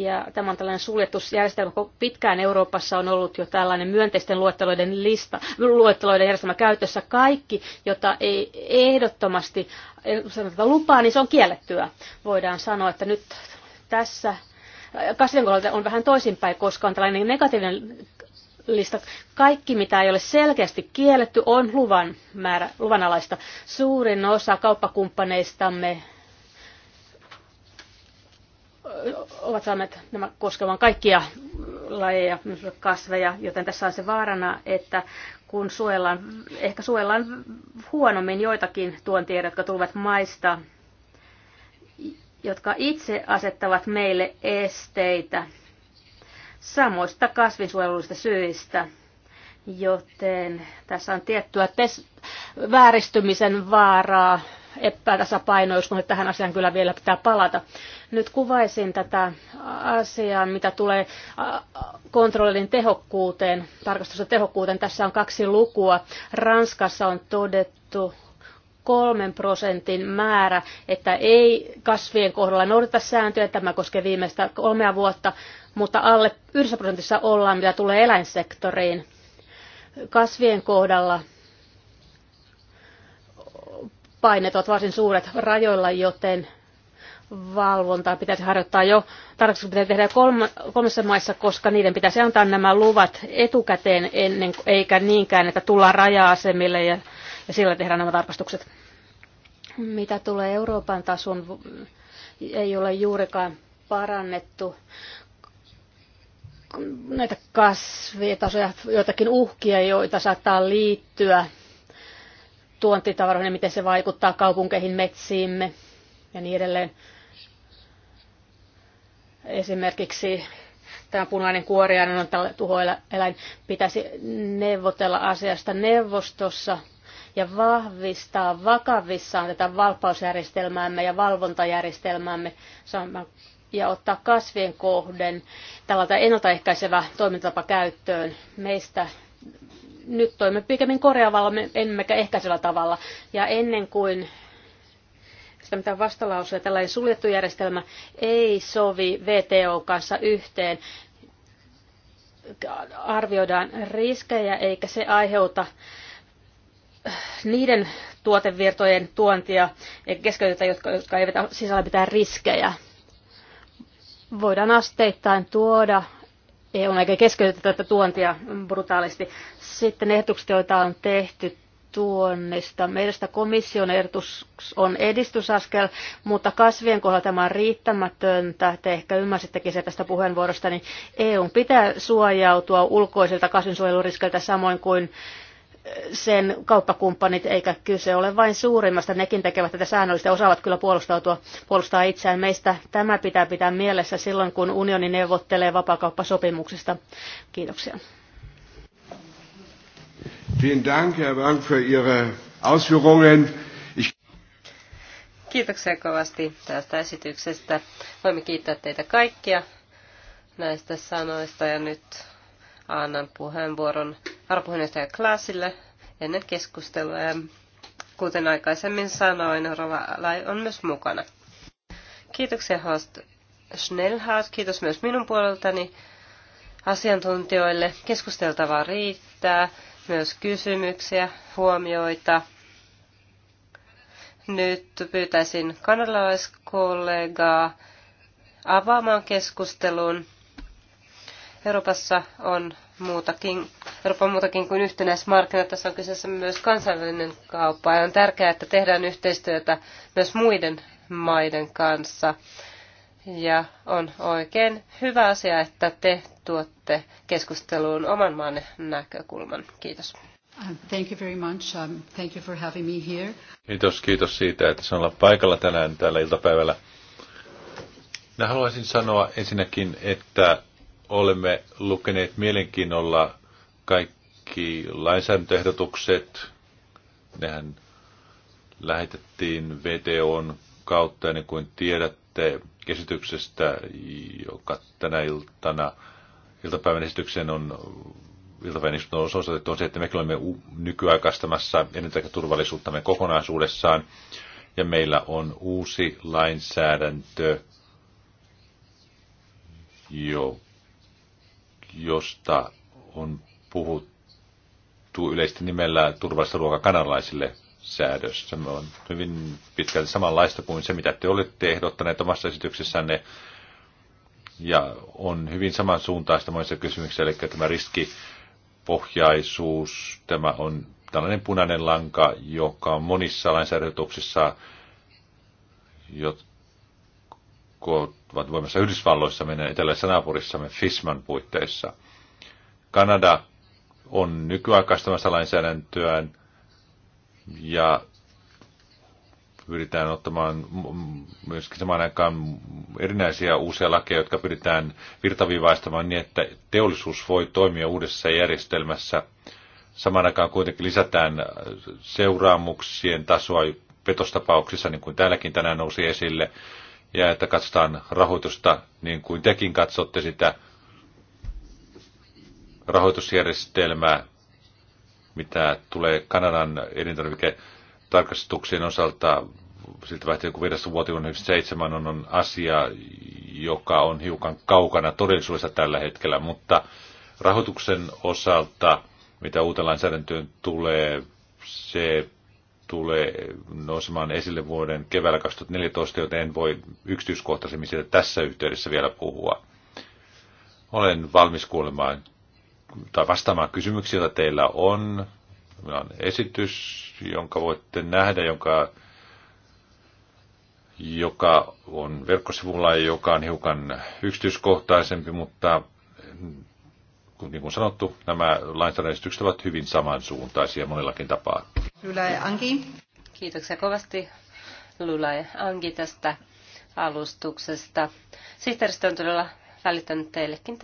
Speaker 3: Ja tämä on tällainen suljettu järjestelmä, kun pitkään Euroopassa on ollut jo tällainen myönteisten luetteloiden lista, luetteloiden järjestelmä käytössä. Kaikki, jota ei ehdottomasti sanota lupaa, niin se on kiellettyä. Voidaan sanoa, että nyt tässä kasvien kohdalla on vähän toisinpäin, koska on tällainen negatiivinen lista. Kaikki, mitä ei ole selkeästi kielletty, on luvan määrä, luvanalaista. Suurin osa kauppakumppaneistamme ovat saaneet nämä koskevan kaikkia lajeja, kasveja, joten tässä on se vaarana, että kun suojellaan, ehkä suojellaan huonommin joitakin tuontiedot, jotka tulevat maista, jotka itse asettavat meille esteitä samoista kasvinsuojelullisista syistä. Joten tässä on tiettyä tes- vääristymisen vaaraa epätasapaino, uskon, että tähän asiaan kyllä vielä pitää palata. Nyt kuvaisin tätä asiaa, mitä tulee kontrollin tehokkuuteen, tarkastusten tehokkuuteen. Tässä on kaksi lukua. Ranskassa on todettu kolmen prosentin määrä, että ei kasvien kohdalla noudata sääntöjä, tämä koskee viimeistä kolmea vuotta, mutta alle 9 prosentissa ollaan, mitä tulee eläinsektoriin. Kasvien kohdalla paineet ovat varsin suuret rajoilla, joten valvontaa pitäisi harjoittaa jo, tarkastus pitää tehdä kolmessa maissa, koska niiden pitäisi antaa nämä luvat etukäteen ennen, eikä niinkään, että tullaan raja-asemille ja, ja sillä tehdään nämä tarkastukset. Mitä tulee Euroopan tason, ei ole juurikaan parannettu näitä kasvitasoja, joitakin uhkia, joita saattaa liittyä tuontitavaroihin ja miten se vaikuttaa kaupunkeihin, metsiimme ja niin edelleen. Esimerkiksi tämä punainen kuoriainen on tällä tuhoeläin. Pitäisi neuvotella asiasta neuvostossa ja vahvistaa vakavissaan tätä valppausjärjestelmäämme ja valvontajärjestelmäämme ja ottaa kasvien kohden tällaista ennaltaehkäisevä toimintatapa käyttöön. Meistä nyt toimme pikemmin korjaavalla, emmekä ehkäisellä tavalla. Ja ennen kuin sitä mitä vastalausuja, tällainen suljettu järjestelmä ei sovi VTO kanssa yhteen. Arvioidaan riskejä eikä se aiheuta niiden tuotevirtojen tuontia keskeytetä, jotka, jotka eivät sisällä pitää riskejä. Voidaan asteittain tuoda EU aika keskeytetä tätä tuontia brutaalisti. Sitten ehdotukset, joita on tehty tuonnista. Meistä komission ehdotus on edistysaskel, mutta kasvien kohdalla tämä on riittämätöntä. Te ehkä ymmärsittekin se tästä puheenvuorosta, niin EU pitää suojautua ulkoisilta kasvinsuojeluriskeiltä samoin kuin sen kauppakumppanit, eikä kyse ole vain suurimmasta. Nekin tekevät tätä säännöllistä ja osaavat kyllä puolustautua, puolustaa itseään. Meistä tämä pitää pitää mielessä silloin, kun unioni neuvottelee vapaakauppasopimuksista. Kiitoksia.
Speaker 2: Kiitoksia kovasti tästä esityksestä. Voimme kiittää teitä kaikkia näistä sanoista ja nyt annan puheenvuoron varapuheenjohtaja Klaasille ennen keskustelua. Kuten aikaisemmin sanoin, Rova Lai on myös mukana. Kiitoksia host Schnellhardt. kiitos myös minun puoleltani asiantuntijoille. Keskusteltavaa riittää, myös kysymyksiä, huomioita. Nyt pyytäisin kanadalaiskollegaa avaamaan keskustelun. Euroopassa on muutakin, Euroopan muutakin kuin yhtenäismarkkinat. Tässä on kyseessä myös kansainvälinen kauppa ja on tärkeää, että tehdään yhteistyötä myös muiden maiden kanssa. Ja on oikein hyvä asia, että te tuotte keskusteluun oman maan näkökulman. Kiitos. Thank you very much. Um, thank you for having me here.
Speaker 1: Kiitos, kiitos siitä, että saan olla paikalla tänään tällä iltapäivällä. Mä haluaisin sanoa ensinnäkin, että olemme lukeneet mielenkiinnolla kaikki lainsäädäntöehdotukset. Nehän lähetettiin VTOn kautta, ja niin kuin tiedätte esityksestä, joka tänä iltana, iltapäivän esityksen on iltapäivän on osoitettu, on se, että mekin olemme nykyaikaistamassa turvallisuuttamme kokonaisuudessaan, ja meillä on uusi lainsäädäntö, jo josta on puhuttu yleisesti nimellä turvallista ruokakanalaisille kanalaisille säädös. Se on hyvin pitkälti samanlaista kuin se, mitä te olette ehdottaneet omassa esityksessänne. Ja on hyvin samansuuntaista monissa kysymyksissä, eli tämä riskipohjaisuus, tämä on tällainen punainen lanka, joka on monissa lainsäädäntöksissä, jotka ovat voimassa Yhdysvalloissa, meidän eteläisessä naapurissamme FISMAN puitteissa. Kanada on nykyaikaistamassa lainsäädäntöään ja pyritään ottamaan myöskin samaan aikaan erinäisiä uusia lakeja, jotka pyritään virtaviivaistamaan niin, että teollisuus voi toimia uudessa järjestelmässä. Samaan aikaan kuitenkin lisätään seuraamuksien tasoa petostapauksissa, niin kuin täälläkin tänään nousi esille ja että katsotaan rahoitusta niin kuin tekin katsotte sitä rahoitusjärjestelmää, mitä tulee Kanadan elintarviketarkastuksien osalta siltä lähtien, kun virassa vuosi on 97 on, on asia, joka on hiukan kaukana todellisuudessa tällä hetkellä, mutta rahoituksen osalta, mitä uuteen lainsäädäntöön tulee, se tulee nousemaan esille vuoden keväällä 2014, joten en voi yksityiskohtaisemmin siitä tässä yhteydessä vielä puhua. Olen valmis kuulemaan tai vastaamaan kysymyksiä, joita teillä on. Meillä on esitys, jonka voitte nähdä, jonka, joka on verkkosivulla ja joka on hiukan yksityiskohtaisempi, mutta niin kuin sanottu, nämä lainsäädäntöesitykset ovat hyvin samansuuntaisia monellakin tapaa. Lula Anki.
Speaker 2: Kiitoksia kovasti Lula ja Anki tästä alustuksesta. Sihteeristö on todella välittänyt teillekin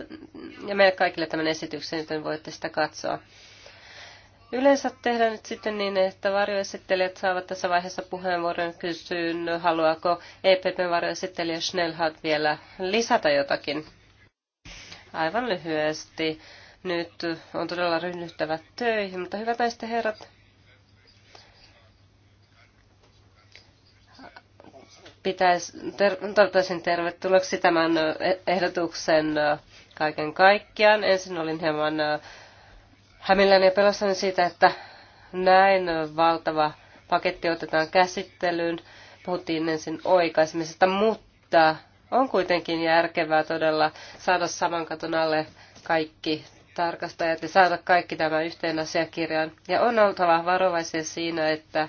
Speaker 2: ja meille kaikille tämän esityksen, joten voitte sitä katsoa. Yleensä tehdään nyt sitten niin, että varjoesittelijät saavat tässä vaiheessa puheenvuoron kysyyn, haluaako epp varjoesittelijä Schnellhardt vielä lisätä jotakin. Aivan lyhyesti. Nyt on todella ryhdyttävä töihin, mutta hyvät naiset herrat, pitäisi, ter, toivottaisin tervetulleeksi tämän e, ehdotuksen kaiken kaikkiaan. Ensin olin hieman hämilläni ja pelossani siitä, että näin valtava paketti otetaan käsittelyyn. Puhuttiin ensin oikaisemisesta, mutta on kuitenkin järkevää todella saada saman katon alle kaikki tarkastajat ja saada kaikki tämä yhteen asiakirjaan. Ja on oltava varovaisia siinä, että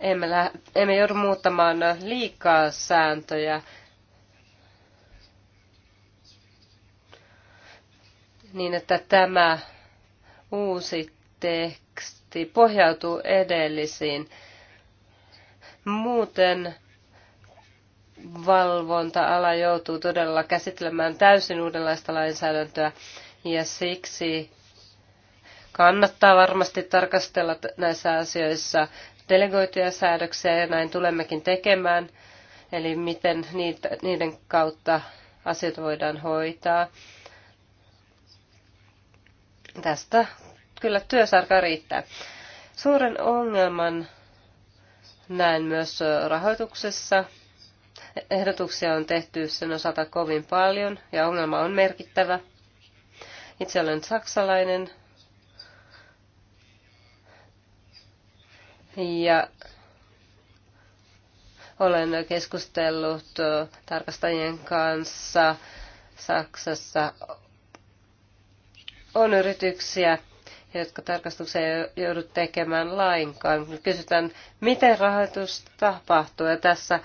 Speaker 2: emme, lä- emme joudu muuttamaan liikaa sääntöjä. Niin, että tämä uusi teksti pohjautuu edellisiin. Muuten valvonta-ala joutuu todella käsittelemään täysin uudenlaista lainsäädäntöä ja siksi kannattaa varmasti tarkastella näissä asioissa delegoituja säädöksiä ja näin tulemmekin tekemään, eli miten niiden kautta asiat voidaan hoitaa. Tästä kyllä työsarka riittää. Suuren ongelman näen myös rahoituksessa. Ehdotuksia on tehty sen osalta kovin paljon ja ongelma on merkittävä. Itse olen saksalainen Ja olen keskustellut tarkastajien kanssa Saksassa. On yrityksiä, jotka tarkastuksia ei joudu tekemään lainkaan. Kysytään, miten rahoitus tapahtuu. Ja tässä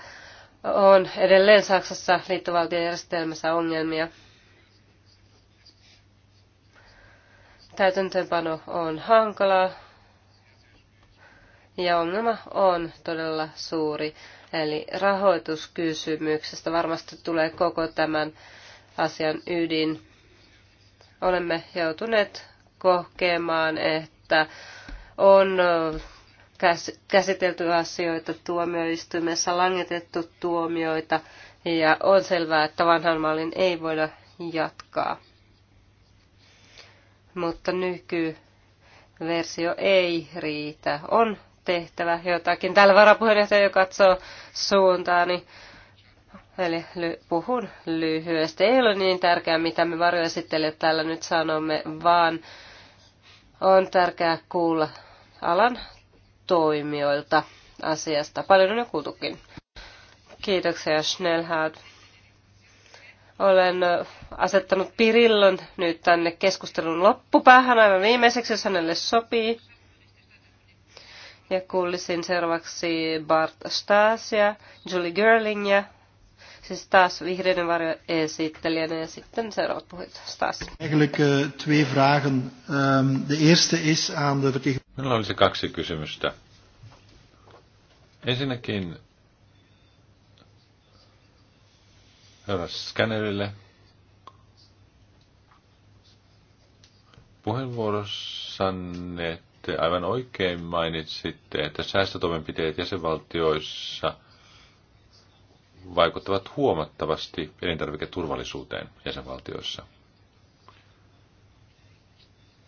Speaker 2: on edelleen Saksassa liittovaltiojärjestelmässä ongelmia. Täytäntöönpano on hankalaa, ja ongelma on todella suuri. Eli rahoituskysymyksestä varmasti tulee koko tämän asian ydin. Olemme joutuneet kokemaan, että on käsitelty asioita tuomioistuimessa, langetettu tuomioita ja on selvää, että vanhan mallin ei voida jatkaa. Mutta nykyversio ei riitä. On tehtävä jotakin. Täällä varapuheenjohtaja jo katsoo suuntaani. Niin eli ly- puhun lyhyesti. Ei ole niin tärkeää, mitä me varjoesittelijät täällä nyt sanomme, vaan on tärkeää kuulla alan toimijoilta asiasta. Paljon on jo kuultukin. Kiitoksia, Schnellhaut. Olen asettanut Pirillon nyt tänne keskustelun loppupäähän aivan viimeiseksi, jos hänelle sopii. Ja kuulisin seuraavaksi Bart Stasia, Julie ja siis taas vihreiden varjo esittelijänä ja sitten seuraavat puhut Stas.
Speaker 1: Eigenlijk eh, twee vragen. Ehm, de eerste is aan de Minulla olisi kaksi kysymystä. Ensinnäkin herra Scannerille. Puheenvuorossanne te aivan oikein mainitsitte, että säästötoimenpiteet jäsenvaltioissa vaikuttavat huomattavasti elintarviketurvallisuuteen jäsenvaltioissa.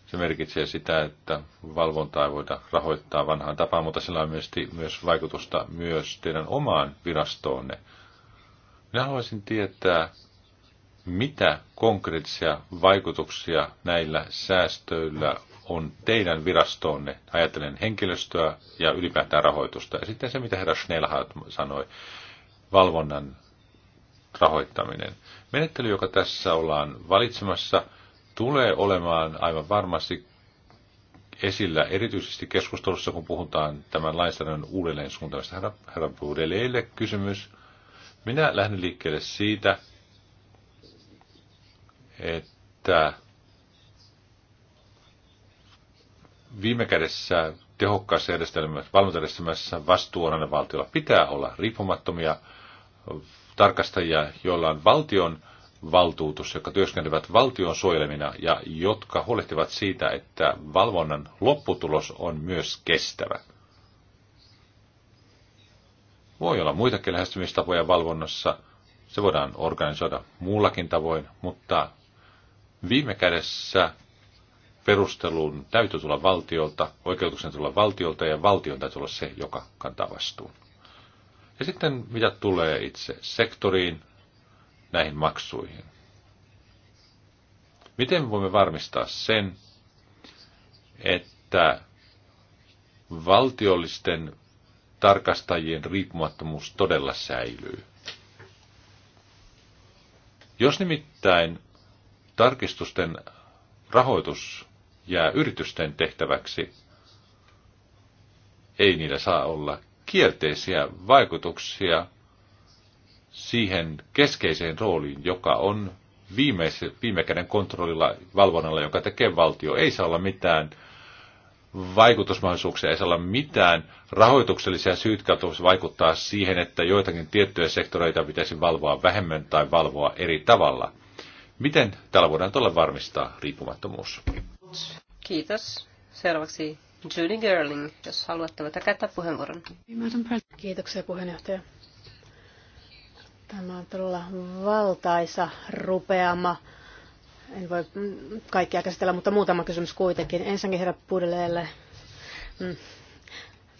Speaker 1: Se merkitsee sitä, että valvontaa ei voida rahoittaa vanhaan tapaan, mutta sillä on myös, vaikutusta myös teidän omaan virastoonne. Minä haluaisin tietää, mitä konkreettisia vaikutuksia näillä säästöillä on teidän virastoonne ajatellen henkilöstöä ja ylipäätään rahoitusta. Ja sitten se, mitä herra Schnellhardt sanoi, valvonnan rahoittaminen. Menettely, joka tässä ollaan valitsemassa, tulee olemaan aivan varmasti esillä erityisesti keskustelussa, kun puhutaan tämän lainsäädännön uudelleen suuntaamista. Herra, herra Budeleille kysymys. Minä lähden liikkeelle siitä, että viime kädessä tehokkaassa järjestelmässä, valvontajärjestelmässä vastuu on aina valtiolla. Pitää olla riippumattomia tarkastajia, joilla on valtion valtuutus, jotka työskentelevät valtion suojelemina ja jotka huolehtivat siitä, että valvonnan lopputulos on myös kestävä. Voi olla muitakin lähestymistapoja valvonnassa. Se voidaan organisoida muullakin tavoin, mutta viime kädessä perustelun täytyy tulla valtiolta, oikeutuksen tulla valtiolta ja valtion täytyy olla se, joka kantaa vastuun. Ja sitten mitä tulee itse sektoriin, näihin maksuihin. Miten me voimme varmistaa sen, että valtiollisten tarkastajien riippumattomuus todella säilyy? Jos nimittäin tarkistusten rahoitus jää yritysten tehtäväksi, ei niillä saa olla kielteisiä vaikutuksia siihen keskeiseen rooliin, joka on viime käden kontrollilla valvonnalla, jonka tekee valtio. Ei saa olla mitään vaikutusmahdollisuuksia, ei saa olla mitään rahoituksellisia syytä, vaikuttaa siihen, että joitakin tiettyjä sektoreita pitäisi valvoa vähemmän tai valvoa eri tavalla. Miten tällä voidaan tuolla varmistaa riippumattomuus?
Speaker 2: Kiitos. Seuraavaksi Judy Gerling, jos haluatte, voitte käyttää puheenvuoron.
Speaker 3: Kiitoksia puheenjohtaja. Tämä on todella valtaisa rupeama. En voi kaikkia käsitellä, mutta muutama kysymys kuitenkin. Ensinnäkin herra Pudeleelle. Mm,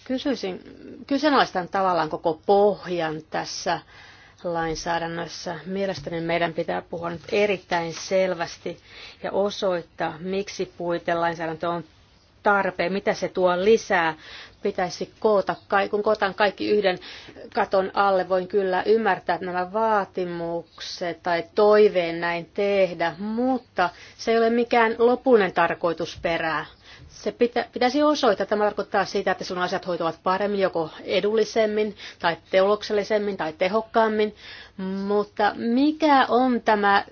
Speaker 3: kysyisin, kyseenalaistan tavallaan koko pohjan tässä lainsäädännössä. Mielestäni meidän pitää puhua nyt erittäin selvästi ja osoittaa, miksi puitelainsäädäntö on tarpeen, mitä se tuo lisää. Pitäisi koota, kun kootaan kaikki yhden katon alle, voin kyllä ymmärtää nämä vaatimukset tai toiveen näin tehdä, mutta se ei ole mikään lopullinen tarkoitusperää se pitä, pitäisi osoittaa. Tämä tarkoittaa sitä, että sun asiat hoituvat paremmin, joko edullisemmin tai teoloksellisemmin tai tehokkaammin. Mutta mikä on tämä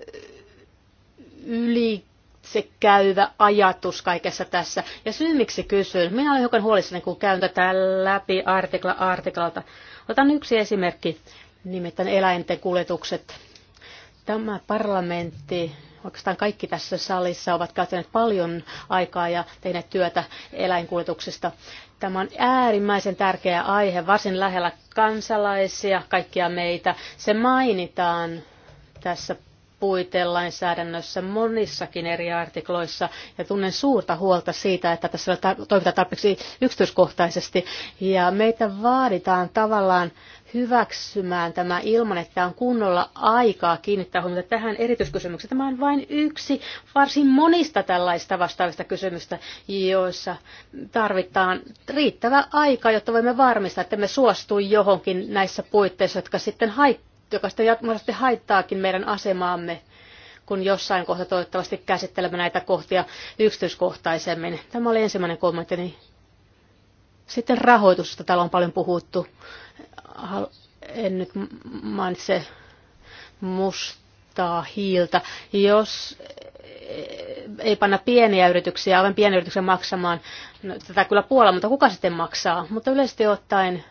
Speaker 3: yli se käyvä ajatus kaikessa tässä. Ja syy miksi kysyn, minä olen hiukan huolissani, kun käyn tätä läpi artikla artiklalta. Otan yksi esimerkki, nimittäin eläinten kuljetukset. Tämä parlamentti oikeastaan kaikki tässä salissa ovat käyttäneet paljon aikaa ja tehneet työtä eläinkuljetuksesta. Tämä on äärimmäisen tärkeä aihe, varsin lähellä kansalaisia, kaikkia meitä. Se mainitaan tässä puitelainsäädännössä monissakin eri artikloissa ja tunnen suurta huolta siitä, että tässä toimitaan tarpeeksi yksityiskohtaisesti ja meitä vaaditaan tavallaan hyväksymään tämä ilman, että on kunnolla aikaa kiinnittää huomiota tähän erityiskysymykseen. Tämä on vain yksi varsin monista tällaista vastaavista kysymystä, joissa tarvitaan riittävä aika, jotta voimme varmistaa, että me suostu johonkin näissä puitteissa, jotka sitten hait, joka sitten jatkuvasti haittaakin meidän asemaamme kun jossain kohta toivottavasti käsittelemme näitä kohtia yksityiskohtaisemmin. Tämä oli ensimmäinen kommentti. Niin sitten rahoitusta täällä on paljon puhuttu en nyt mainitse mustaa hiiltä. Jos e, ei panna pieniä yrityksiä, aivan pieniä yrityksiä maksamaan, no, tätä kyllä puolella, mutta kuka sitten maksaa? Mutta yleisesti ottaen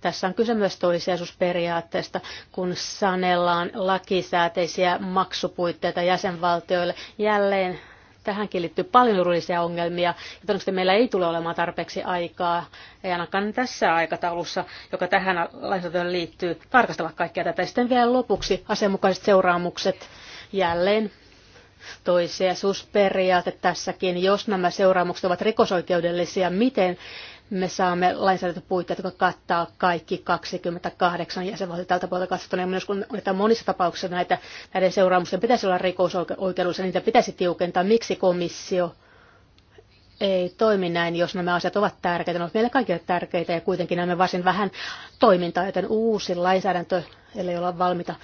Speaker 3: tässä on kyse myös toisiasusperiaatteesta, kun sanellaan lakisääteisiä maksupuitteita jäsenvaltioille. Jälleen Tähänkin liittyy paljon juridisia ongelmia, ja todennäköisesti meillä ei tule olemaan tarpeeksi aikaa, ei ainakaan tässä aikataulussa, joka tähän lainsäädäntöön liittyy, tarkastella kaikkea tätä. Sitten vielä lopuksi asianmukaiset seuraamukset jälleen toissijaisuusperiaate tässäkin, jos nämä seuraamukset ovat rikosoikeudellisia, miten me saamme lainsäädäntöpuitteet, jotka kattaa kaikki 28 jäsenvaltiota tältä puolelta katsottuna. Ja myös kun että monissa tapauksissa näitä, näiden seuraamusten pitäisi olla rikosoikeudellisia, niin niitä pitäisi tiukentaa. Miksi komissio ei toimi näin, jos nämä asiat ovat tärkeitä. Ne ovat meille kaikille tärkeitä ja kuitenkin näemme varsin vähän toimintaa, joten uusi lainsäädäntö, ellei olla valmiita,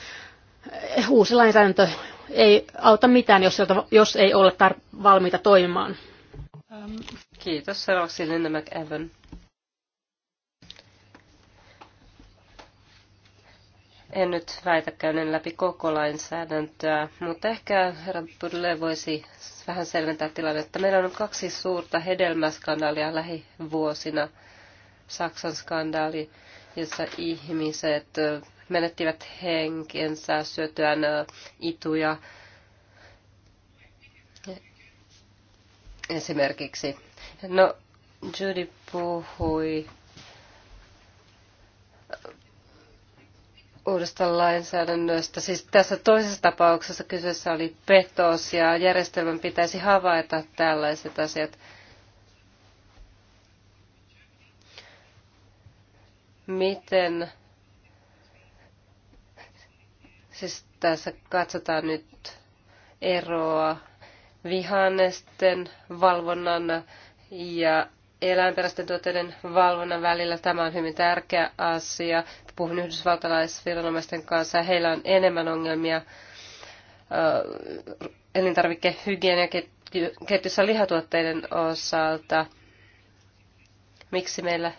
Speaker 3: uusi lainsäädäntö ei auta mitään, jos, jos ei ole tar- valmiita toimimaan.
Speaker 2: Kiitos. Seuraavaksi Linda McEvan. En nyt väitä käyneen läpi koko lainsäädäntöä, mutta ehkä herra Budle voisi vähän selventää tilannetta. Meillä on kaksi suurta hedelmäskandaalia lähivuosina. Saksan skandaali, jossa ihmiset menettivät henkensä syötyään ituja esimerkiksi. No, Judy puhui uudesta lainsäädännöstä. Siis tässä toisessa tapauksessa kyseessä oli petos ja järjestelmän pitäisi havaita tällaiset asiat. Miten siis tässä katsotaan nyt eroa vihannesten valvonnan ja eläinperäisten tuotteiden valvonnan välillä. Tämä on hyvin tärkeä asia. Puhun yhdysvaltalaisviranomaisten kanssa ja heillä on enemmän ongelmia elintarvikehygieniaketjussa lihatuotteiden osalta. Miksi meillä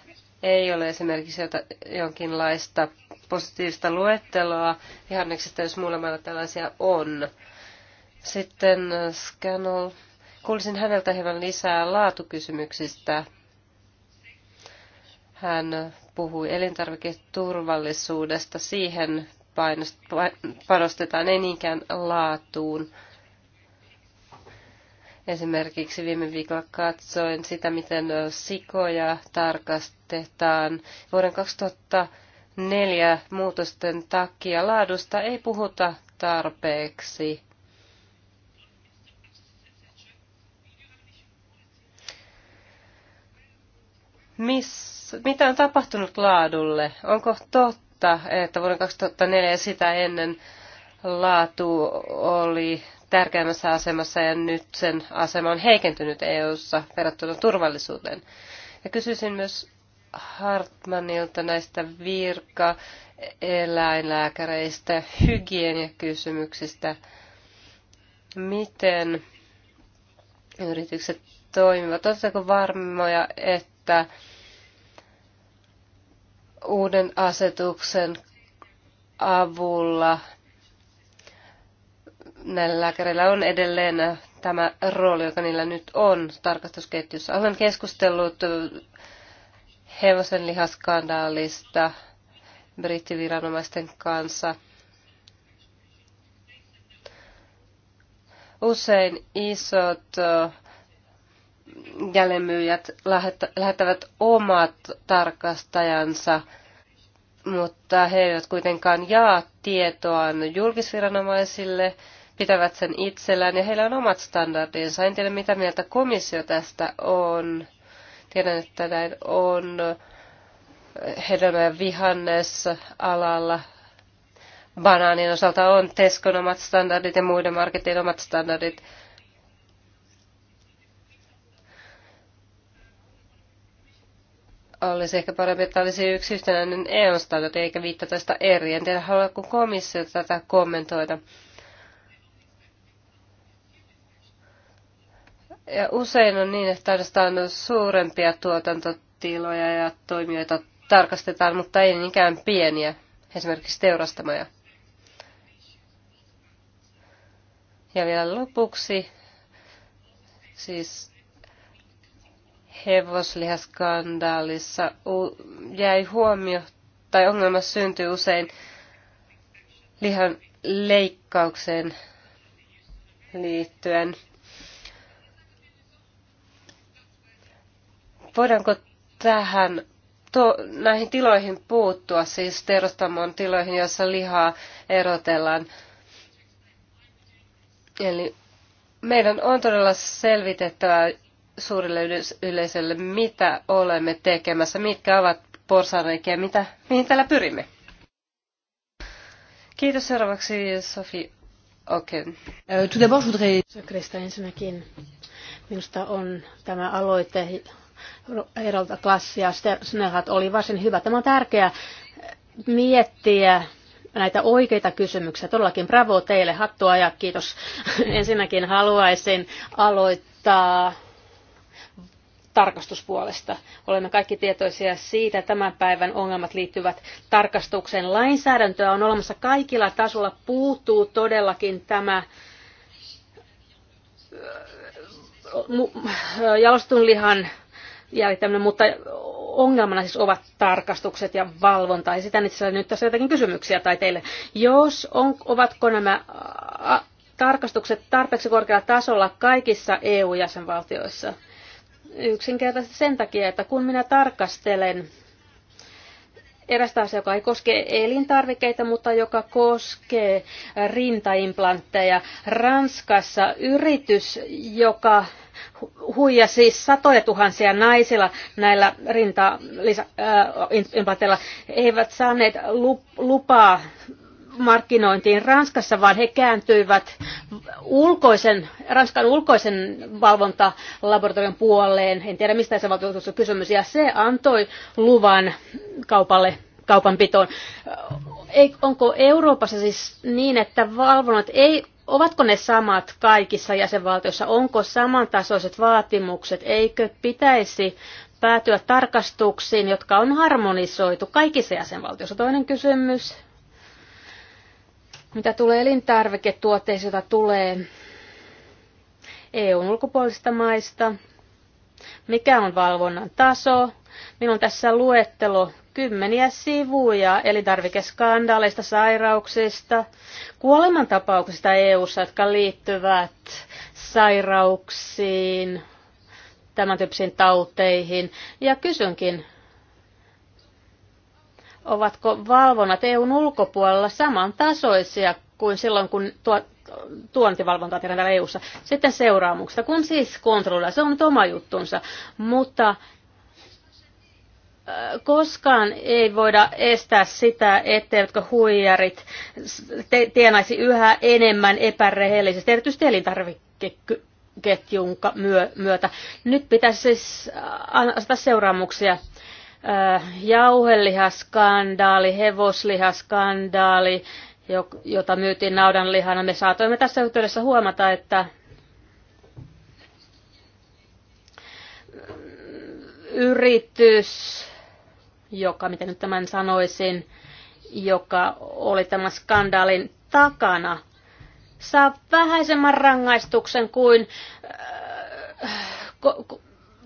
Speaker 2: ei ole esimerkiksi jonkinlaista positiivista luetteloa vihanneksista, jos muulla tällaisia on? Sitten äh, Scanol. Kuulisin häneltä hieman lisää laatukysymyksistä. Hän puhui elintarviketurvallisuudesta. Siihen panostetaan ei niinkään laatuun. Esimerkiksi viime viikolla katsoin sitä, miten äh, sikoja tarkastetaan. Vuoden 2004 muutosten takia laadusta ei puhuta tarpeeksi. Miss, mitä on tapahtunut laadulle? Onko totta, että vuoden 2004 sitä ennen laatu oli tärkeimmässä asemassa ja nyt sen asema on heikentynyt EU-ssa verrattuna turvallisuuteen? Ja kysyisin myös Hartmanilta näistä virka, eläinlääkäreistä, hygieniakysymyksistä, miten yritykset toimivat. Oletteko varmoja, että että uuden asetuksen avulla näillä lääkäreillä on edelleen tämä rooli, joka niillä nyt on tarkastusketjussa. Olen keskustellut hevosen lihaskandaalista brittiviranomaisten kanssa. Usein isot jälleenmyyjät lähettävät omat tarkastajansa, mutta he eivät kuitenkaan jaa tietoaan julkisviranomaisille, pitävät sen itsellään ja heillä on omat standardinsa. En tiedä, mitä mieltä komissio tästä on. Tiedän, että näin on hedelmän vihannes vihannesalalla. Banaanin osalta on Tescon omat standardit ja muiden marketin omat standardit. olisi ehkä parempi, että olisi yksi yhtenäinen EU-standardi eikä 15 eri. En tiedä, kun komissio tätä kommentoida. Ja usein on niin, että ainoastaan suurempia tuotantotiloja ja toimijoita tarkastetaan, mutta ei niinkään pieniä, esimerkiksi teurastamoja. Ja vielä lopuksi, siis hevoslihaskandaalissa jäi huomio tai ongelma syntyy usein lihan leikkaukseen liittyen. Voidaanko tähän to, näihin tiloihin puuttua, siis terostamon tiloihin, joissa lihaa erotellaan? Eli meidän on todella selvitettävä suurelle yleisölle, mitä olemme tekemässä, mitkä ovat porsareikiä, mitä, mihin täällä pyrimme. Kiitos seuraavaksi Sofi
Speaker 3: Oken. Okay. Äh, tout d'abord, je voudrais... Krista ensinnäkin. Minusta on tämä aloite Herolta Klassi ja Snerhat oli varsin hyvä. Tämä on tärkeää äh, miettiä näitä oikeita kysymyksiä. Todellakin bravo teille, hattua ja kiitos. *laughs* Ensinnäkin haluaisin aloittaa tarkastuspuolesta. Olemme kaikki tietoisia siitä, että tämän päivän ongelmat liittyvät tarkastukseen. Lainsäädäntöä on olemassa kaikilla tasolla. Puuttuu todellakin tämä äh, äh, jalostun lihan jäljittäminen, mutta ongelmana siis ovat tarkastukset ja valvonta. Ja sitä itse nyt tässä jotakin kysymyksiä tai teille. Jos on, ovatko nämä äh, tarkastukset tarpeeksi korkealla tasolla kaikissa EU-jäsenvaltioissa? Yksinkertaisesti sen takia, että kun minä tarkastelen erästä asiaa, joka ei koske elintarvikkeita, mutta joka koskee rintaimplantteja. Ranskassa yritys, joka huijasi siis satoja tuhansia naisilla näillä rintaimplanteilla, eivät saaneet lupaa markkinointiin Ranskassa, vaan he kääntyivät ulkoisen, Ranskan ulkoisen valvontalaboratorion puoleen. En tiedä, mistä se on kysymys. Ja se antoi luvan kaupalle kaupanpitoon. Ei, onko Euroopassa siis niin, että valvonnat ei Ovatko ne samat kaikissa jäsenvaltioissa? Onko samantasoiset vaatimukset? Eikö pitäisi päätyä tarkastuksiin, jotka on harmonisoitu kaikissa jäsenvaltioissa? Toinen kysymys mitä tulee elintarviketuotteisiin, joita tulee EUn ulkopuolisista maista, mikä on valvonnan taso. Minulla on tässä luettelo kymmeniä sivuja elintarvikeskandaaleista, sairauksista, kuolemantapauksista EU-ssa, jotka liittyvät sairauksiin, tämän tyyppisiin tauteihin. Ja kysynkin, ovatko valvonnat EUn ulkopuolella samantasoisia kuin silloin, kun tuo, tuontivalvontaa tehdään täällä EUssa. Sitten seuraamuksista, kun siis kontrolloidaan, se on nyt oma juttunsa, mutta koskaan ei voida estää sitä, etteivätkö huijarit tienaisi yhä enemmän epärehellisesti, erityisesti elintarvikeketjun myötä. Nyt pitäisi siis asettaa seuraamuksia Äh, jauhelihaskandaali, hevoslihaskandaali, jota myytiin naudanlihana, me saatoimme tässä yhteydessä huomata, että yritys, joka, miten nyt tämän sanoisin, joka oli tämän skandaalin takana, saa vähäisemmän rangaistuksen kuin äh,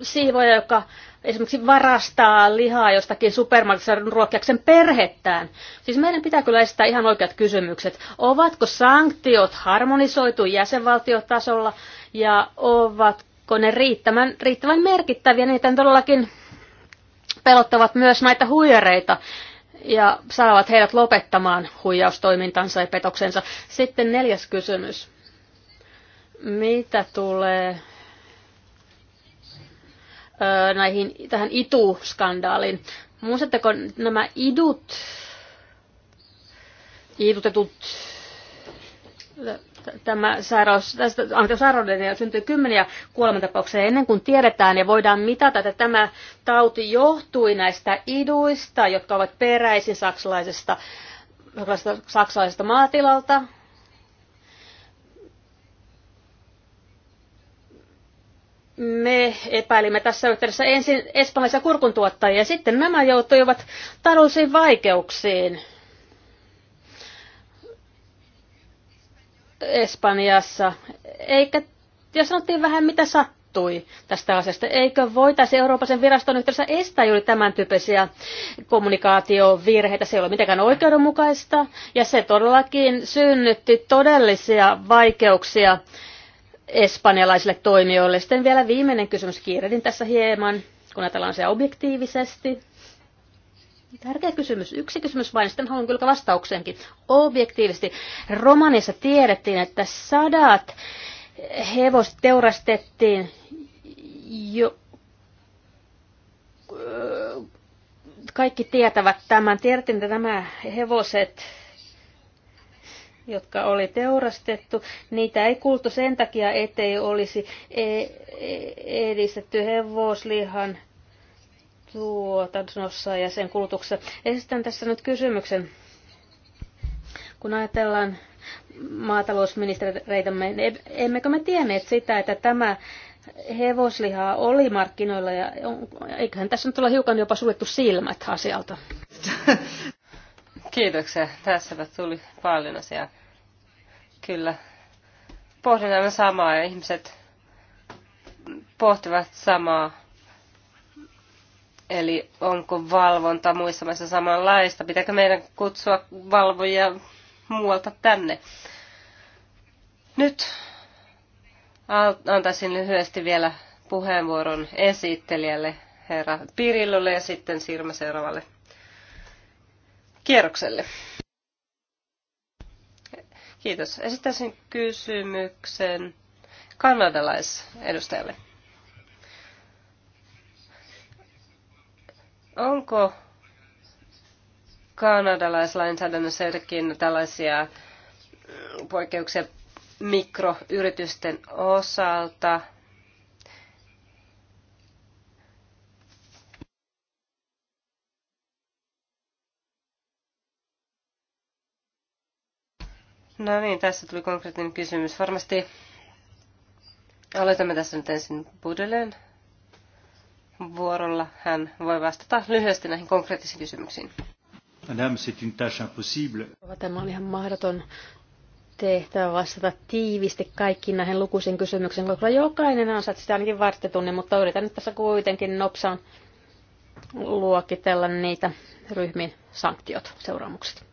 Speaker 3: siivoja, joka esimerkiksi varastaa lihaa jostakin supermarketissa ruokkiakseen perhettään. Siis meidän pitää kyllä esittää ihan oikeat kysymykset. Ovatko sanktiot harmonisoitu jäsenvaltiotasolla ja ovatko ne riittävän, riittävän merkittäviä? Niitä todellakin pelottavat myös näitä huijareita ja saavat heidät lopettamaan huijaustoimintansa ja petoksensa. Sitten neljäs kysymys. Mitä tulee näihin, tähän ITU-skandaaliin. Muistatteko nämä idut, idutetut, tämä sairaus, tästä ja syntyy kymmeniä kuolemantapauksia ennen kuin tiedetään ja voidaan mitata, että tämä tauti johtui näistä iduista, jotka ovat peräisin saksalaisesta, saksalaisesta maatilalta, me epäilimme tässä yhteydessä ensin espanjalaisia kurkuntuottajia, ja sitten nämä joutuivat taloudellisiin vaikeuksiin. Espanjassa. Eikä, ja sanottiin vähän mitä sattui tästä asiasta. Eikö voitaisiin Euroopan sen viraston yhteydessä estää juuri tämän tyyppisiä kommunikaatiovirheitä? Se ei ole mitenkään oikeudenmukaista ja se todellakin synnytti todellisia vaikeuksia espanjalaisille toimijoille. Sitten vielä viimeinen kysymys, kiirehdin tässä hieman, kun ajatellaan se objektiivisesti. Tärkeä kysymys. Yksi kysymys vain, sitten haluan kyllä vastauksenkin. Objektiivisesti. Romanissa tiedettiin, että sadat hevoset teurastettiin jo... Kaikki tietävät tämän. Tiedettiin, että nämä hevoset jotka oli teurastettu, niitä ei kuultu sen takia, ettei olisi e- e- edistetty hevoslihan tuotannossa ja sen kulutuksessa. Esitän tässä nyt kysymyksen. Kun ajatellaan maatalousministereitämme, niin emmekö me tienneet sitä, että tämä hevoslihaa oli markkinoilla ja eiköhän tässä nyt olla hiukan jopa suljettu silmät asialta.
Speaker 2: *laughs* Kiitoksia. Tässäpä tuli paljon asiaa. Kyllä. Pohdin aivan samaa ja ihmiset pohtivat samaa. Eli onko valvonta muissa maissa samanlaista? Pitääkö meidän kutsua valvojia muualta tänne? Nyt antaisin lyhyesti vielä puheenvuoron esittelijälle, herra Pirillolle ja sitten Sirma seuraavalle kierrokselle. Kiitos. Esittäisin kysymyksen kanadalaisedustajalle. Onko kanadalaislainsäädännössä jotenkin tällaisia mm, poikkeuksia mikroyritysten osalta – No niin, tässä tuli konkreettinen kysymys. Varmasti aloitamme tässä nyt ensin Budeleen vuorolla. Hän voi vastata lyhyesti näihin konkreettisiin kysymyksiin.
Speaker 1: Madame, c'est une tâche impossible.
Speaker 3: Tämä on ihan mahdoton tehtävä vastata tiivisti kaikkiin näihin lukuisiin kysymyksiin, koska jokainen on sitä ainakin varttitunnin, mutta yritän nyt tässä kuitenkin nopsaan luokitella niitä ryhmin sanktiot, seuraamukset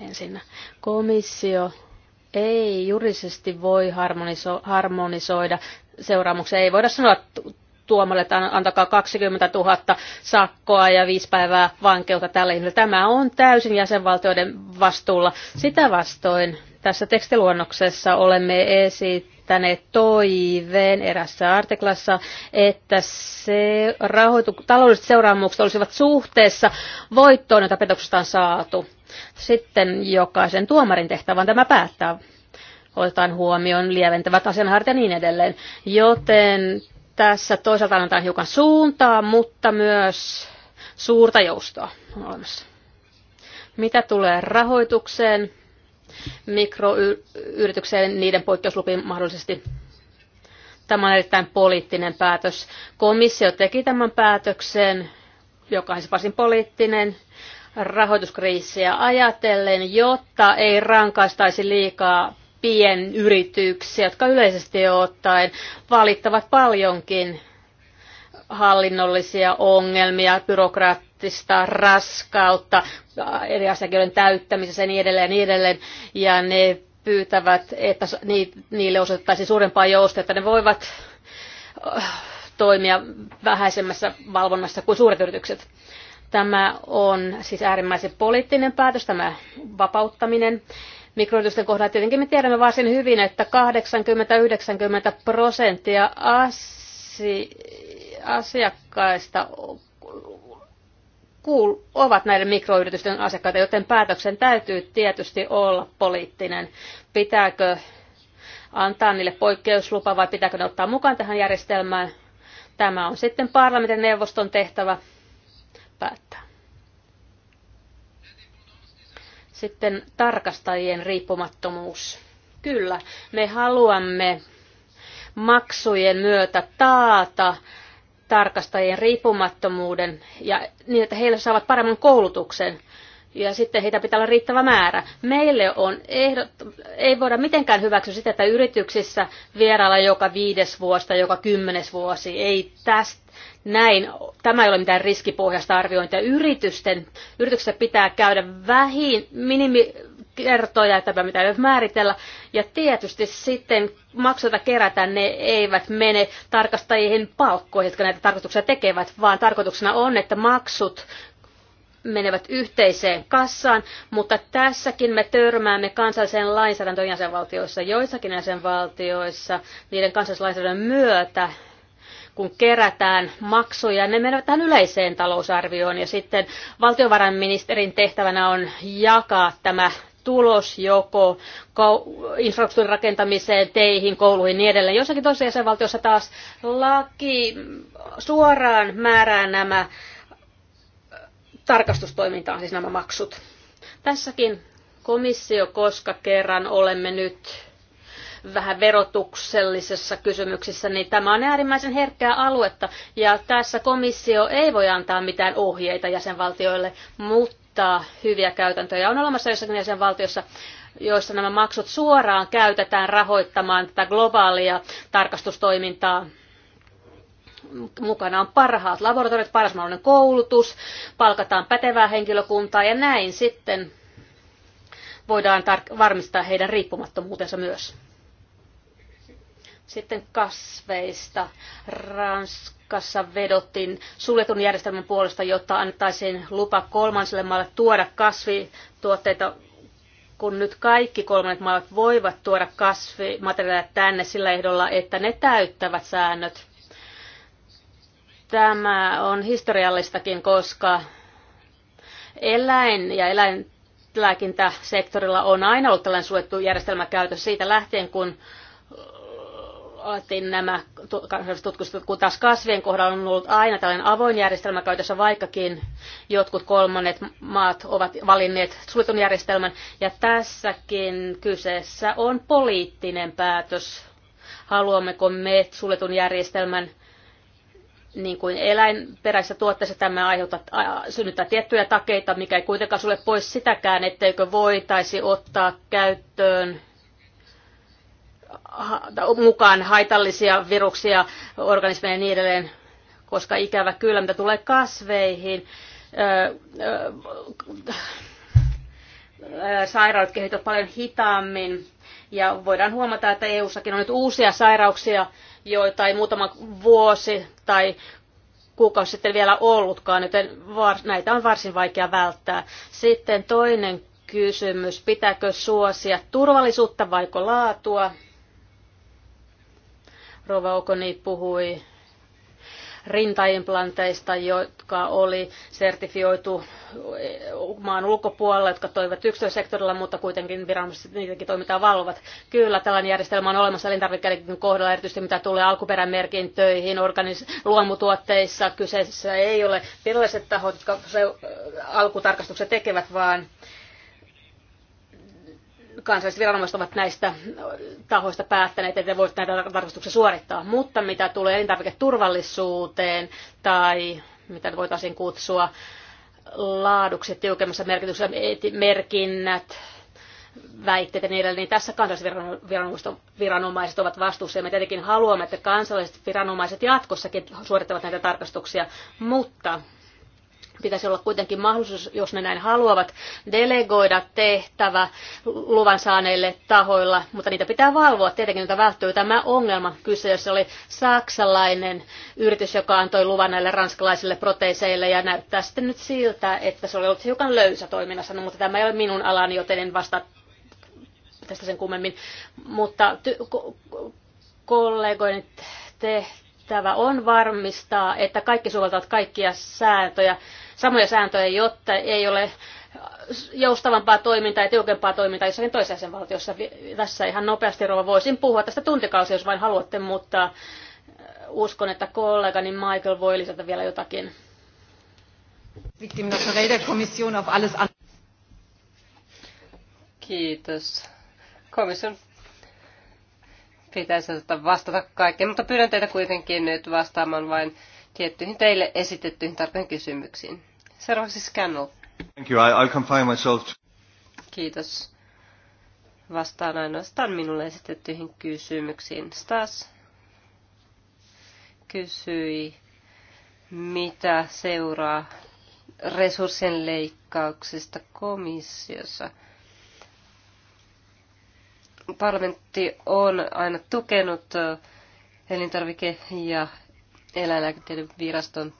Speaker 3: ensin. Komissio ei juridisesti voi harmoniso- harmonisoida seuraamuksia. Ei voida sanoa tuomalle, että antakaa 20 000 sakkoa ja viisi päivää vankeutta tälle ihmiselle. Tämä on täysin jäsenvaltioiden vastuulla. Sitä vastoin tässä tekstiluonnoksessa olemme esittäneet toiveen erässä artiklassa, että se rahoitu- taloudelliset seuraamukset olisivat suhteessa voittoon, jota petoksesta on saatu sitten jokaisen tuomarin tehtävän tämä päättää. Otetaan huomioon lieventävät asianhaarat ja niin edelleen. Joten tässä toisaalta annetaan hiukan suuntaa, mutta myös suurta joustoa on olemassa. Mitä tulee rahoitukseen, mikroyritykseen, niiden poikkeuslupiin mahdollisesti Tämä on erittäin poliittinen päätös. Komissio teki tämän päätöksen, joka on siis varsin poliittinen rahoituskriisiä ajatellen, jotta ei rankaistaisi liikaa pienyrityksiä, jotka yleisesti ottaen valittavat paljonkin hallinnollisia ongelmia, byrokraattista raskautta, eri asiakirjojen täyttämisessä ja niin edelleen ja niin edelleen. Ja ne pyytävät, että niille osoitettaisiin suurempaa joustoa, että ne voivat äh, toimia vähäisemmässä valvonnassa kuin suuret yritykset. Tämä on siis äärimmäisen poliittinen päätös, tämä vapauttaminen. Mikroyritysten kohdalla tietenkin me tiedämme varsin hyvin, että 80-90 prosenttia asi- asiakkaista kuul- ovat näiden mikroyritysten asiakkaita, joten päätöksen täytyy tietysti olla poliittinen. Pitääkö antaa niille poikkeuslupa vai pitääkö ne ottaa mukaan tähän järjestelmään? Tämä on sitten parlamentin neuvoston tehtävä päättää. Sitten tarkastajien riippumattomuus. Kyllä, me haluamme maksujen myötä taata tarkastajien riippumattomuuden ja niin, että heillä saavat paremman koulutuksen ja sitten heitä pitää olla riittävä määrä. Meille on ehdot, ei voida mitenkään hyväksyä sitä, että yrityksissä vierailla joka viides vuosi tai joka kymmenes vuosi. Ei tästä näin. Tämä ei ole mitään riskipohjasta arviointia. Yritysten, yrityksessä pitää käydä vähin, minimi, kertoja, että mitä ei määritellä. Ja tietysti sitten maksuta kerätään, ne eivät mene tarkastajien palkkoihin, jotka näitä tarkoituksia tekevät, vaan tarkoituksena on, että maksut menevät yhteiseen kassaan, mutta tässäkin me törmäämme kansalliseen lainsäädäntöön jäsenvaltioissa. Joissakin jäsenvaltioissa niiden kansallislainsäädännön myötä kun kerätään maksuja, ne menevät tähän yleiseen talousarvioon ja sitten valtiovarainministerin tehtävänä on jakaa tämä tulos joko infrastruktuurin rakentamiseen, teihin, kouluihin ja niin edelleen. Jossakin toisessa jäsenvaltiossa taas laki suoraan määrää nämä tarkastustoimintaan, siis nämä maksut. Tässäkin komissio, koska kerran olemme nyt vähän verotuksellisessa kysymyksissä, niin tämä on äärimmäisen herkkää aluetta. Ja tässä komissio ei voi antaa mitään ohjeita jäsenvaltioille, mutta hyviä käytäntöjä on olemassa jossakin jäsenvaltiossa joissa nämä maksut suoraan käytetään rahoittamaan tätä globaalia tarkastustoimintaa mukana on parhaat laboratoriot, paras mahdollinen koulutus, palkataan pätevää henkilökuntaa ja näin sitten voidaan varmistaa heidän riippumattomuutensa myös. Sitten kasveista. Ranskassa vedottiin suljetun järjestelmän puolesta, jotta annettaisiin lupa kolmansille maalle tuoda kasvituotteita kun nyt kaikki kolmannet maat voivat tuoda kasvimateriaaleja tänne sillä ehdolla, että ne täyttävät säännöt Tämä on historiallistakin, koska eläin- ja eläinlääkintäsektorilla on aina ollut tällainen suljettu järjestelmä käytössä siitä lähtien, kun otin nämä tutkistukset, kun taas kasvien kohdalla on ollut aina tällainen avoin järjestelmä käytössä, vaikkakin jotkut kolmannet maat ovat valinneet suljetun järjestelmän. Ja tässäkin kyseessä on poliittinen päätös, haluammeko me suljetun järjestelmän niin kuin eläinperäisessä tuotteessa tämä aiheuttaa, synnyttää tiettyjä takeita, mikä ei kuitenkaan sulle pois sitäkään, etteikö voitaisi ottaa käyttöön mukaan haitallisia viruksia, organismeja ja niin edelleen, koska ikävä kyllä, mitä tulee kasveihin, sairaudet kehittyvät paljon hitaammin. Ja voidaan huomata, että EU-sakin on nyt uusia sairauksia, joita ei muutama vuosi tai kuukausi sitten vielä ollutkaan, joten var, näitä on varsin vaikea välttää. Sitten toinen kysymys, pitääkö suosia turvallisuutta vaiko laatua? Rova Okoni puhui rintaimplanteista, jotka oli sertifioitu maan ulkopuolella, jotka toivat yksityissektorilla, mutta kuitenkin viranomaiset niitäkin toimintaa valvovat. Kyllä, tällainen järjestelmä on olemassa elintarvikkeiden kohdalla, erityisesti mitä tulee alkuperämerkintöihin, organis- luomutuotteissa. Kyseessä ei ole viralliset tahot, jotka alkutarkastuksen tekevät, vaan kansalliset viranomaiset ovat näistä tahoista päättäneet, että voivat näitä tarkastuksia suorittaa. Mutta mitä tulee elintarviketurvallisuuteen tai mitä voitaisiin kutsua laaduksi tiukemmassa merkityksessä, merkinnät, väitteet ja niin edelleen, niin tässä viranomaiset ovat vastuussa ja me tietenkin haluamme, että kansalliset viranomaiset jatkossakin suorittavat näitä tarkastuksia, mutta pitäisi olla kuitenkin mahdollisuus, jos ne näin haluavat, delegoida tehtävä luvan saaneille tahoilla, mutta niitä pitää valvoa. Tietenkin niitä välttyy tämä ongelma. Kyseessä oli saksalainen yritys, joka antoi luvan näille ranskalaisille proteiseille ja näyttää sitten nyt siltä, että se oli ollut hiukan löysä toiminnassa, no, mutta tämä ei ole minun alani, joten en vastaa tästä sen kummemmin. Mutta ty- ko- kollegoiden tehtävä on varmistaa, että kaikki soveltavat kaikkia sääntöjä samoja sääntöjä, jotta ei ole joustavampaa toimintaa ja tiukempaa toimintaa jossakin toisessa valtiossa. Tässä ihan nopeasti rouva voisin puhua tästä tuntikausia, jos vain haluatte, mutta äh, uskon, että kollegani Michael voi lisätä vielä jotakin. Kiitos. Komission
Speaker 2: pitäisi vastata kaikkeen, mutta pyydän teitä kuitenkin nyt vastaamaan vain tiettyihin teille esitettyihin tarpeen kysymyksiin. Seuraavaksi Scannel.
Speaker 1: Thank you. I, confine myself to...
Speaker 2: Kiitos. Vastaan ainoastaan minulle esitettyihin kysymyksiin. Stas kysyi, mitä seuraa resurssien leikkauksista komissiossa. Parlamentti on aina tukenut elintarvike- ja eläinlääketieteen viraston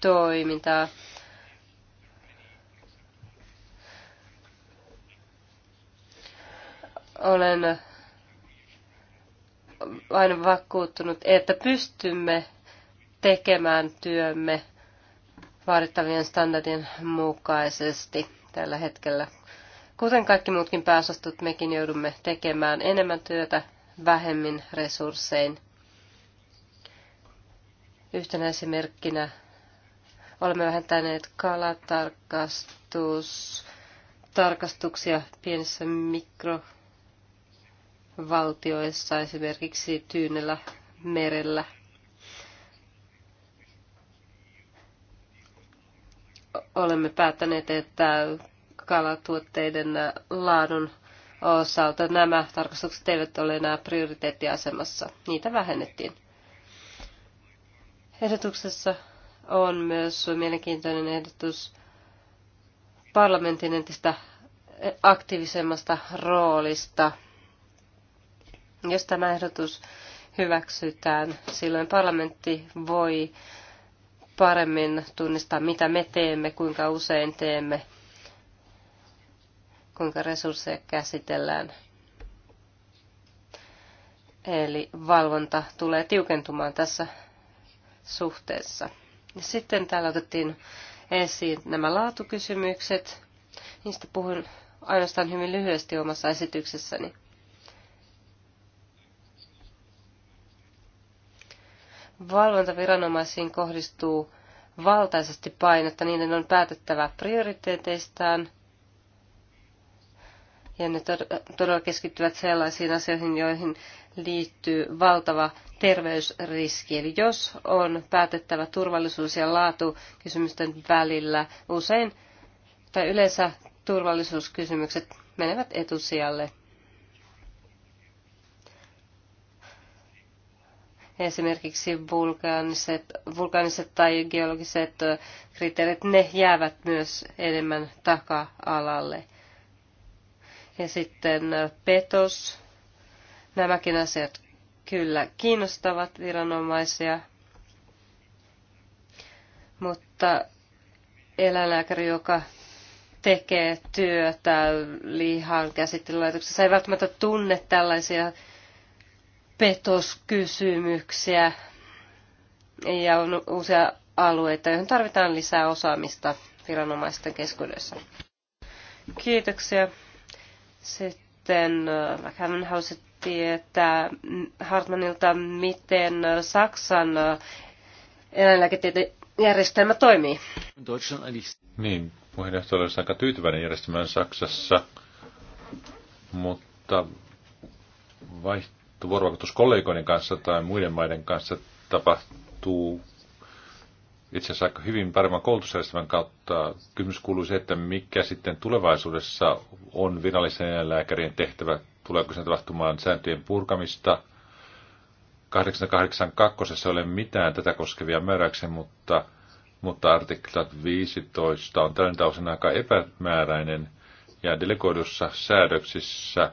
Speaker 2: toimintaa. Olen aina vakuuttunut, että pystymme tekemään työmme vaadittavien standardien mukaisesti tällä hetkellä. Kuten kaikki muutkin pääosastot, mekin joudumme tekemään enemmän työtä vähemmin resurssein. Yhtenä esimerkkinä Olemme vähentäneet kalatarkastus, tarkastuksia pienissä mikrovaltioissa, esimerkiksi Tyynellä merellä. Olemme päättäneet, että kalatuotteiden laadun osalta nämä tarkastukset eivät ole enää prioriteettiasemassa. Niitä vähennettiin. Ehdotuksessa on myös mielenkiintoinen ehdotus parlamentin entistä aktiivisemmasta roolista. Jos tämä ehdotus hyväksytään, silloin parlamentti voi paremmin tunnistaa, mitä me teemme, kuinka usein teemme, kuinka resursseja käsitellään. Eli valvonta tulee tiukentumaan tässä suhteessa. Sitten täällä otettiin esiin nämä laatukysymykset. Niistä puhun ainoastaan hyvin lyhyesti omassa esityksessäni. Valvontaviranomaisiin kohdistuu valtaisesti painetta. Niiden on päätettävä prioriteeteistaan – ja ne todella keskittyvät sellaisiin asioihin, joihin liittyy valtava terveysriski. Eli jos on päätettävä turvallisuus- ja laatukysymysten välillä, usein tai yleensä turvallisuuskysymykset menevät etusijalle. Esimerkiksi vulkaaniset, vulkaaniset tai geologiset kriteerit, ne jäävät myös enemmän taka-alalle. Ja sitten petos. Nämäkin asiat kyllä kiinnostavat viranomaisia, mutta eläinlääkäri, joka tekee työtä lihan käsittelylaitoksessa, ei välttämättä tunne tällaisia petoskysymyksiä ja on uusia alueita, joihin tarvitaan lisää osaamista viranomaisten keskuudessa. Kiitoksia. Sitten hän äh, halusi tietää mm, Hartmanilta, miten äh, Saksan äh, eläinlääketieteen järjestelmä toimii.
Speaker 1: Niin, puheenjohtaja olisi aika tyytyväinen järjestelmään Saksassa, mutta vaihtovuorovaikutus kollegoiden kanssa tai muiden maiden kanssa tapahtuu itse asiassa aika hyvin paremman koulutusjärjestelmän kautta. Kysymys kuuluu se, että mikä sitten tulevaisuudessa on virallisen lääkärien tehtävä. Tuleeko se tapahtumaan sääntöjen purkamista? 882 ei ole mitään tätä koskevia määräyksiä, mutta, mutta artiklat 15 on tällä osin aika epämääräinen ja delegoidussa säädöksissä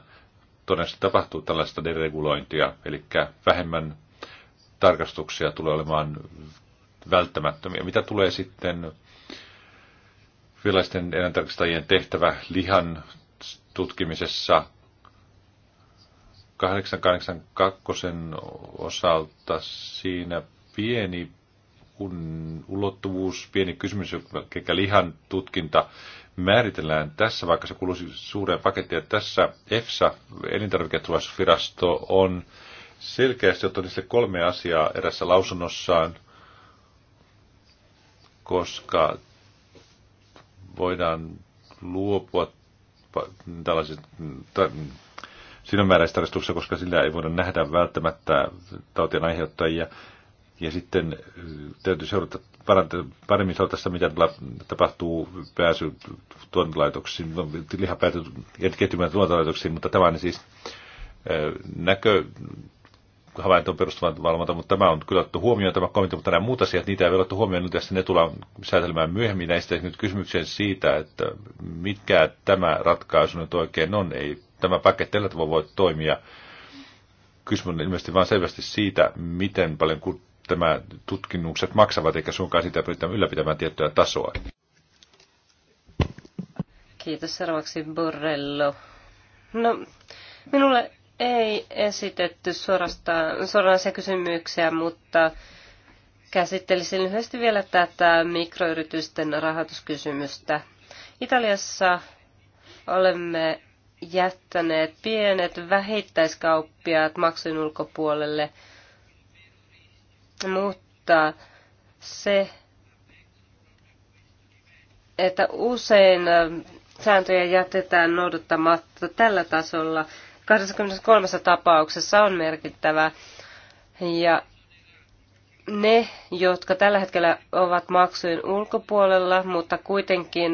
Speaker 1: todennäköisesti tapahtuu tällaista deregulointia, eli vähemmän tarkastuksia tulee olemaan välttämättömiä. Mitä tulee sitten vilaisten eläintarkastajien tehtävä lihan tutkimisessa 882 osalta siinä pieni kun ulottuvuus, pieni kysymys, kekä lihan tutkinta määritellään tässä, vaikka se kuuluisi suureen pakettiin, että tässä EFSA, elintarviketulaisuusvirasto, on selkeästi ottanut kolme asiaa erässä lausunnossaan – koska voidaan luopua tällaisista silmämääräistarkastuksessa, koska sillä ei voida nähdä välttämättä tautien aiheuttajia. Ja sitten täytyy seurata paremmin tässä, mitä tapahtuu pääsy tuotantolaitoksiin, no, lihapääty kehittymään tuotantolaitoksiin, mutta tämä on siis näkö, havaintoon perustuvan valvonta, mutta tämä on kyllä otettu huomioon, tämä kommentti, mutta nämä muut asiat, niitä ei ole otettu huomioon, nyt, tässä ne tullaan säätelemään myöhemmin. Näistä nyt kysymyksen siitä, että mitkä tämä ratkaisu nyt oikein on, ei tämä paketti tällä tavalla voi toimia. Kysymys on ilmeisesti vain selvästi siitä, miten paljon tämä tutkinnukset maksavat, eikä suinkaan sitä pyritään ylläpitämään tiettyä tasoa.
Speaker 2: Kiitos seuraavaksi Borrello. No, minulle ei esitetty suorastaan, suoranaisia kysymyksiä, mutta käsittelisin lyhyesti vielä tätä mikroyritysten rahoituskysymystä. Italiassa olemme jättäneet pienet vähittäiskauppiaat maksun ulkopuolelle, mutta se, että usein sääntöjä jätetään noudattamatta tällä tasolla, 23 tapauksessa on merkittävä. Ja ne, jotka tällä hetkellä ovat maksujen ulkopuolella, mutta kuitenkin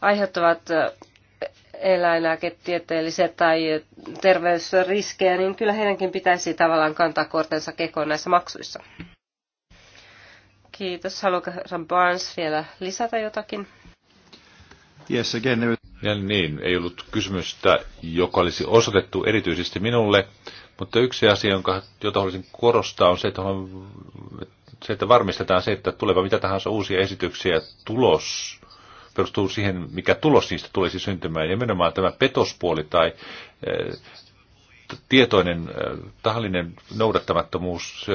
Speaker 2: aiheuttavat eläinlääketieteellisiä tai terveysriskejä, niin kyllä heidänkin pitäisi tavallaan kantaa kortensa kekoon näissä maksuissa. Kiitos. Haluatko Barnes vielä lisätä jotakin?
Speaker 1: Yes, again, there ja niin, ei ollut kysymystä, joka olisi osoitettu erityisesti minulle, mutta yksi asia, jonka, jota haluaisin korostaa, on se, että, on, se, että varmistetaan se, että tuleva mitä tahansa uusia esityksiä tulos perustuu siihen, mikä tulos niistä tulisi syntymään. Ja nimenomaan tämä petospuoli tai eh, tietoinen, eh, tahallinen noudattamattomuus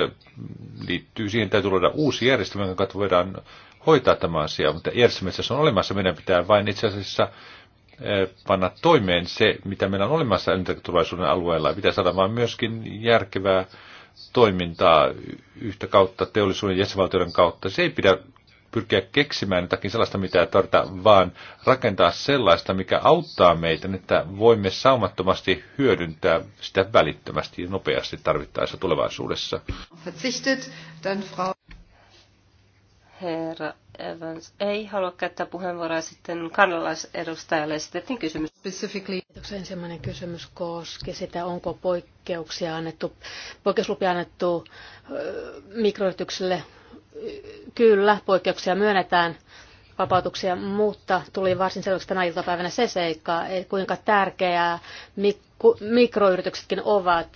Speaker 1: liittyy siihen, täytyy luoda uusi järjestelmä, jonka voidaan hoitaa tämä asia, mutta järjestelmässä on olemassa, meidän pitää vain itse asiassa Eh, panna toimeen se, mitä meillä on olemassa elintarviketurvallisuuden alueella. Pitää saada vaan myöskin järkevää toimintaa yhtä kautta teollisuuden jäsenvaltioiden kautta. Se ei pidä pyrkiä keksimään jotakin sellaista, mitä ei vaan rakentaa sellaista, mikä auttaa meitä, että voimme saumattomasti hyödyntää sitä välittömästi ja nopeasti tarvittaessa tulevaisuudessa.
Speaker 2: Herra Evans ei halua käyttää puheenvuoroa sitten
Speaker 3: kanalaisedustajalle esitettiin kysymys. Specifically. Ensimmäinen kysymys koski sitä, onko poikkeuksia annettu, poikkeuslupia annettu mikroyrityksille. Kyllä, poikkeuksia myönnetään vapautuksia, mutta tuli varsin selväksi tänä iltapäivänä se seikka, kuinka tärkeää mikroyrityksetkin ovat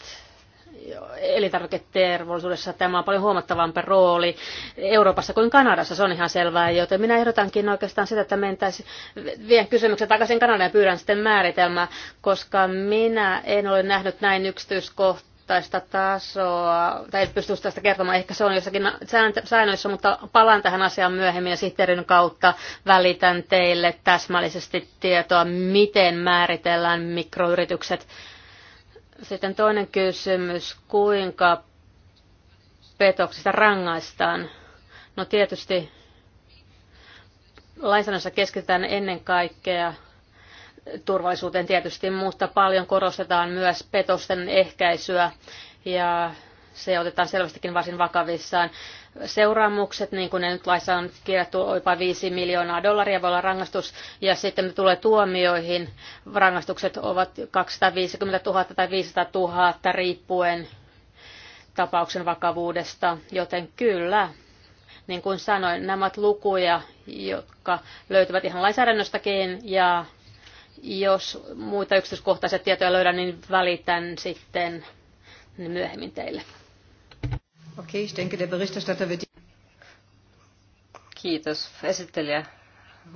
Speaker 3: elintarviketervollisuudessa tämä on paljon huomattavampi rooli Euroopassa kuin Kanadassa, se on ihan selvää, joten minä ehdotankin oikeastaan sitä, että mentäisiin, vien kysymyksen takaisin Kanadaan ja pyydän sitten määritelmää, koska minä en ole nähnyt näin yksityiskohtaa kohtaista tasoa, tai en pysty tästä kertomaan, ehkä se on jossakin säännöissä, mutta palaan tähän asiaan myöhemmin ja sihteerin kautta välitän teille täsmällisesti tietoa, miten määritellään mikroyritykset sitten toinen kysymys, kuinka petoksista rangaistaan? No tietysti lainsäädännössä keskitytään ennen kaikkea turvallisuuteen tietysti, mutta paljon korostetaan myös petosten ehkäisyä ja se otetaan selvästikin varsin vakavissaan seuraamukset, niin kuin ne nyt laissa on kirjattu, jopa 5 miljoonaa dollaria voi olla rangaistus, ja sitten ne tulee tuomioihin, rangaistukset ovat 250 000 tai 500 000 riippuen tapauksen vakavuudesta, joten kyllä, niin kuin sanoin, nämä ovat lukuja, jotka löytyvät ihan lainsäädännöstäkin ja jos muita yksityiskohtaisia tietoja löydän, niin välitän sitten myöhemmin teille.
Speaker 2: Okay, ich denke, der Berichterstatter wird... Kiitos esittelijä.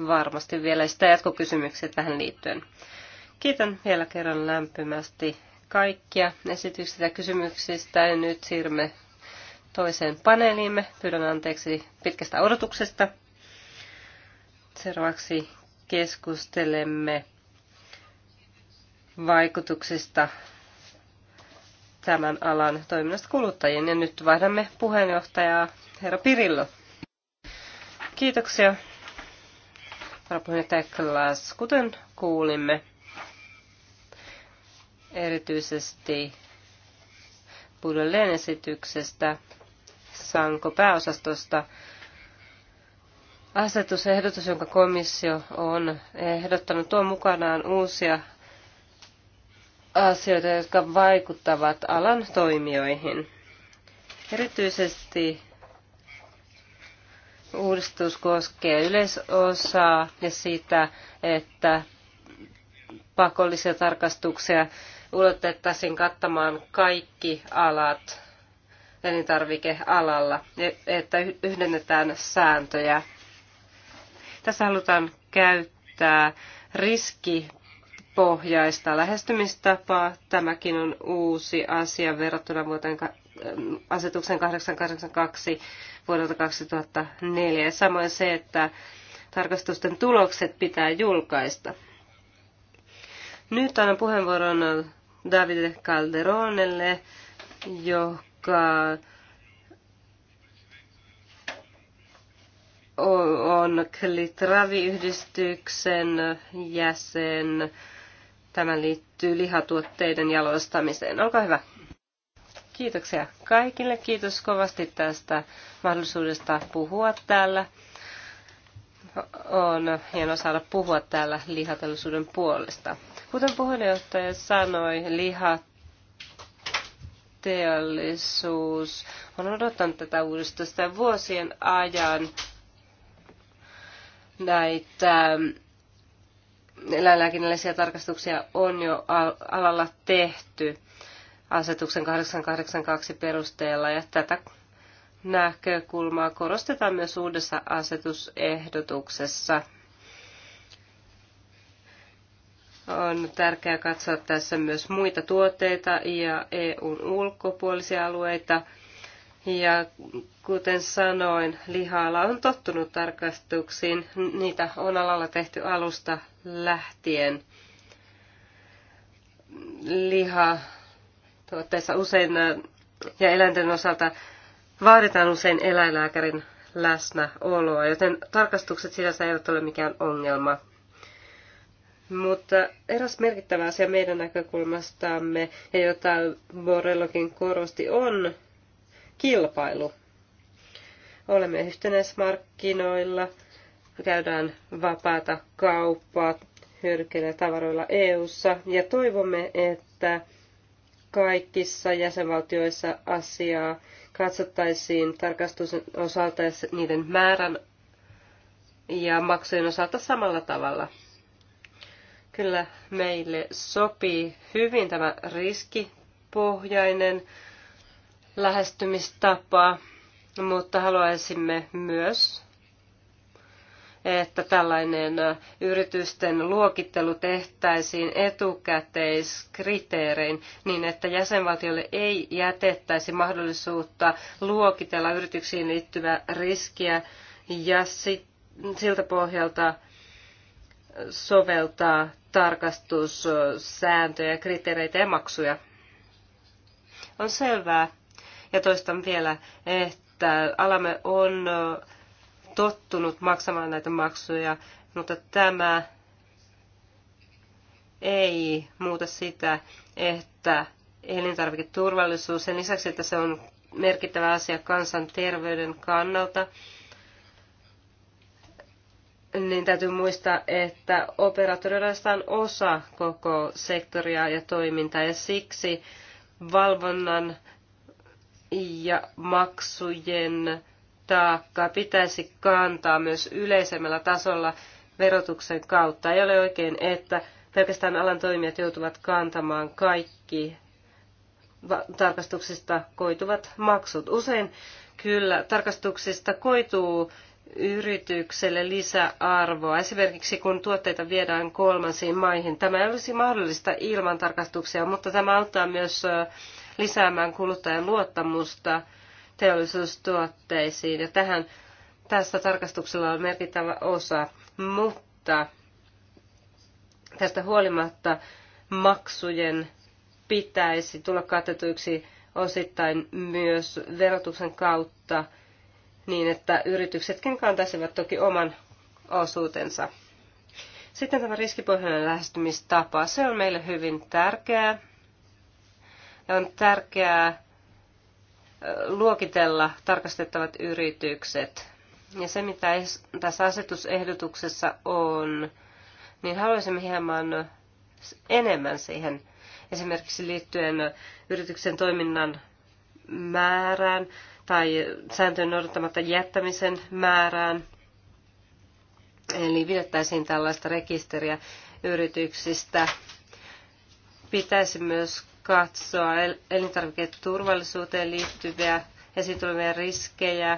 Speaker 2: Varmasti vielä sitä jatkokysymyksiä tähän liittyen. Kiitän vielä kerran lämpimästi kaikkia esityksistä ja kysymyksistä. Ja nyt siirrymme toiseen paneeliimme. Pyydän anteeksi pitkästä odotuksesta. Seuraavaksi keskustelemme vaikutuksista tämän alan toiminnasta kuluttajien. Ja nyt vaihdamme puheenjohtajaa, herra Pirillo. Kiitoksia, varapuheenjohtaja Klaas. Kuten kuulimme, erityisesti Budelleen esityksestä Sanko pääosastosta asetusehdotus, jonka komissio on ehdottanut, tuo mukanaan uusia asioita, jotka vaikuttavat alan toimijoihin. Erityisesti uudistus koskee yleisosaa ja sitä, että pakollisia tarkastuksia ulotettaisiin kattamaan kaikki alat elintarvikealalla, että yhdennetään sääntöjä. Tässä halutaan käyttää riski pohjaista lähestymistapaa. Tämäkin on uusi asia verrattuna vuoteen ähm, asetuksen 882 vuodelta 2004. samoin se, että tarkastusten tulokset pitää julkaista. Nyt annan puheenvuoron Davide Calderonelle, joka on Klitravi-yhdistyksen jäsen Tämä liittyy lihatuotteiden jalostamiseen. Olkaa hyvä. Kiitoksia kaikille. Kiitos kovasti tästä mahdollisuudesta puhua täällä. On hienoa saada puhua täällä lihatellisuuden puolesta. Kuten puheenjohtaja sanoi, lihateollisuus on odottanut tätä uudistusta vuosien ajan näitä eläinlääkinnällisiä tarkastuksia on jo alalla tehty asetuksen 882 perusteella ja tätä näkökulmaa korostetaan myös uudessa asetusehdotuksessa. On tärkeää katsoa tässä myös muita tuotteita ja EUn ulkopuolisia alueita – ja kuten sanoin, lihaala on tottunut tarkastuksiin. Niitä on alalla tehty alusta lähtien. Liha tuotteessa usein ja eläinten osalta vaaditaan usein eläinlääkärin läsnäoloa, joten tarkastukset sinänsä eivät ole mikään ongelma. Mutta eräs merkittävä asia meidän näkökulmastamme, ja jota Borrelokin korosti, on kilpailu. Olemme yhtenäismarkkinoilla, käydään vapaata kauppaa hyödykkeillä tavaroilla eu EU:ssa ja toivomme, että kaikissa jäsenvaltioissa asiaa katsottaisiin tarkastuksen osalta ja niiden määrän ja maksujen osalta samalla tavalla. Kyllä meille sopii hyvin tämä riskipohjainen lähestymistapaa, mutta haluaisimme myös, että tällainen yritysten luokittelu tehtäisiin etukäteiskriteerein niin, että jäsenvaltiolle ei jätettäisi mahdollisuutta luokitella yrityksiin liittyvää riskiä ja siltä pohjalta soveltaa tarkastussääntöjä, kriteereitä ja maksuja. On selvää, ja toistan vielä, että alamme on tottunut maksamaan näitä maksuja, mutta tämä ei muuta sitä, että elintarviketurvallisuus, sen lisäksi, että se on merkittävä asia kansanterveyden kannalta, niin täytyy muistaa, että operaattoreilla on osa koko sektoria ja toimintaa, ja siksi valvonnan ja maksujen taakka pitäisi kantaa myös yleisemmällä tasolla verotuksen kautta. Ei ole oikein, että pelkästään alan toimijat joutuvat kantamaan kaikki tarkastuksista koituvat maksut. Usein kyllä tarkastuksista koituu yritykselle lisäarvoa. Esimerkiksi kun tuotteita viedään kolmansiin maihin. Tämä ei olisi mahdollista ilman tarkastuksia, mutta tämä auttaa myös lisäämään kuluttajan luottamusta teollisuustuotteisiin. Ja tähän tässä tarkastuksella on merkittävä osa, mutta tästä huolimatta maksujen pitäisi tulla katetuiksi osittain myös verotuksen kautta niin, että yrityksetkin kantaisivat toki oman osuutensa. Sitten tämä riskipohjainen lähestymistapa, se on meille hyvin tärkeää. Ja on tärkeää luokitella tarkastettavat yritykset. Ja se, mitä tässä asetusehdotuksessa on, niin haluaisimme hieman enemmän siihen esimerkiksi liittyen yrityksen toiminnan määrään tai sääntöjen noudattamatta jättämisen määrään. Eli pidettäisiin tällaista rekisteriä yrityksistä. Pitäisi myös katsoa elintarviketurvallisuuteen liittyviä esitulevia riskejä.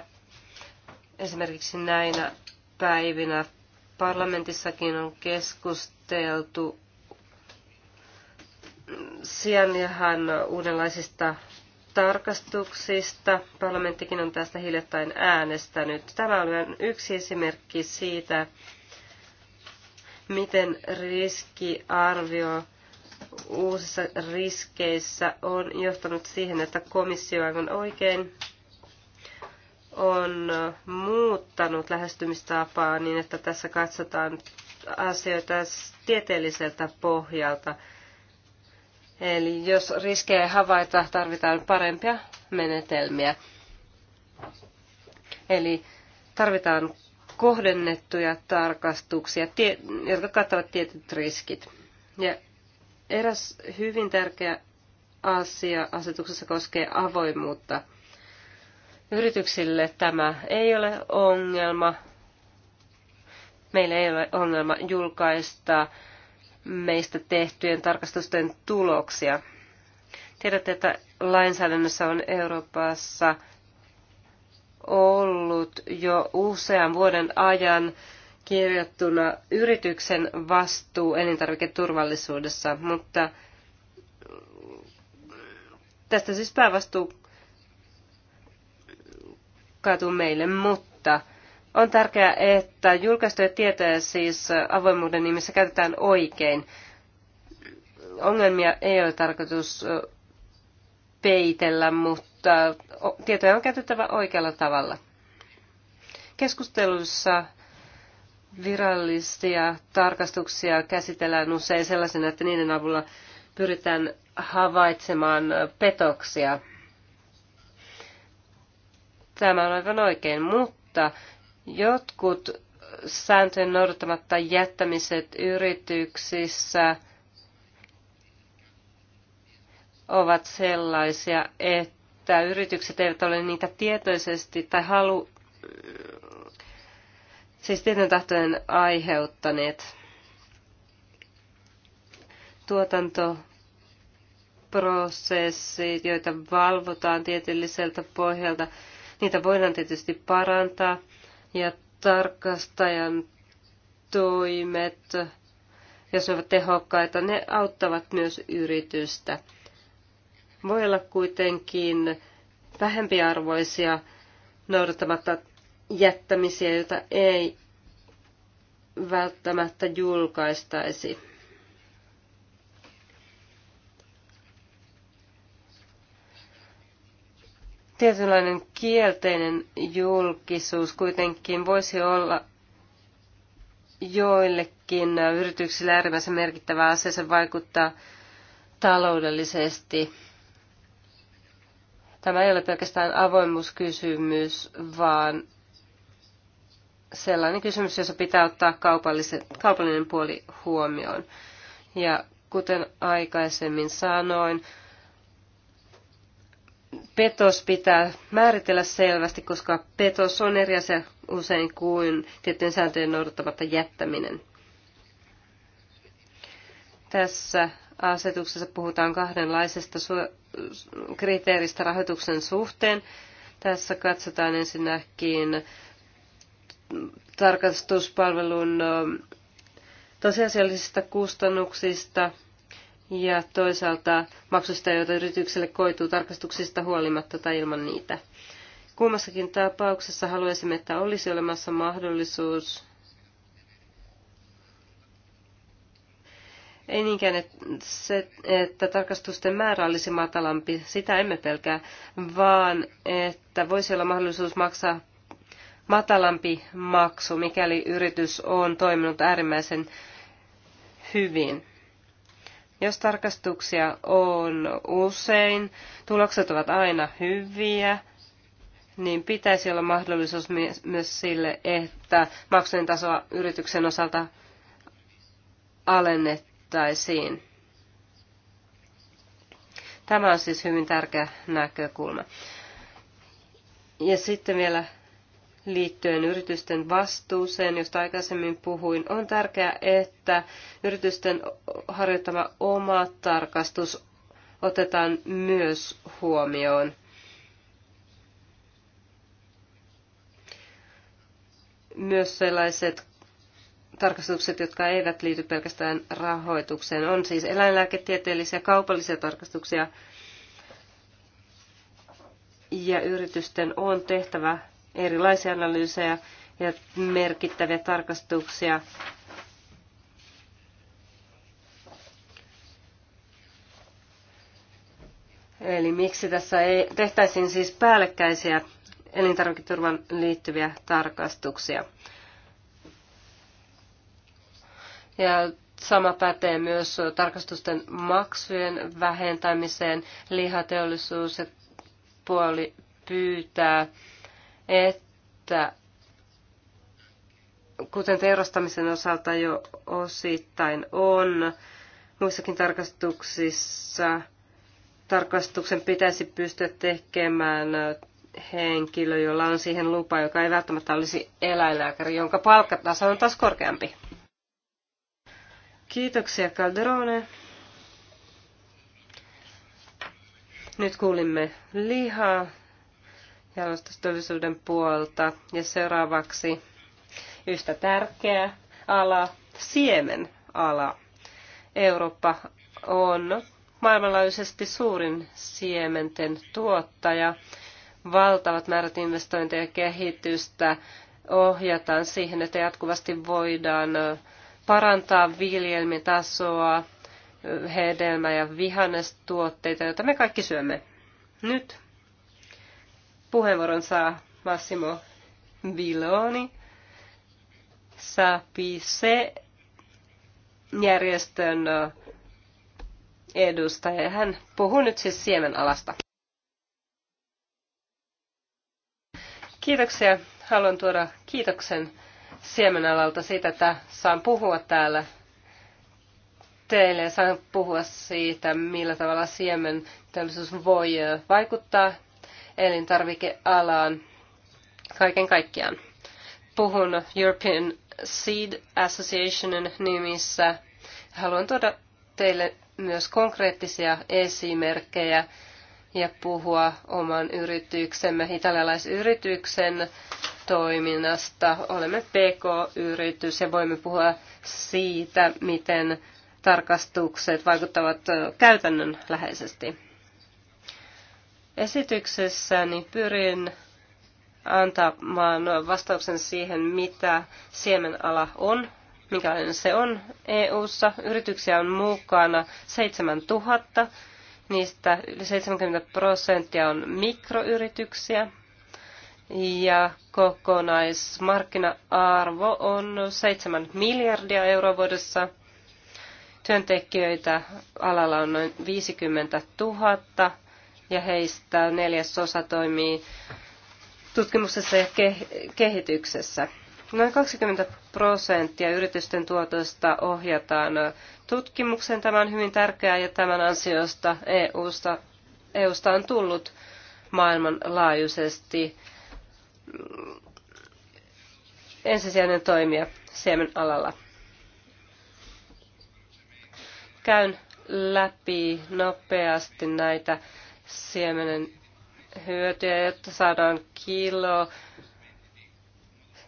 Speaker 2: Esimerkiksi näinä päivinä parlamentissakin on keskusteltu sianlihan uudenlaisista tarkastuksista. Parlamenttikin on tästä hiljattain äänestänyt. Tämä on yksi esimerkki siitä, miten riskiarvio uusissa riskeissä on johtanut siihen, että komissio aivan oikein on muuttanut lähestymistapaa niin, että tässä katsotaan asioita tieteelliseltä pohjalta. Eli jos riskejä ei havaita, tarvitaan parempia menetelmiä. Eli tarvitaan kohdennettuja tarkastuksia, jotka kattavat tietyt riskit. Ja Eräs hyvin tärkeä asia asetuksessa koskee avoimuutta. Yrityksille tämä ei ole ongelma. Meillä ei ole ongelma julkaista meistä tehtyjen tarkastusten tuloksia. Tiedätte, että lainsäädännössä on Euroopassa ollut jo usean vuoden ajan kirjattuna yrityksen vastuu elintarviketurvallisuudessa, mutta tästä siis päävastuu kaatuu meille, mutta on tärkeää, että julkaistuja tietoja siis avoimuuden nimissä käytetään oikein. Ongelmia ei ole tarkoitus peitellä, mutta tietoja on käytettävä oikealla tavalla. Keskustelussa virallisia tarkastuksia käsitellään usein sellaisena, että niiden avulla pyritään havaitsemaan petoksia. Tämä on aivan oikein, mutta jotkut sääntöjen noudattamatta jättämiset yrityksissä ovat sellaisia, että yritykset eivät ole niitä tietoisesti tai halu, siis tieten tahtojen aiheuttaneet. Tuotantoprosessit, joita valvotaan tieteelliseltä pohjalta, niitä voidaan tietysti parantaa ja tarkastajan toimet, jos ne ovat tehokkaita, ne auttavat myös yritystä. Voi olla kuitenkin vähempiarvoisia noudattamatta jättämisiä, joita ei välttämättä julkaistaisi. Tietynlainen kielteinen julkisuus kuitenkin voisi olla joillekin yrityksille äärimmäisen merkittävä asia. Se vaikuttaa taloudellisesti. Tämä ei ole pelkästään avoimuuskysymys, vaan sellainen kysymys, jossa pitää ottaa kaupallinen puoli huomioon. Ja kuten aikaisemmin sanoin, petos pitää määritellä selvästi, koska petos on eri asia usein kuin tiettyjen sääntöjen noudattamatta jättäminen. Tässä asetuksessa puhutaan kahdenlaisesta kriteeristä rahoituksen suhteen. Tässä katsotaan ensinnäkin tarkastuspalvelun tosiasiallisista kustannuksista ja toisaalta maksusta, joita yritykselle koituu tarkastuksista huolimatta tai ilman niitä. Kummassakin tapauksessa haluaisimme, että olisi olemassa mahdollisuus Ei niinkään että se, että tarkastusten määrä olisi matalampi, sitä emme pelkää, vaan että voisi olla mahdollisuus maksaa matalampi maksu, mikäli yritys on toiminut äärimmäisen hyvin. Jos tarkastuksia on usein, tulokset ovat aina hyviä, niin pitäisi olla mahdollisuus myös sille, että maksujen tasoa yrityksen osalta alennettaisiin. Tämä on siis hyvin tärkeä näkökulma. Ja sitten vielä liittyen yritysten vastuuseen, josta aikaisemmin puhuin, on tärkeää, että yritysten harjoittama oma tarkastus otetaan myös huomioon. Myös sellaiset tarkastukset, jotka eivät liity pelkästään rahoitukseen, on siis eläinlääketieteellisiä kaupallisia tarkastuksia, ja yritysten on tehtävä erilaisia analyysejä ja merkittäviä tarkastuksia. Eli miksi tässä ei tehtäisiin siis päällekkäisiä elintarviketurvan liittyviä tarkastuksia. Ja sama pätee myös tarkastusten maksujen vähentämiseen. Lihateollisuus ja puoli pyytää että kuten teurastamisen osalta jo osittain on, muissakin tarkastuksissa tarkastuksen pitäisi pystyä tekemään henkilö, jolla on siihen lupa, joka ei välttämättä olisi eläinlääkäri, jonka palkkataso on taas korkeampi. Kiitoksia Calderone. Nyt kuulimme lihaa jalostusteollisuuden puolta. Ja seuraavaksi yhtä tärkeä ala, siemenala. Eurooppa on maailmanlaajuisesti suurin siementen tuottaja. Valtavat määrät investointeja ja kehitystä ohjataan siihen, että jatkuvasti voidaan parantaa viljelmitasoa, hedelmä- ja vihannestuotteita, joita me kaikki syömme. Nyt Puheenvuoron saa Massimo Viloni, se järjestön edustaja. Hän puhuu nyt siis siemenalasta. Kiitoksia. Haluan tuoda kiitoksen siemenalalta siitä, että saan puhua täällä teille ja saan puhua siitä, millä tavalla siementeollisuus voi vaikuttaa elintarvikealaan kaiken kaikkiaan. Puhun European Seed Associationin nimissä. Haluan tuoda teille myös konkreettisia esimerkkejä ja puhua oman yrityksemme, italialaisyrityksen toiminnasta. Olemme PK-yritys ja voimme puhua siitä, miten tarkastukset vaikuttavat käytännön läheisesti. Esityksessäni pyrin antamaan vastauksen siihen, mitä siemenala on, minkälainen se on EU-ssa. Yrityksiä on mukana 7000, niistä yli 70 prosenttia on mikroyrityksiä. Ja kokonaismarkkina-arvo on 7 miljardia euroa vuodessa. Työntekijöitä alalla on noin 50 000 ja heistä neljäsosa toimii tutkimuksessa ja kehityksessä. Noin 20 prosenttia yritysten tuotosta ohjataan tutkimukseen. Tämä on hyvin tärkeää ja tämän ansiosta EUsta, EUsta on tullut maailmanlaajuisesti ensisijainen toimija siemen alalla. Käyn läpi nopeasti näitä siemenen hyötyä jotta saadaan kilo.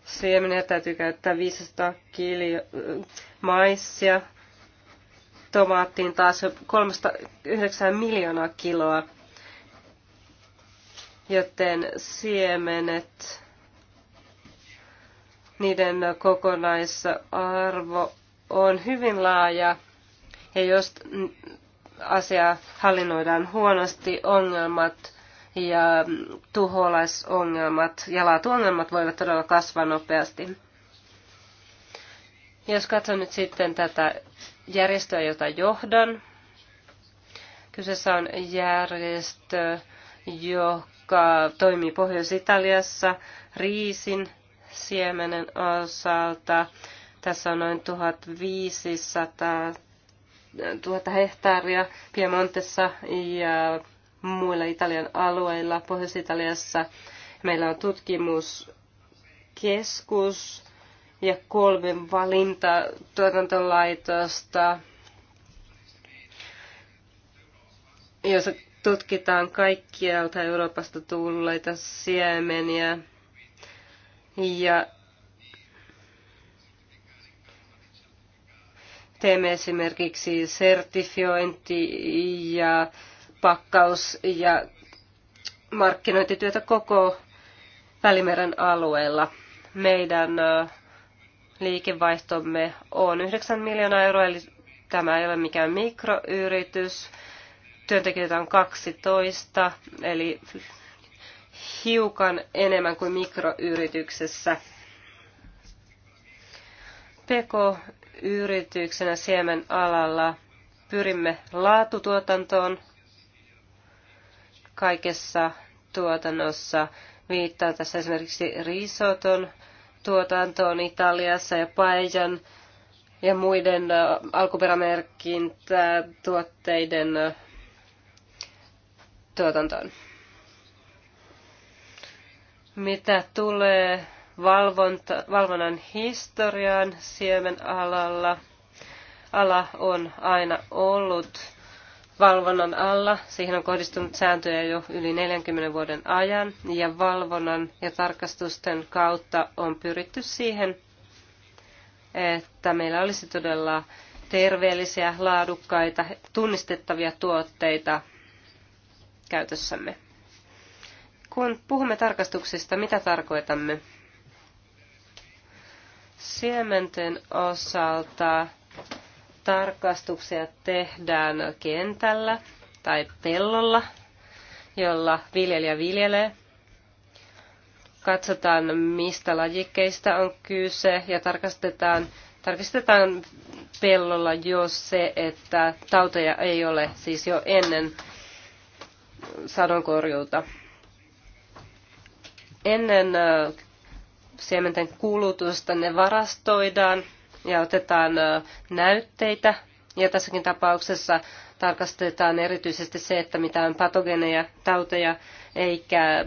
Speaker 2: Siemeniä täytyy käyttää 500 kilo maissia. Tomaattiin taas 309 miljoonaa kiloa. Joten siemenet, niiden kokonaisarvo on hyvin laaja. Ja jos asia hallinnoidaan huonosti, ongelmat ja tuholaisongelmat ja laatuongelmat voivat todella kasvaa nopeasti. Jos katson nyt sitten tätä järjestöä, jota johdan, kyseessä on järjestö, joka toimii Pohjois-Italiassa riisin siemenen osalta. Tässä on noin 1500 000 hehtaaria Piemontessa ja muilla Italian alueilla, Pohjois-Italiassa. Meillä on tutkimuskeskus ja kolme valinta tuotantolaitosta, jossa tutkitaan kaikkialta Euroopasta tulleita siemeniä ja Teemme esimerkiksi sertifiointi ja pakkaus ja markkinointityötä koko Välimeren alueella. Meidän liikevaihtomme on 9 miljoonaa euroa, eli tämä ei ole mikään mikroyritys. Työntekijöitä on 12, eli hiukan enemmän kuin mikroyrityksessä. PK yrityksenä siemen alalla pyrimme laatutuotantoon kaikessa tuotannossa. Viittaan tässä esimerkiksi risoton tuotantoon Italiassa ja paejan ja muiden alkuperämerkintä tuotteiden tuotantoon. Mitä tulee valvonta, valvonnan historiaan siemenalalla. Ala on aina ollut valvonnan alla. Siihen on kohdistunut sääntöjä jo yli 40 vuoden ajan ja valvonnan ja tarkastusten kautta on pyritty siihen, että meillä olisi todella terveellisiä, laadukkaita, tunnistettavia tuotteita käytössämme. Kun puhumme tarkastuksista, mitä tarkoitamme? Siementen osalta tarkastuksia tehdään kentällä tai pellolla, jolla viljelijä viljelee. Katsotaan, mistä lajikkeista on kyse ja tarkastetaan, tarkastetaan pellolla jo se, että tauteja ei ole siis jo ennen sadonkorjuuta. Ennen äh, siementen kulutusta, ne varastoidaan ja otetaan näytteitä. Ja tässäkin tapauksessa tarkastetaan erityisesti se, että mitään patogeneja, tauteja eikä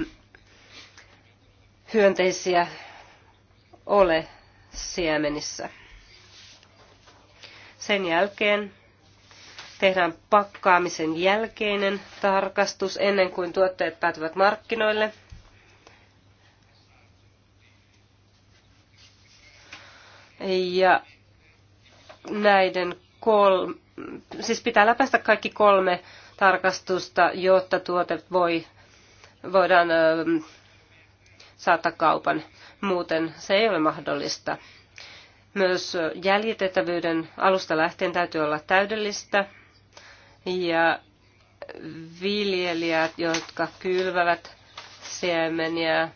Speaker 2: hyönteisiä ole siemenissä. Sen jälkeen tehdään pakkaamisen jälkeinen tarkastus ennen kuin tuotteet päätyvät markkinoille. Ja näiden kolme, siis pitää läpäistä kaikki kolme tarkastusta, jotta tuote voi, voidaan ö, ähm, saattaa kaupan. Muuten se ei ole mahdollista. Myös äh, jäljitettävyyden alusta lähtien täytyy olla täydellistä. Ja viljelijät, jotka kylvävät siemeniä,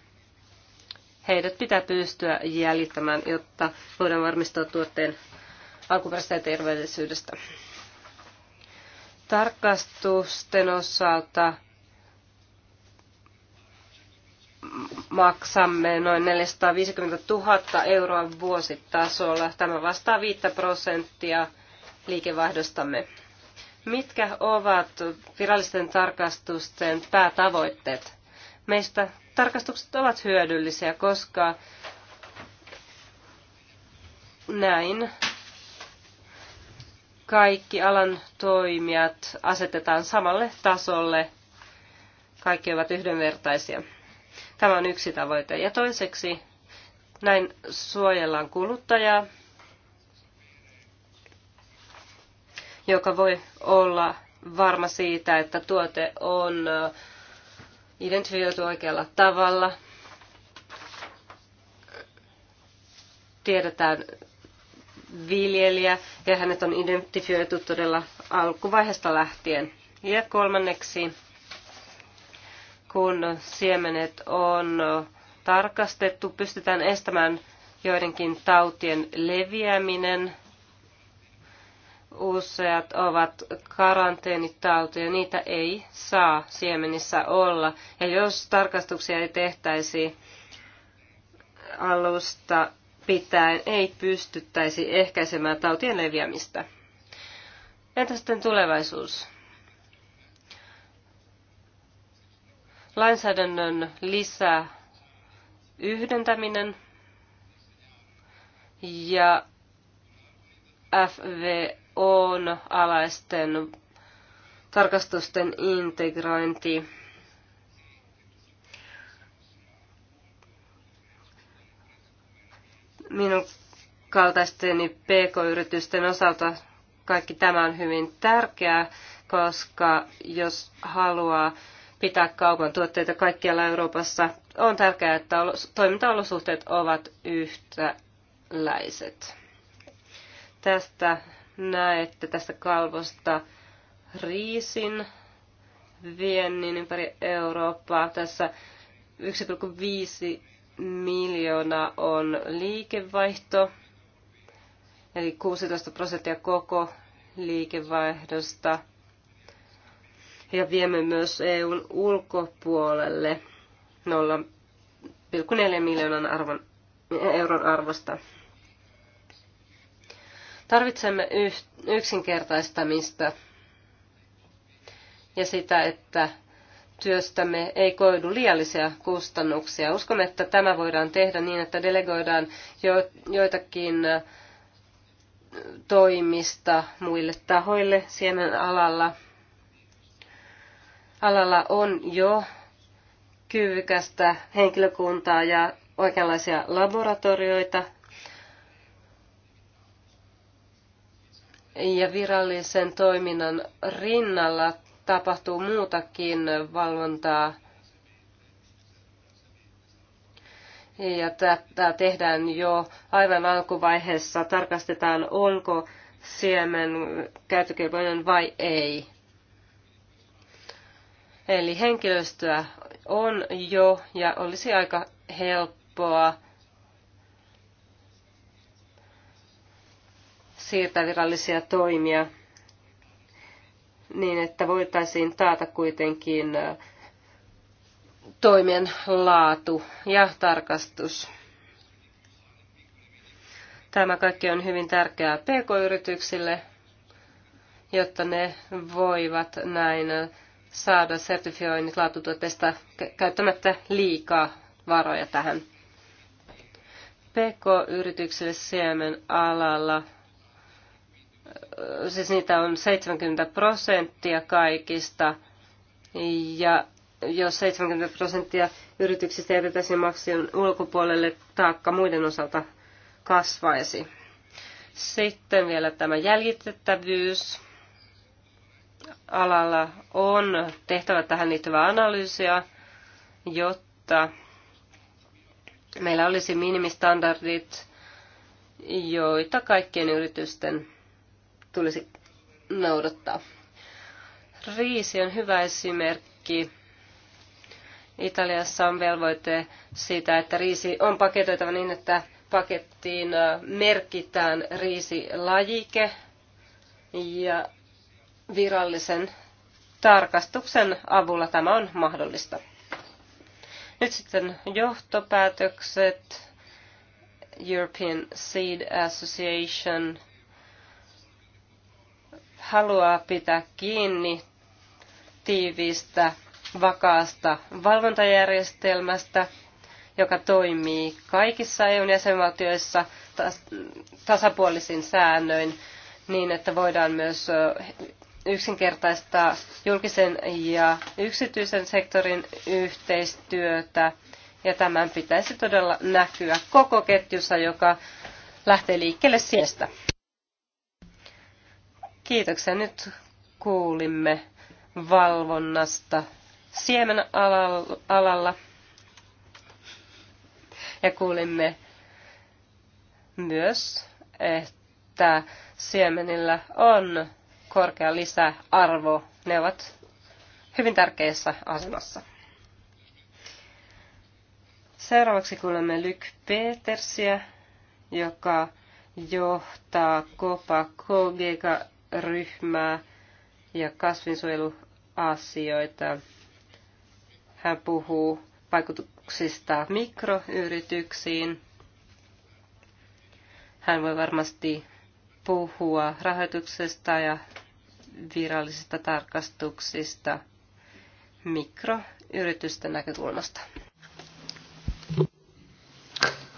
Speaker 2: Heidät pitää pystyä jäljittämään, jotta voidaan varmistaa tuotteen alkuperäisestä ja terveellisyydestä. Tarkastusten osalta maksamme noin 450 000 euroa vuositasolla. Tämä vastaa 5 prosenttia liikevaihdostamme. Mitkä ovat virallisten tarkastusten päätavoitteet? Meistä tarkastukset ovat hyödyllisiä, koska näin kaikki alan toimijat asetetaan samalle tasolle. Kaikki ovat yhdenvertaisia. Tämä on yksi tavoite. Ja toiseksi näin suojellaan kuluttajaa, joka voi olla varma siitä, että tuote on identifioitu oikealla tavalla. Tiedetään viljelijä ja hänet on identifioitu todella alkuvaiheesta lähtien. Ja kolmanneksi, kun siemenet on tarkastettu, pystytään estämään joidenkin tautien leviäminen – useat ovat karanteenitauteja, niitä ei saa siemenissä olla. Ja jos tarkastuksia ei tehtäisi alusta pitäen, ei pystyttäisi ehkäisemään tautien leviämistä. Entä sitten tulevaisuus? Lainsäädännön lisää yhdentäminen ja FV on alaisten tarkastusten integrointi. Minun kaltaisteni pk-yritysten osalta kaikki tämä on hyvin tärkeää, koska jos haluaa pitää kaupan tuotteita kaikkialla Euroopassa, on tärkeää, että toimintaolosuhteet ovat yhtäläiset. Tästä näette tästä kalvosta riisin viennin ympäri Eurooppaa. Tässä 1,5 miljoonaa on liikevaihto, eli 16 prosenttia koko liikevaihdosta. Ja viemme myös EUn ulkopuolelle 0,4 miljoonan arvon, euron arvosta. Tarvitsemme yksinkertaistamista ja sitä, että työstämme ei koidu liiallisia kustannuksia. Uskon, että tämä voidaan tehdä niin, että delegoidaan jo, joitakin äh, toimista muille tahoille siemen alalla. Alalla on jo kyvykästä henkilökuntaa ja oikeanlaisia laboratorioita, ja virallisen toiminnan rinnalla tapahtuu muutakin valvontaa. Ja tätä tehdään jo aivan alkuvaiheessa. Tarkastetaan, onko siemen käyttökelpoinen vai ei. Eli henkilöstöä on jo ja olisi aika helppoa siirtää virallisia toimia niin, että voitaisiin taata kuitenkin toimien laatu ja tarkastus. Tämä kaikki on hyvin tärkeää pk-yrityksille, jotta ne voivat näin saada sertifioinnit laatutuotteista käyttämättä liikaa varoja tähän. PK-yrityksille siemen alalla siis niitä on 70 prosenttia kaikista, ja jos 70 prosenttia yrityksistä jätetäisiin maksujen ulkopuolelle, taakka muiden osalta kasvaisi. Sitten vielä tämä jäljitettävyys. Alalla on tehtävä tähän liittyvää analyysiä, jotta meillä olisi minimistandardit, joita kaikkien yritysten tulisi noudattaa. Riisi on hyvä esimerkki. Italiassa on velvoite siitä, että riisi on paketoitava niin, että pakettiin merkitään riisilajike ja virallisen tarkastuksen avulla tämä on mahdollista. Nyt sitten johtopäätökset. European Seed Association haluaa pitää kiinni tiiviistä, vakaasta valvontajärjestelmästä, joka toimii kaikissa EUn jäsenvaltioissa tasapuolisin säännöin niin, että voidaan myös yksinkertaistaa julkisen ja yksityisen sektorin yhteistyötä. Ja tämän pitäisi todella näkyä koko ketjussa, joka lähtee liikkeelle siestä. Kiitoksia. Nyt kuulimme valvonnasta alalla ja kuulimme myös, että siemenillä on korkea lisäarvo. Ne ovat hyvin tärkeässä asemassa. Seuraavaksi kuulemme Lyk Petersiä, joka johtaa Kopa Kogega ryhmää ja kasvinsuojeluasioita. Hän puhuu vaikutuksista mikroyrityksiin. Hän voi varmasti puhua rahoituksesta ja virallisista tarkastuksista
Speaker 3: mikroyritysten näkökulmasta.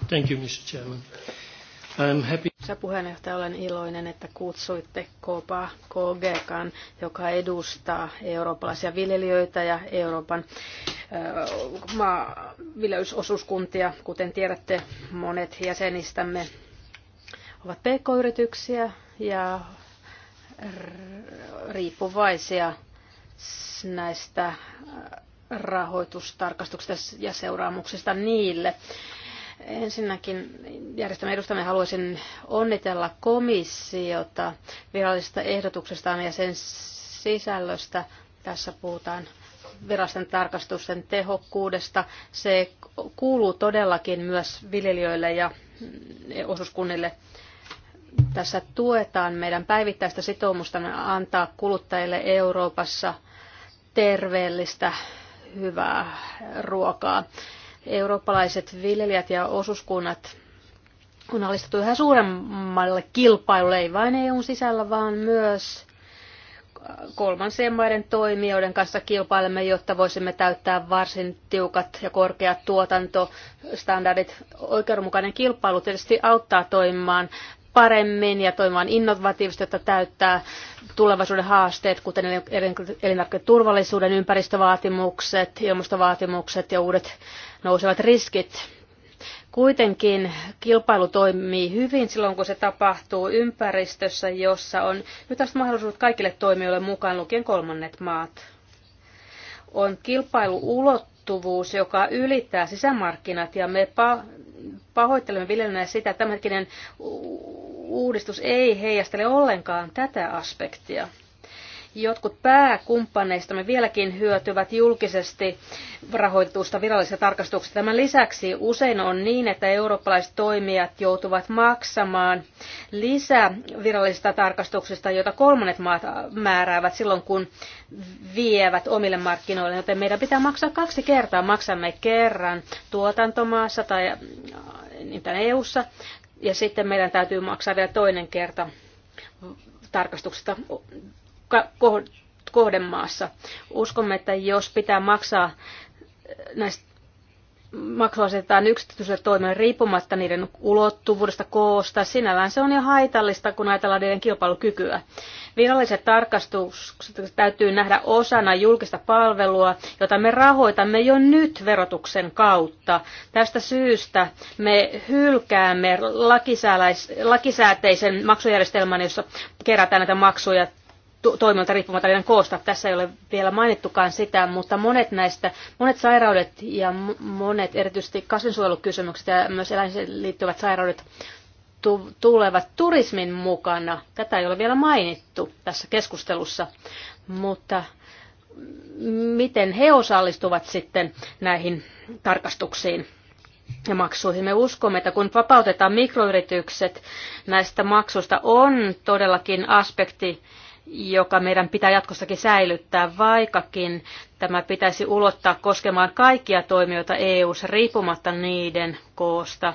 Speaker 3: Thank you, Mr. Chairman. I'm happy. puheenjohtaja, olen iloinen, että kutsuitte Kopa Kogekan, joka edustaa eurooppalaisia viljelijöitä ja Euroopan maanviljelysosuuskuntia. Kuten tiedätte, monet jäsenistämme ovat pk-yrityksiä ja riippuvaisia näistä rahoitustarkastuksista ja seuraamuksista niille. Ensinnäkin järjestämme edustamme haluaisin onnitella komissiota virallisesta ehdotuksestaan ja sen sisällöstä. Tässä puhutaan virallisten tarkastusten tehokkuudesta. Se kuuluu todellakin myös viljelijöille ja osuuskunnille. Tässä tuetaan meidän päivittäistä sitoumustamme antaa kuluttajille Euroopassa terveellistä, hyvää ruokaa eurooppalaiset viljelijät ja osuuskunnat on alistettu yhä suuremmalle kilpailulle, ei vain EUn sisällä, vaan myös kolmansien maiden toimijoiden kanssa kilpailemme, jotta voisimme täyttää varsin tiukat ja korkeat tuotantostandardit. Oikeudenmukainen kilpailu tietysti auttaa toimimaan paremmin ja toimimaan innovatiivisesti, jotta täyttää tulevaisuuden haasteet, kuten elintarviketurvallisuuden ympäristövaatimukset, ilmastovaatimukset ja uudet nousevat riskit. Kuitenkin kilpailu toimii hyvin silloin, kun se tapahtuu ympäristössä, jossa on tästä mahdollisuudet kaikille toimijoille mukaan lukien kolmannet maat. On kilpailuulottuvuus, joka ylittää sisämarkkinat ja me pahoittelemme viljelijänä sitä, että tämänhetkinen uudistus ei heijastele ollenkaan tätä aspektia. Jotkut pääkumppaneistamme vieläkin hyötyvät julkisesti rahoitetusta virallisesta tarkastuksesta. Tämän lisäksi usein on niin, että eurooppalaiset toimijat joutuvat maksamaan lisää virallisista tarkastuksista, jota kolmannet maat määräävät silloin, kun vievät omille markkinoille. Joten meidän pitää maksaa kaksi kertaa. Maksamme kerran tuotantomaassa tai äh, EU-ssa ja sitten meidän täytyy maksaa vielä toinen kerta tarkastuksesta kohdemaassa. Uskomme, että jos pitää maksaa äh, näistä maksu asetetaan yksityiselle toimijalle riippumatta niiden ulottuvuudesta, koosta. Sinällään se on jo haitallista, kun ajatellaan niiden kilpailukykyä. Viralliset tarkastukset täytyy nähdä osana julkista palvelua, jota me rahoitamme jo nyt verotuksen kautta. Tästä syystä me hylkäämme lakisääteisen maksujärjestelmän, jossa kerätään näitä maksuja toimijoilta riippumatta niiden koosta. Tässä ei ole vielä mainittukaan sitä, mutta monet näistä, monet sairaudet ja monet erityisesti kasvinsuojelukysymykset ja myös eläinten liittyvät sairaudet tu- tulevat turismin mukana. Tätä ei ole vielä mainittu tässä keskustelussa, mutta miten he osallistuvat sitten näihin tarkastuksiin ja maksuihin. Me uskomme, että kun vapautetaan mikroyritykset näistä maksuista, on todellakin aspekti, joka meidän pitää jatkossakin säilyttää, vaikkakin tämä pitäisi ulottaa koskemaan kaikkia toimijoita EU:ssa riippumatta niiden koosta.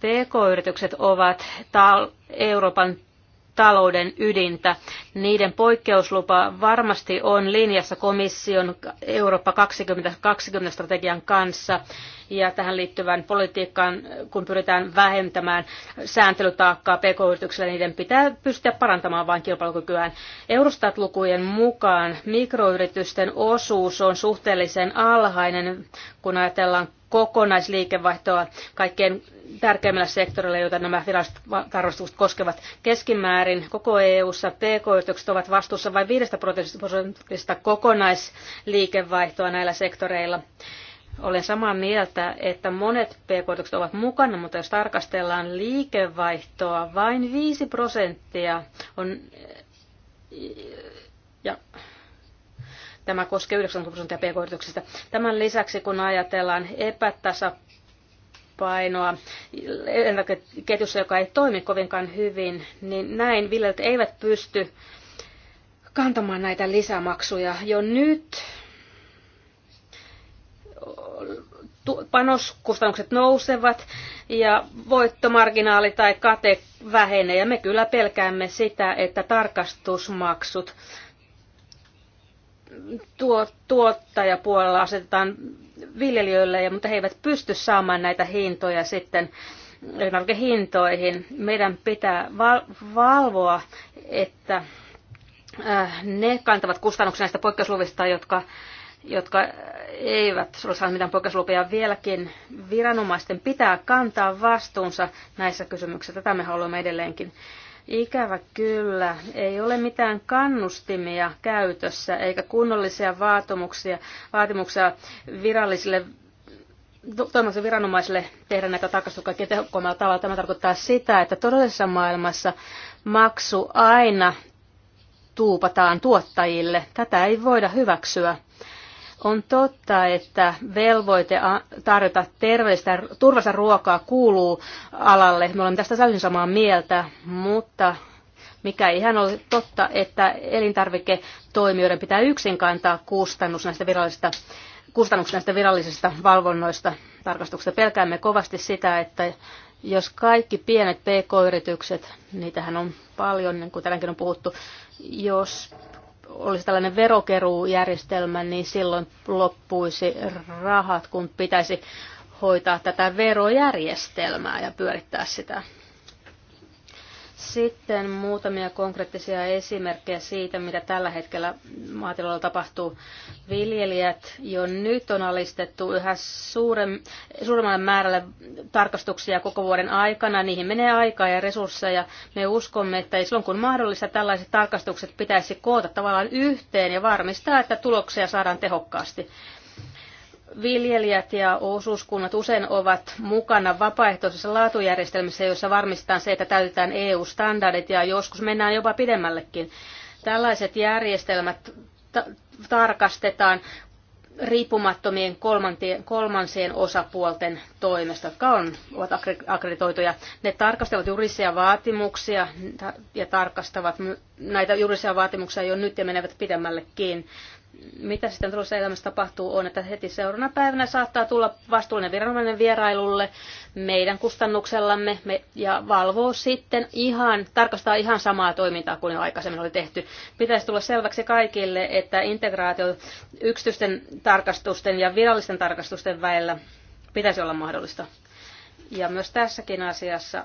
Speaker 3: PK-yritykset ovat Euroopan talouden ydintä. Niiden poikkeuslupa varmasti on linjassa komission Eurooppa 2020 strategian kanssa ja tähän liittyvän politiikkaan, kun pyritään vähentämään sääntelytaakkaa pk yrityksille niiden pitää pystyä parantamaan vain kilpailukykyään. Eurostat-lukujen mukaan mikroyritysten osuus on suhteellisen alhainen, kun ajatellaan kokonaisliikevaihtoa kaikkein tärkeimmillä sektorilla, joita nämä tarkastukset koskevat. Keskimäärin koko EU-ssa pk-yritykset ovat vastuussa vain 5 prosentista kokonaisliikevaihtoa näillä sektoreilla. Olen samaa mieltä, että monet pk ovat mukana, mutta jos tarkastellaan liikevaihtoa, vain 5 prosenttia on ja Tämä koskee 90 prosenttia pk-yrityksistä. Tämän lisäksi, kun ajatellaan epätasa painoa, ketjussa, joka ei toimi kovinkaan hyvin, niin näin viljelijät eivät pysty kantamaan näitä lisämaksuja jo nyt. Panoskustannukset nousevat ja voittomarginaali tai kate vähenee ja me kyllä pelkäämme sitä, että tarkastusmaksut tuo, tuottajapuolella asetetaan viljelijöille, mutta he eivät pysty saamaan näitä hintoja sitten hintoihin. Meidän pitää val- valvoa, että äh, ne kantavat kustannuksia näistä poikkeusluvista, jotka, jotka eivät ole saaneet mitään poikkeuslupia vieläkin. Viranomaisten pitää kantaa vastuunsa näissä kysymyksissä. Tätä me haluamme edelleenkin Ikävä kyllä, ei ole mitään kannustimia käytössä eikä kunnollisia vaatimuksia, vaatimuksia virallisille toimivalle viranomaisille tehdä näitä tarkastuksia kaikkein tehokkaimmalla tavalla. Tämä tarkoittaa sitä, että todellisessa maailmassa maksu aina tuupataan tuottajille. Tätä ei voida hyväksyä. On totta, että velvoite tarjota terveellistä, turvallista ruokaa kuuluu alalle. Me olemme tästä täysin samaa mieltä, mutta mikä ihan ole totta, että elintarviketoimijoiden pitää yksin kantaa kustannus näistä virallisista kustannuksista näistä virallisista valvonnoista tarkastuksista. Pelkäämme kovasti sitä, että jos kaikki pienet pk-yritykset, niitähän on paljon, niin kuin tänäänkin on puhuttu, jos olisi tällainen verokeruujärjestelmä, niin silloin loppuisi rahat, kun pitäisi hoitaa tätä verojärjestelmää ja pyörittää sitä. Sitten muutamia konkreettisia esimerkkejä siitä, mitä tällä hetkellä maatilalla tapahtuu. Viljelijät jo nyt on alistettu yhä suurem, suuremmalle määrälle tarkastuksia koko vuoden aikana. Niihin menee aikaa ja resursseja. Me uskomme, että silloin kun mahdollista, tällaiset tarkastukset pitäisi koota tavallaan yhteen ja varmistaa, että tuloksia saadaan tehokkaasti. Viljelijät ja osuuskunnat usein ovat mukana vapaaehtoisessa laatujärjestelmissä, jossa varmistetaan se, että täytetään EU-standardit ja joskus mennään jopa pidemmällekin. Tällaiset järjestelmät ta- tarkastetaan riippumattomien kolmansien osapuolten toimesta, jotka on, ovat akkreditoituja. Ne tarkastavat juridisia vaatimuksia ja tarkastavat näitä juridisia vaatimuksia jo nyt ja menevät pidemmällekin mitä sitten tuossa elämässä tapahtuu, on, että heti seuraavana päivänä saattaa tulla vastuullinen viranomainen vierailulle meidän kustannuksellamme me, ja valvoo sitten ihan, tarkastaa ihan samaa toimintaa kuin jo aikaisemmin oli tehty. Pitäisi tulla selväksi kaikille, että integraatio yksityisten tarkastusten ja virallisten tarkastusten välillä pitäisi olla mahdollista. Ja myös tässäkin asiassa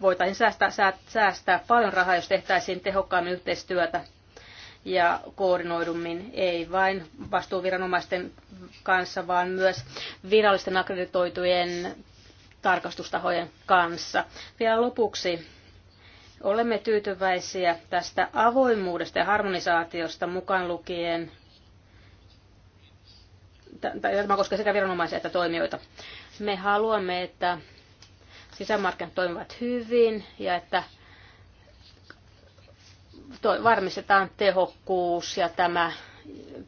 Speaker 3: voitaisiin säästää, säästää paljon rahaa, jos tehtäisiin tehokkaammin yhteistyötä ja koordinoidummin, ei vain vastuuviranomaisten kanssa, vaan myös virallisten akkreditoitujen tarkastustahojen kanssa. Vielä lopuksi olemme tyytyväisiä tästä avoimuudesta ja harmonisaatiosta mukaan lukien, tämä koskee sekä viranomaisia että toimijoita. Me haluamme, että sisämarkkinat toimivat hyvin ja että varmistetaan tehokkuus ja tämä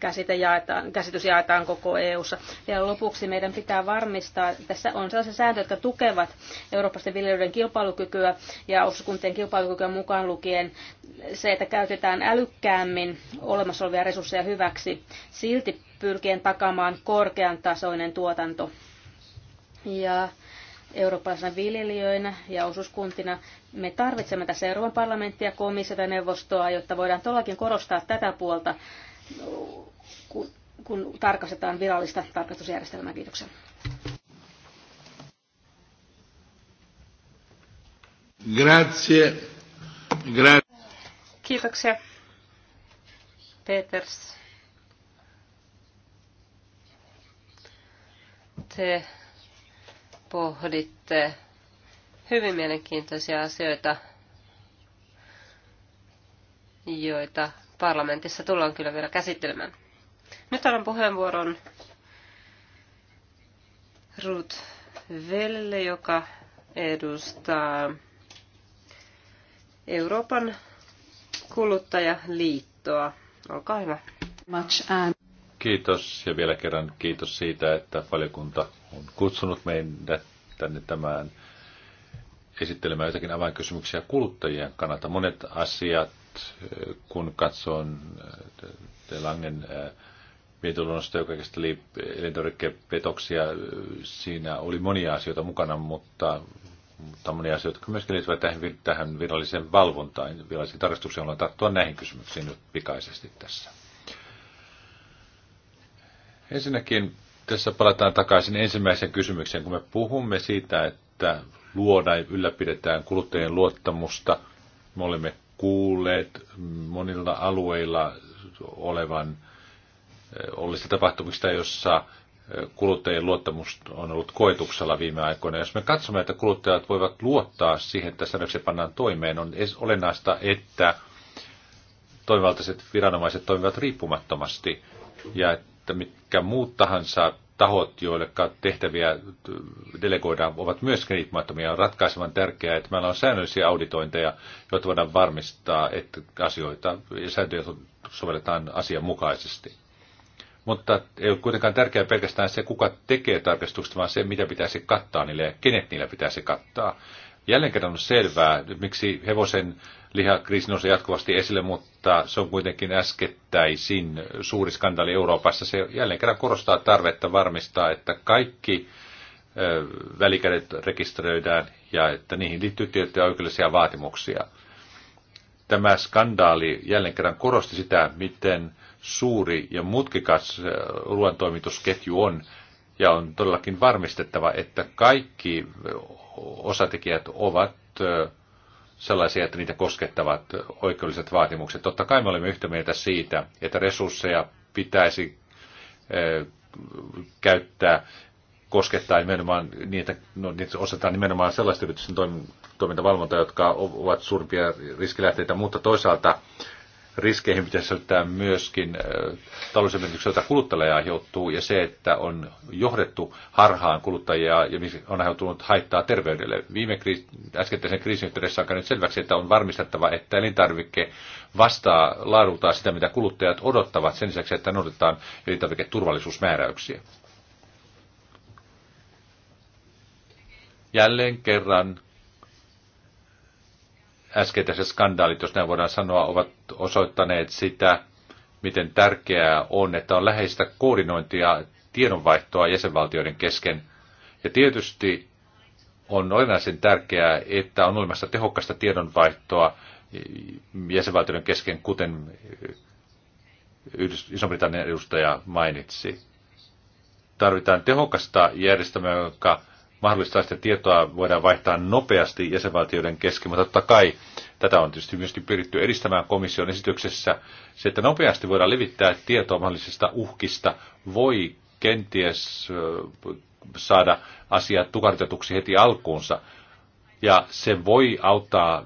Speaker 3: käsite jaetaan, käsitys jaetaan koko EU:ssa. Ja lopuksi meidän pitää varmistaa, että tässä on sellaisia sääntöjä, jotka tukevat eurooppalaisten viljelijöiden kilpailukykyä ja osakuntien kilpailukykyä mukaan lukien se, että käytetään älykkäämmin olemassa olevia resursseja hyväksi, silti pyrkien takamaan korkean tasoinen tuotanto. Ja eurooppalaisina viljelijöinä ja osuuskuntina. Me tarvitsemme tässä Euroopan parlamenttia, komissiota ja neuvostoa, jotta voidaan todellakin korostaa tätä puolta, kun, kun tarkastetaan virallista tarkastusjärjestelmää. Kiitoksia.
Speaker 1: Grazie. Gra-
Speaker 2: Kiitoksia. Peters. Te pohditte hyvin mielenkiintoisia asioita, joita parlamentissa tullaan kyllä vielä käsittelemään. Nyt annan puheenvuoron Ruth Velle, joka edustaa Euroopan kuluttajaliittoa. Olkaa hyvä. Uh,
Speaker 1: kiitos ja vielä kerran kiitos siitä, että valiokunta on kutsunut meidät tänne tämän esittelemään jotakin avainkysymyksiä kuluttajien kannalta. Monet asiat, kun katson te Langen äh, mietintöluonnosta, joka käsitteli elintarvikepetoksia, siinä oli monia asioita mukana, mutta, mutta monia asioita, jotka myöskin liittyvät tähän, tähän viralliseen valvontaan, virallisiin tarkastuksiin, haluan tarttua näihin kysymyksiin nyt pikaisesti tässä. Ensinnäkin tässä palataan takaisin ensimmäiseen kysymykseen. Kun me puhumme siitä, että luodaan ja ylläpidetään kuluttajien luottamusta, me olemme kuulleet monilla alueilla olevan eh, olisi tapahtumista, jossa eh, kuluttajien luottamus on ollut koetuksella viime aikoina. Jos me katsomme, että kuluttajat voivat luottaa siihen, että säännöksiä pannaan toimeen, on olennaista, että toimivaltaiset viranomaiset toimivat riippumattomasti ja että mitkä muut tahansa tahot, joille tehtäviä delegoidaan, ovat myöskin riippumattomia. On ratkaisevan tärkeää, että meillä on säännöllisiä auditointeja, joita voidaan varmistaa, että asioita ja sääntöjä sovelletaan asianmukaisesti. Mutta ei ole kuitenkaan tärkeää pelkästään se, kuka tekee tarkastukset, vaan se, mitä pitäisi kattaa niille ja kenet niillä pitäisi kattaa. Jälleen kerran on selvää, miksi hevosen lihakriisi nousee jatkuvasti esille, mutta se on kuitenkin äskettäisin suuri skandaali Euroopassa. Se jälleen kerran korostaa tarvetta varmistaa, että kaikki välikädet rekisteröidään ja että niihin liittyy tiettyjä oikeudellisia vaatimuksia. Tämä skandaali jälleen kerran korosti sitä, miten suuri ja mutkikas ruoantoimitusketju on, ja on todellakin varmistettava, että kaikki osatekijät ovat sellaisia, että niitä koskettavat oikeudelliset vaatimukset. Totta kai me olemme yhtä mieltä siitä, että resursseja pitäisi käyttää koskettaa nimenomaan niitä, no, niitä osataan nimenomaan sellaisten yritysten toimintavalvontaa, jotka ovat suurimpia riskilähteitä, mutta toisaalta riskeihin pitäisi ottaa myöskin äh, taloudellisen merkityksen, jota kuluttaja aiheutuu, ja se, että on johdettu harhaan kuluttajia ja on aiheutunut haittaa terveydelle. Viime kriis, äskettäisen kriisin yhteydessä on käynyt selväksi, että on varmistettava, että elintarvikke vastaa laadultaan sitä, mitä kuluttajat odottavat, sen lisäksi, että noudatetaan elintarviketurvallisuusmääräyksiä. Jälleen kerran äskeiset skandaalit, jos näin voidaan sanoa, ovat osoittaneet sitä, miten tärkeää on, että on läheistä koordinointia tiedonvaihtoa jäsenvaltioiden kesken. Ja tietysti on olennaisen tärkeää, että on olemassa tehokasta tiedonvaihtoa jäsenvaltioiden kesken, kuten Iso-Britannian edustaja mainitsi. Tarvitaan tehokasta järjestelmää, joka mahdollistaa sitä tietoa voidaan vaihtaa nopeasti jäsenvaltioiden kesken, mutta totta kai tätä on tietysti myöskin pyritty edistämään komission esityksessä. Se, että nopeasti voidaan levittää tietoa mahdollisista uhkista, voi kenties saada asiat tukartetuksi heti alkuunsa. Ja se voi auttaa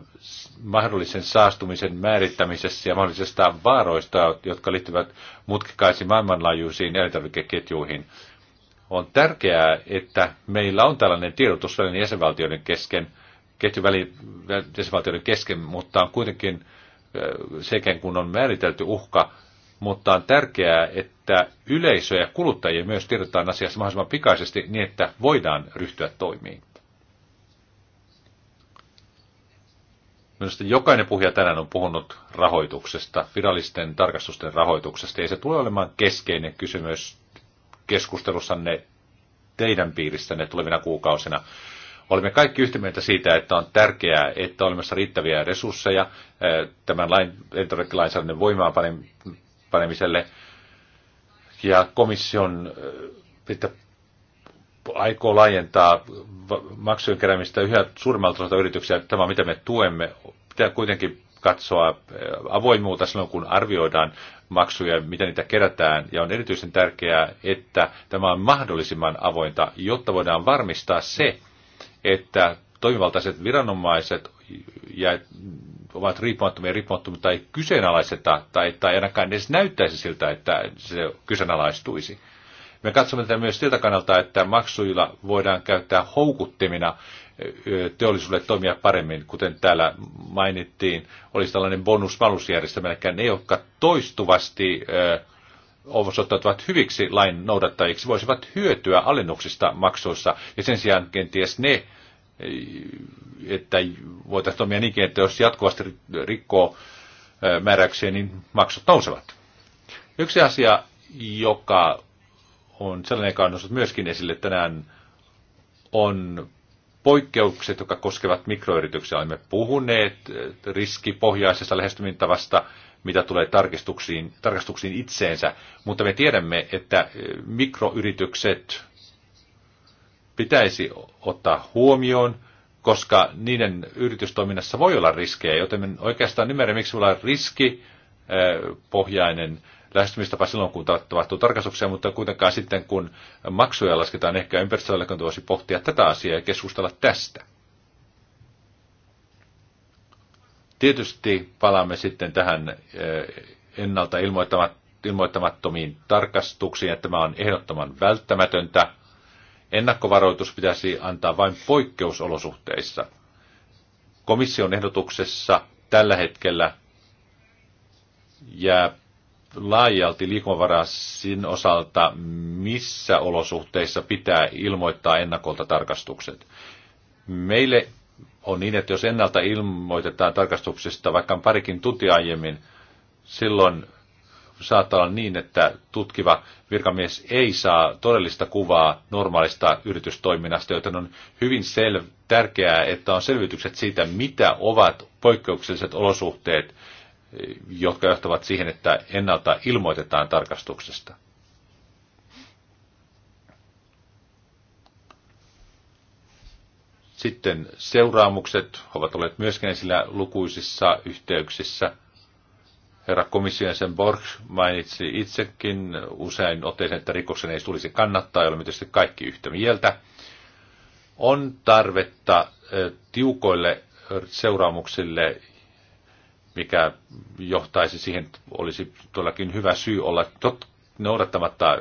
Speaker 1: mahdollisen saastumisen määrittämisessä ja mahdollisista vaaroista, jotka liittyvät mutkikaisiin maailmanlaajuisiin elintarvikeketjuihin. On tärkeää, että meillä on tällainen tiedotusväline jäsenvaltioiden kesken, ketjuväli jäsenvaltioiden kesken, mutta on kuitenkin sekä kun on määritelty uhka, mutta on tärkeää, että yleisö ja kuluttajia myös tiedotetaan asiassa mahdollisimman pikaisesti niin, että voidaan ryhtyä toimiin. Minusta jokainen puhuja tänään on puhunut rahoituksesta, virallisten tarkastusten rahoituksesta, ja se tulee olemaan keskeinen kysymys keskustelussanne teidän piirissänne tulevina kuukausina. olimme kaikki yhtä mieltä siitä, että on tärkeää, että on olemassa riittäviä resursseja eh, tämän lain, lainsäädännön voimaan panemiselle. Ja komission eh, että aikoo laajentaa maksujen keräämistä yhä suurimmalta osalta yrityksiä. Tämä mitä me tuemme. Pitää kuitenkin katsoa eh, avoimuutta silloin, kun arvioidaan maksuja, miten niitä kerätään. Ja on erityisen tärkeää, että tämä on mahdollisimman avointa, jotta voidaan varmistaa se, että toimivaltaiset viranomaiset ja ovat riippumattomia riippumattomia tai kyseenalaiseta tai, tai ainakaan edes näyttäisi siltä, että se kyseenalaistuisi. Me katsomme tätä myös siltä kannalta, että maksuilla voidaan käyttää houkuttimina teollisuudelle toimia paremmin. Kuten täällä mainittiin, olisi tällainen bonus-malusjärjestelmä, eli ne, jotka toistuvasti osoittautuvat hyviksi lain noudattajiksi, voisivat hyötyä alennuksista maksuissa, ja sen sijaan kenties ne, että voitaisiin toimia niinkin, että jos jatkuvasti rikkoo määräyksiä, niin maksut nousevat. Yksi asia, joka on sellainen, joka on noussut myöskin esille tänään, on poikkeukset, jotka koskevat mikroyrityksiä. Olemme puhuneet eh, riskipohjaisesta lähestymintavasta, mitä tulee tarkistuksiin, tarkastuksiin itseensä, mutta me tiedämme, että eh, mikroyritykset pitäisi ottaa huomioon, koska niiden yritystoiminnassa voi olla riskejä, joten oikeastaan ymmärrän, miksi olla riskipohjainen eh, lähestymistapa silloin, kun tapahtuu tarkastuksia, mutta kuitenkaan sitten, kun maksuja lasketaan, ehkä ympäristövaliokunta voisi pohtia tätä asiaa ja keskustella tästä. Tietysti palaamme sitten tähän eh, ennalta ilmoittamattomiin tarkastuksiin, että tämä on ehdottoman välttämätöntä. Ennakkovaroitus pitäisi antaa vain poikkeusolosuhteissa. Komission ehdotuksessa tällä hetkellä jää laajalti liikunvaraa sin osalta, missä olosuhteissa pitää ilmoittaa ennakolta tarkastukset. Meille on niin, että jos ennalta ilmoitetaan tarkastuksista vaikka parikin tuntia aiemmin, silloin saattaa olla niin, että tutkiva virkamies ei saa todellista kuvaa normaalista yritystoiminnasta, joten on hyvin sel- tärkeää, että on selvitykset siitä, mitä ovat poikkeukselliset olosuhteet jotka johtavat siihen, että ennalta ilmoitetaan tarkastuksesta. Sitten seuraamukset ovat olleet myöskin sillä lukuisissa yhteyksissä. Herra komission sen Borg mainitsi itsekin usein otteeseen, että rikoksen ei tulisi kannattaa, olemme tietysti kaikki yhtä mieltä. On tarvetta eh, tiukoille seuraamuksille, mikä johtaisi siihen, olisi todellakin hyvä syy olla tot, noudattamatta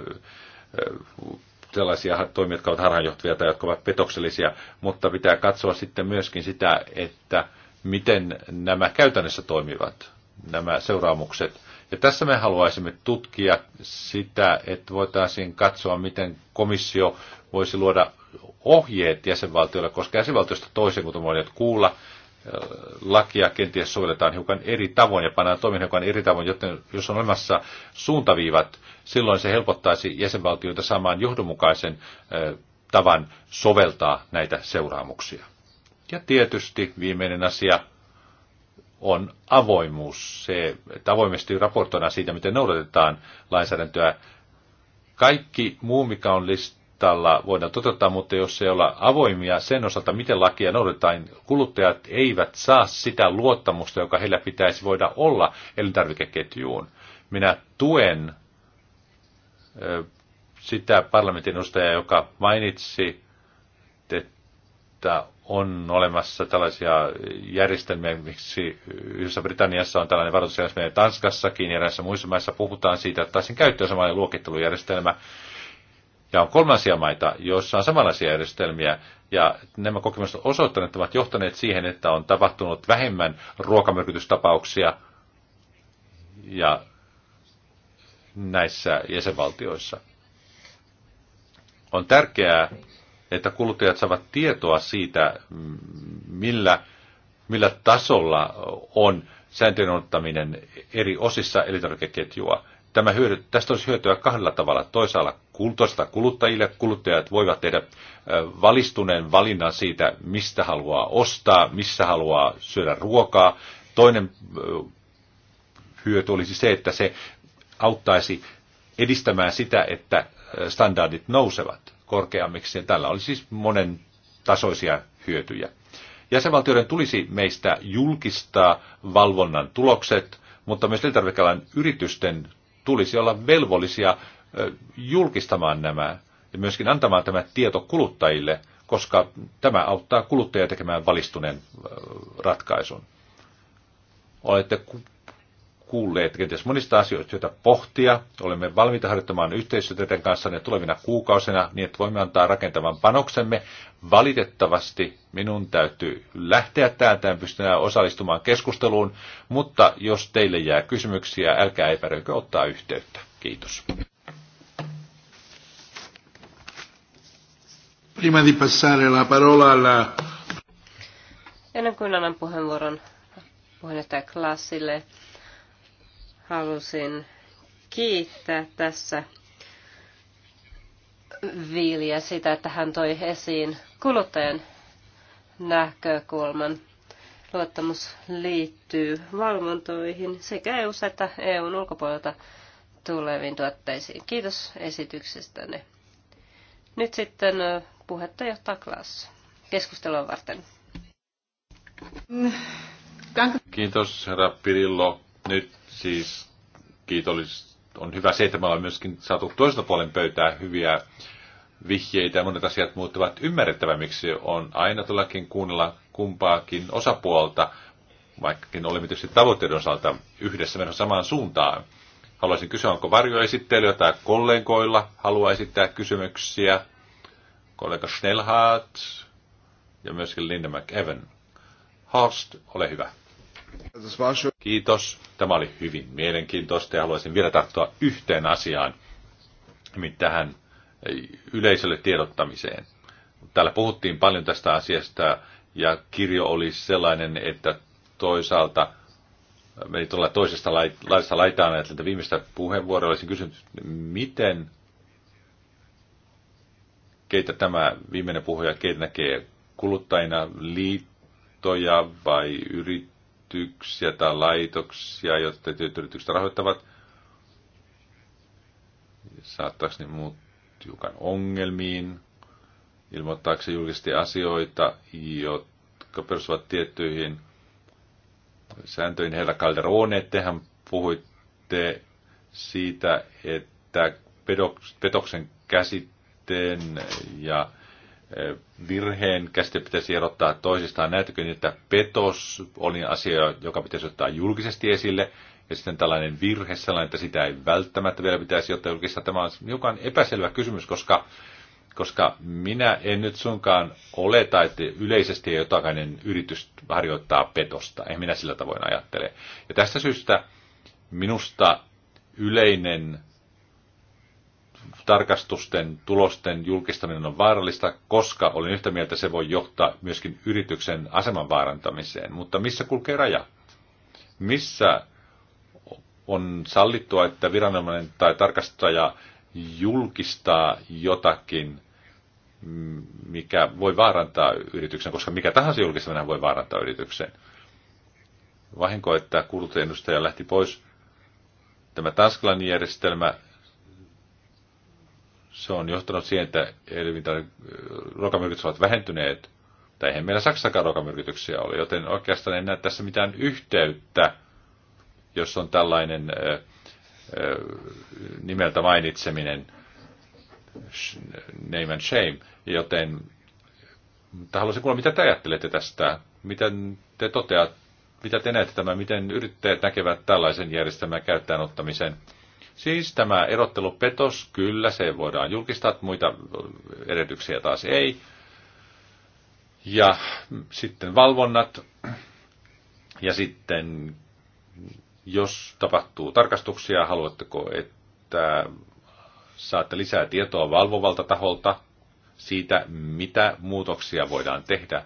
Speaker 1: sellaisia toimia, jotka ovat harhaanjohtavia tai jotka ovat petoksellisia, mutta pitää katsoa sitten myöskin sitä, että miten nämä käytännössä toimivat, nämä seuraamukset. Ja tässä me haluaisimme tutkia sitä, että voitaisiin katsoa, miten komissio voisi luoda ohjeet jäsenvaltioille, koska jäsenvaltiosta toisen, kuten voineet kuulla, lakia kenties sovelletaan hiukan eri tavoin ja pannaan toimin hiukan eri tavoin, joten jos on olemassa suuntaviivat, silloin se helpottaisi jäsenvaltioita saamaan johdonmukaisen tavan soveltaa näitä seuraamuksia. Ja tietysti viimeinen asia on avoimuus. Se, että avoimesti raportoidaan siitä, miten noudatetaan lainsäädäntöä. Kaikki muu, mikä on list, listalla voidaan toteuttaa, mutta jos ei olla avoimia sen osalta, miten lakia noudatetaan, kuluttajat eivät saa sitä luottamusta, joka heillä pitäisi voida olla elintarvikeketjuun. Minä tuen sitä parlamentin edustajaa, joka mainitsi, että on olemassa tällaisia järjestelmiä, miksi yhdessä Britanniassa on tällainen varoitusjärjestelmä, ja Tanskassakin ja näissä muissa maissa puhutaan siitä, että taisin käyttöön samanlainen luokittelujärjestelmä, ja on kolmansia maita, joissa on samanlaisia järjestelmiä, ja nämä kokemukset osoittaneet ovat johtaneet siihen, että on tapahtunut vähemmän ruokamyrkytystapauksia ja näissä jäsenvaltioissa. On tärkeää, että kuluttajat saavat tietoa siitä, millä, millä tasolla on sääntöjen ottaminen eri osissa elintarvikeketjua. Tämä hyödy, tästä olisi hyötyä kahdella tavalla. Toisaalla kultoista kuluttajille. Kuluttajat voivat tehdä valistuneen valinnan siitä, mistä haluaa ostaa, missä haluaa syödä ruokaa. Toinen hyöty olisi se, että se auttaisi edistämään sitä, että standardit nousevat korkeammiksi. Ja tällä olisi siis monen tasoisia hyötyjä. Jäsenvaltioiden tulisi meistä julkistaa valvonnan tulokset, mutta myös elintarvikealan yritysten tulisi olla velvollisia julkistamaan nämä ja myöskin antamaan tämä tieto kuluttajille, koska tämä auttaa kuluttajia tekemään valistuneen ratkaisun. Olette kuulleet kenties monista asioista, joita pohtia. Olemme valmiita harjoittamaan yhteistyötä teidän ne tulevina kuukausina niin, että voimme antaa rakentavan panoksemme. Valitettavasti minun täytyy lähteä täältä, en pysty osallistumaan keskusteluun, mutta jos teille jää kysymyksiä, älkää epäröikö ottaa yhteyttä. Kiitos. Prima di passare la parola alla...
Speaker 2: Ennen kuin annan puheenvuoron puheenjohtaja Klassille, halusin kiittää tässä Viiliä sitä, että hän toi esiin kuluttajan näkökulman. Luottamus liittyy valvontoihin sekä EU- että EUn ulkopuolelta tuleviin tuotteisiin. Kiitos esityksestänne. Nyt sitten puhetta johtaa Klaas keskustelua varten.
Speaker 1: Kiitos herra Pirillo nyt siis kiitollis, on hyvä se, että me ollaan myöskin saatu toiselta puolen pöytää hyviä vihjeitä ja monet asiat muuttuvat ymmärrettävämmiksi. on aina todellakin kuunnella kumpaakin osapuolta, vaikkakin olemme tietysti tavoitteiden osalta yhdessä menossa samaan suuntaan. Haluaisin kysyä, onko varjoesittelyä tai kollegoilla haluaa esittää kysymyksiä. Kollega Schnellhardt ja myöskin Linda McEvan, Horst, ole hyvä. Kiitos. Tämä oli hyvin mielenkiintoista ja haluaisin vielä tarttua yhteen asiaan, tähän yleisölle tiedottamiseen. Täällä puhuttiin paljon tästä asiasta ja kirjo oli sellainen, että toisaalta meni tuolla toisesta laista laitaan ajatellen viimeistä puheenvuoroa. Olisin kysynyt, miten keitä tämä viimeinen puhuja, keitä näkee kuluttajina liittoja vai yrit, yrityksiä tai laitoksia, tietyt yritykset rahoittavat. Saattaako ne muut hiukan ongelmiin? Ilmoittaako se julkisesti asioita, jotka perustuvat tiettyihin sääntöihin? Herra Calderone, tehän puhuitte siitä, että petoksen käsitteen ja virheen käsite pitäisi erottaa toisistaan. Näettekö niin että petos oli asia, joka pitäisi ottaa julkisesti esille, ja sitten tällainen virhe, sellainen, että sitä ei välttämättä vielä pitäisi ottaa julkista. Tämä on hiukan epäselvä kysymys, koska, koska minä en nyt sunkaan tai että yleisesti ei jotakainen yritys harjoittaa petosta. En minä sillä tavoin ajattele. Ja tästä syystä minusta yleinen tarkastusten tulosten julkistaminen on vaarallista, koska olen yhtä mieltä, se voi johtaa myöskin yrityksen aseman vaarantamiseen. Mutta missä kulkee raja? Missä on sallittua, että viranomainen tai tarkastaja julkistaa jotakin, mikä voi vaarantaa yrityksen, koska mikä tahansa julkistaminen voi vaarantaa yrityksen. Vahinko, että kuluttajaedustaja lähti pois. Tämä tanskalainen järjestelmä se on johtanut siihen, että ruokamyrkytykset ovat vähentyneet, tai eihän meillä Saksakaan ruokamyrkytyksiä ole, joten oikeastaan en näe tässä mitään yhteyttä, jos on tällainen ö, ö, nimeltä mainitseminen, name and shame, joten mutta haluaisin kuulla, mitä te ajattelette tästä, miten te toteatte, mitä te näette tämän, miten yrittäjät näkevät tällaisen järjestelmän käyttäen ottamisen. Siis tämä erottelupetos, kyllä, se voidaan julkistaa, muita edellytyksiä taas ei. Ja sitten valvonnat. Ja sitten, jos tapahtuu tarkastuksia, haluatteko, että saatte lisää tietoa valvovalta taholta siitä, mitä muutoksia voidaan tehdä?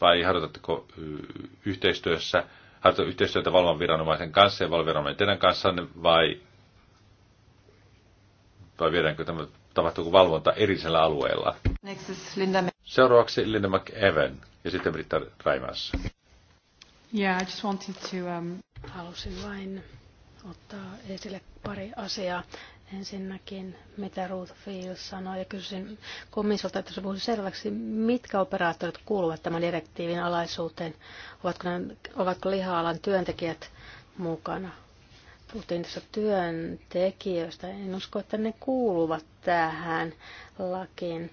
Speaker 1: Vai harjoitatteko yhteistyössä harjoita yhteistyötä valvon viranomaisen kanssa ja viranomaisen teidän kanssanne vai, vai viedäänkö tämä, tapahtuuko valvonta erisellä alueella? Next is Linda Seuraavaksi Linda McEwen ja sitten Britta Raimas. Yeah, I just wanted
Speaker 3: to, um... Halusin vain ottaa esille pari asiaa ensinnäkin, mitä Ruth Fields sanoi, ja kysyin komissiolta, että se puhuisi selväksi, mitkä operaattorit kuuluvat tämän direktiivin alaisuuteen, ovatko, ne, ovatko liha-alan työntekijät mukana. Puhuttiin tässä työntekijöistä, en usko, että ne kuuluvat tähän lakiin,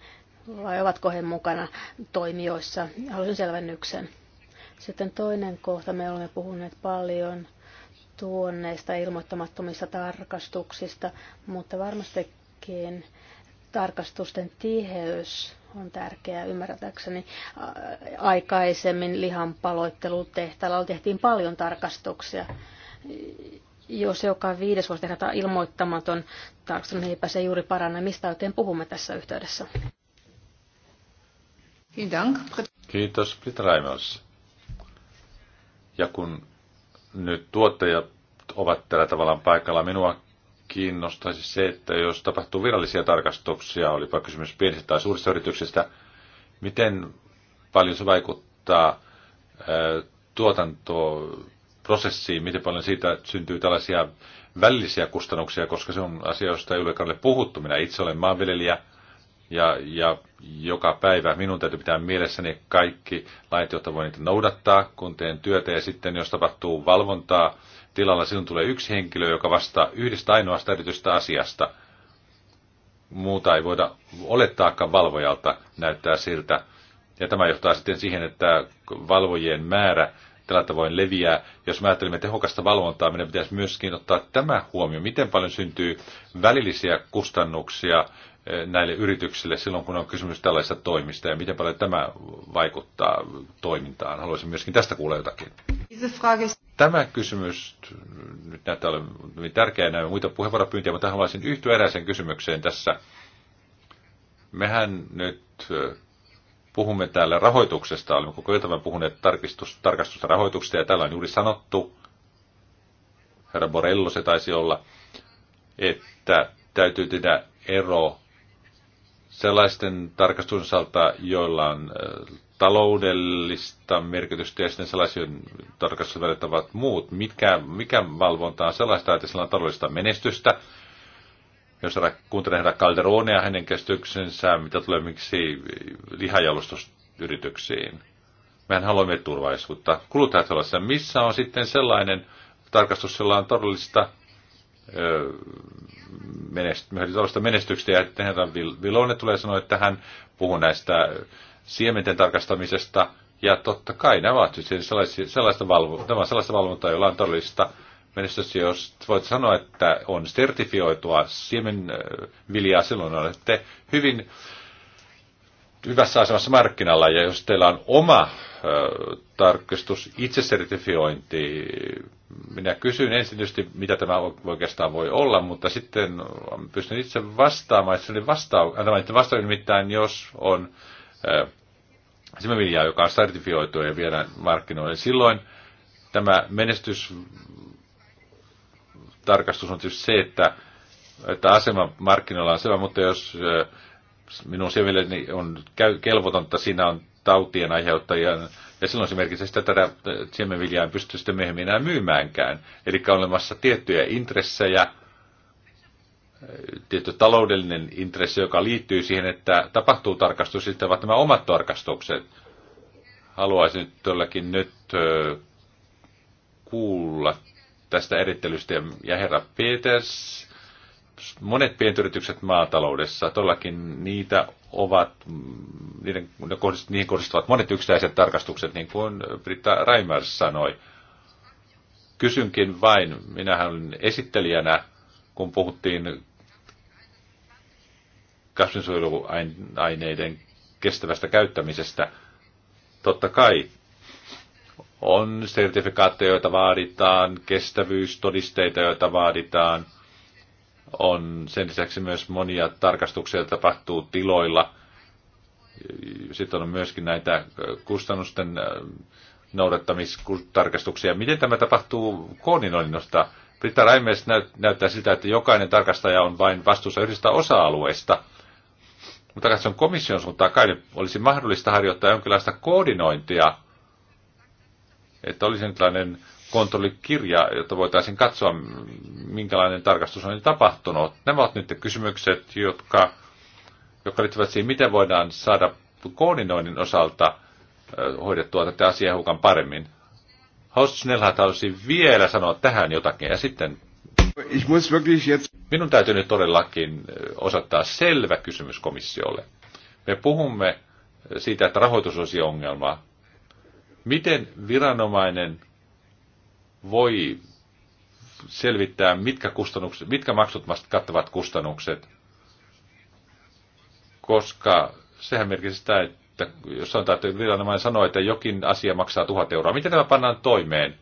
Speaker 3: vai ovatko he mukana toimijoissa. Haluaisin selvennyksen. Sitten toinen kohta, me olemme puhuneet paljon – tuonneista ilmoittamattomista tarkastuksista, mutta varmastikin tarkastusten tiheys on tärkeää ymmärtääkseni. Aikaisemmin lihanpaloittelutehtaalla tehtiin paljon tarkastuksia. Jos joka viides voisi tehdä ilmoittamaton tarkastus, niin eipä se juuri paranna. Mistä oikein puhumme tässä yhteydessä?
Speaker 1: Kiitos, Brit Ja kun nyt tuottajat ovat tällä tavalla paikalla. Minua kiinnostaisi se, että jos tapahtuu virallisia tarkastuksia, olipa kysymys pienistä tai suurista yrityksistä, miten paljon se vaikuttaa tuotantoprosessiin, miten paljon siitä syntyy tällaisia välillisiä kustannuksia, koska se on asia, josta ei ole puhuttu. Minä itse olen maanviljelijä, ja, ja joka päivä minun täytyy pitää mielessäni kaikki lait, jotta voin niitä noudattaa, kun teen työtä. Ja sitten jos tapahtuu valvontaa tilalla, sinun tulee yksi henkilö, joka vastaa yhdestä ainoasta erityisestä asiasta. Muuta ei voida olettaakaan valvojalta, näyttää siltä. Ja tämä johtaa sitten siihen, että valvojien määrä tällä tavoin leviää. Jos me ajattelemme tehokasta valvontaa, meidän pitäisi myöskin ottaa tämä huomio, miten paljon syntyy välillisiä kustannuksia näille yrityksille silloin, kun on kysymys tällaisista toimista ja miten paljon tämä vaikuttaa toimintaan. Haluaisin myöskin tästä kuulla jotakin. Tämä kysymys nyt näyttää olevan hyvin tärkeä ja muita puheenvuoropyyntiä, mutta haluaisin yhtyä erääseen kysymykseen tässä. Mehän nyt puhumme täällä rahoituksesta, olemme koko ajan puhuneet tarkistus, tarkastusta rahoituksesta ja täällä on juuri sanottu, herra Borello se taisi olla, että täytyy tehdä ero sellaisten tarkastusten osalta, joilla on taloudellista merkitystä ja sitten sellaisen tarkastusvälit ovat muut. Mitkä, mikä valvonta on sellaista, että sillä on taloudellista menestystä? Jos kuuntelee herra Calderonea hänen kestyksensä, mitä tulee miksi lihajalustusyrityksiin? Mehän haluamme turvallisuutta. Kuluttajat ovat missä on sitten sellainen tarkastus, jolla on todellista menest- menestyksestä ja herra Vilone tulee sanoa, että hän puhuu näistä siementen tarkastamisesta ja totta kai nämä ovat siis siis sellaista, valvo- sellaista valvontaa, jolla on todellista menestystä. Jos voit sanoa, että on sertifioitua siemenviljaa, silloin olette hyvin äh, hyvässä asemassa markkinalla, ja jos teillä on oma ö, tarkistus, itsesertifiointi, minä kysyin ensin tietysti, mitä tämä oikeastaan voi olla, mutta sitten pystyn itse vastaamaan, että se oli vastaa, vasta, äh, nimittäin jos on esimerkiksi simiviljaa, joka on sertifioitu ja viedään markkinoille, silloin tämä menestys tarkastus on tietysti se, että, että asema markkinoilla on selvä, mutta jos ö, minun sivilleni on kelvotonta, siinä on tautien aiheuttajia, ja silloin se merkitsee sitä, että tätä äh, siemenviljaa ei pysty sitten myöhemmin enää myymäänkään. Eli on olemassa tiettyjä intressejä, äh, tietty taloudellinen intressi, joka liittyy siihen, että tapahtuu tarkastus, sitten ovat nämä omat tarkastukset. Haluaisin nyt tuollakin nyt äh, kuulla tästä erittelystä. Ja herra Peters, monet pienyritykset maataloudessa, todellakin niitä ovat, mm, niiden, niihin kohdistuvat monet yksittäiset tarkastukset, niin kuin Britta Reimers sanoi. Kysynkin vain, minähän olin esittelijänä, kun puhuttiin kasvinsuojeluaineiden kestävästä käyttämisestä. Totta kai on sertifikaatteja, joita vaaditaan, kestävyystodisteita, joita vaaditaan – on sen lisäksi myös monia tarkastuksia tapahtuu tiloilla. Sitten on myöskin näitä äh, kustannusten äh, noudattamistarkastuksia. Miten tämä tapahtuu koordinoinnosta? Britta Raimes näyttää siltä, että jokainen tarkastaja on vain vastuussa yhdestä osa-alueesta. Mutta katson komission suuntaan kai olisi mahdollista harjoittaa jonkinlaista koordinointia, että olisi tällainen kontrollikirja, jotta voitaisiin katsoa, minkälainen tarkastus on tapahtunut. Nämä ovat nyt ne kysymykset, jotka, jotka liittyvät siihen, miten voidaan saada koordinoinnin osalta hoidettua tätä asiaa hukan paremmin. Hostnellhat halusi vielä sanoa tähän jotakin ja sitten... Minun täytyy nyt todellakin osoittaa selvä kysymys komissiolle. Me puhumme siitä, että rahoitus olisi ongelma. Miten viranomainen voi selvittää, mitkä, kustannukset, mitkä maksut kattavat kustannukset, koska sehän merkitsee sitä, että jos sanotaan, että viranomainen sanoo, että jokin asia maksaa tuhat euroa, miten tämä pannaan toimeen?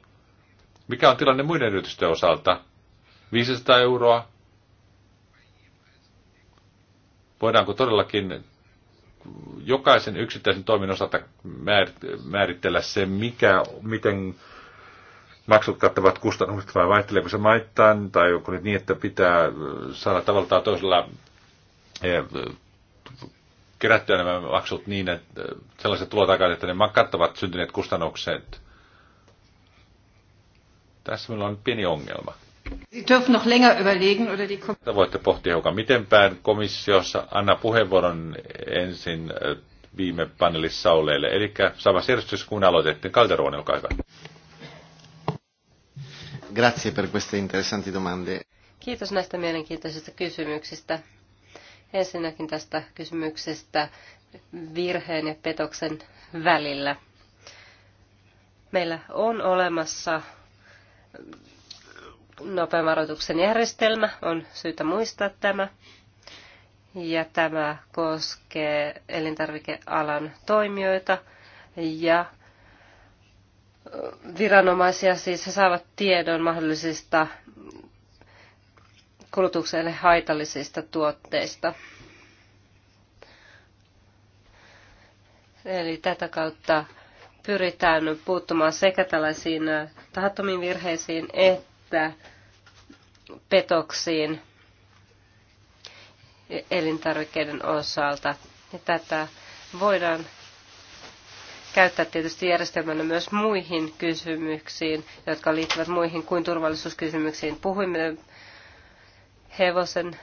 Speaker 1: Mikä on tilanne muiden yritysten osalta? 500 euroa? Voidaanko todellakin jokaisen yksittäisen toiminnon osalta määritellä se, mikä, miten maksut kattavat kustannukset vai vaihteleeko se maittain, tai onko nyt niin, että pitää äh, saada tavallaan toisella äh, kerättyä nämä maksut niin, että äh, sellaiset tulot aikaan, että ne kattavat syntyneet kustannukset. Tässä meillä on pieni ongelma.
Speaker 2: Sie dürfen noch länger überlegen, oder die
Speaker 1: Voitte pohtia hiukan, miten päin komissiossa. Anna puheenvuoron ensin viime panelissa olleille. Eli sama järjestys, kuin aloitettiin. Calderon, olkaa hyvä. Grazie per queste interessanti domande.
Speaker 2: Kiitos näistä mielenkiintoisista kysymyksistä. Ensinnäkin tästä kysymyksestä virheen ja petoksen välillä. Meillä on olemassa nopean varoituksen järjestelmä, on syytä muistaa tämä. Ja tämä koskee elintarvikealan toimijoita ja viranomaisia, siis he saavat tiedon mahdollisista kulutukselle haitallisista tuotteista. Eli tätä kautta pyritään puuttumaan sekä tällaisiin tahattomiin virheisiin että petoksiin elintarvikkeiden osalta. Ja tätä voidaan käyttää tietysti järjestelmänä myös muihin kysymyksiin, jotka liittyvät muihin kuin turvallisuuskysymyksiin. Puhuimme hevosen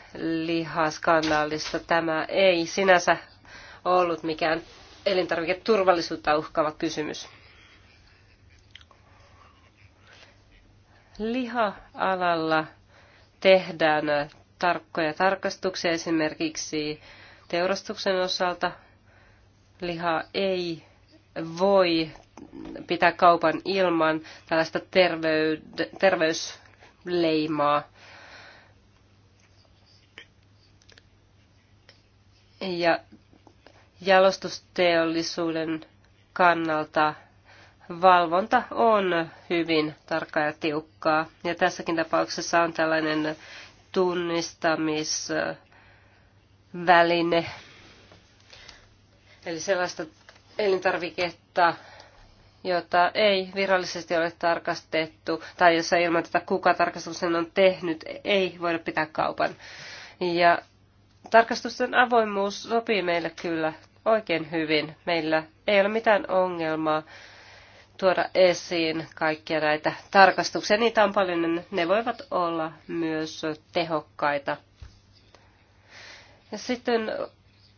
Speaker 2: lihaskandaalista. Tämä ei sinänsä ollut mikään elintarviketurvallisuutta uhkaava kysymys. Liha-alalla tehdään tarkkoja tarkastuksia esimerkiksi teurastuksen osalta. Liha ei voi pitää kaupan ilman tällaista terveyd- terveysleimaa. Ja jalostusteollisuuden kannalta valvonta on hyvin tarkkaa ja tiukkaa. Ja tässäkin tapauksessa on tällainen tunnistamisväline, eli sellaista elintarviketta, jota ei virallisesti ole tarkastettu, tai jos ei ilmoiteta, kuka tarkastuksen on tehnyt, ei voida pitää kaupan. Ja tarkastusten avoimuus sopii meille kyllä oikein hyvin. Meillä ei ole mitään ongelmaa tuoda esiin kaikkia näitä tarkastuksia. Niitä on paljon, niin ne voivat olla myös tehokkaita. Ja sitten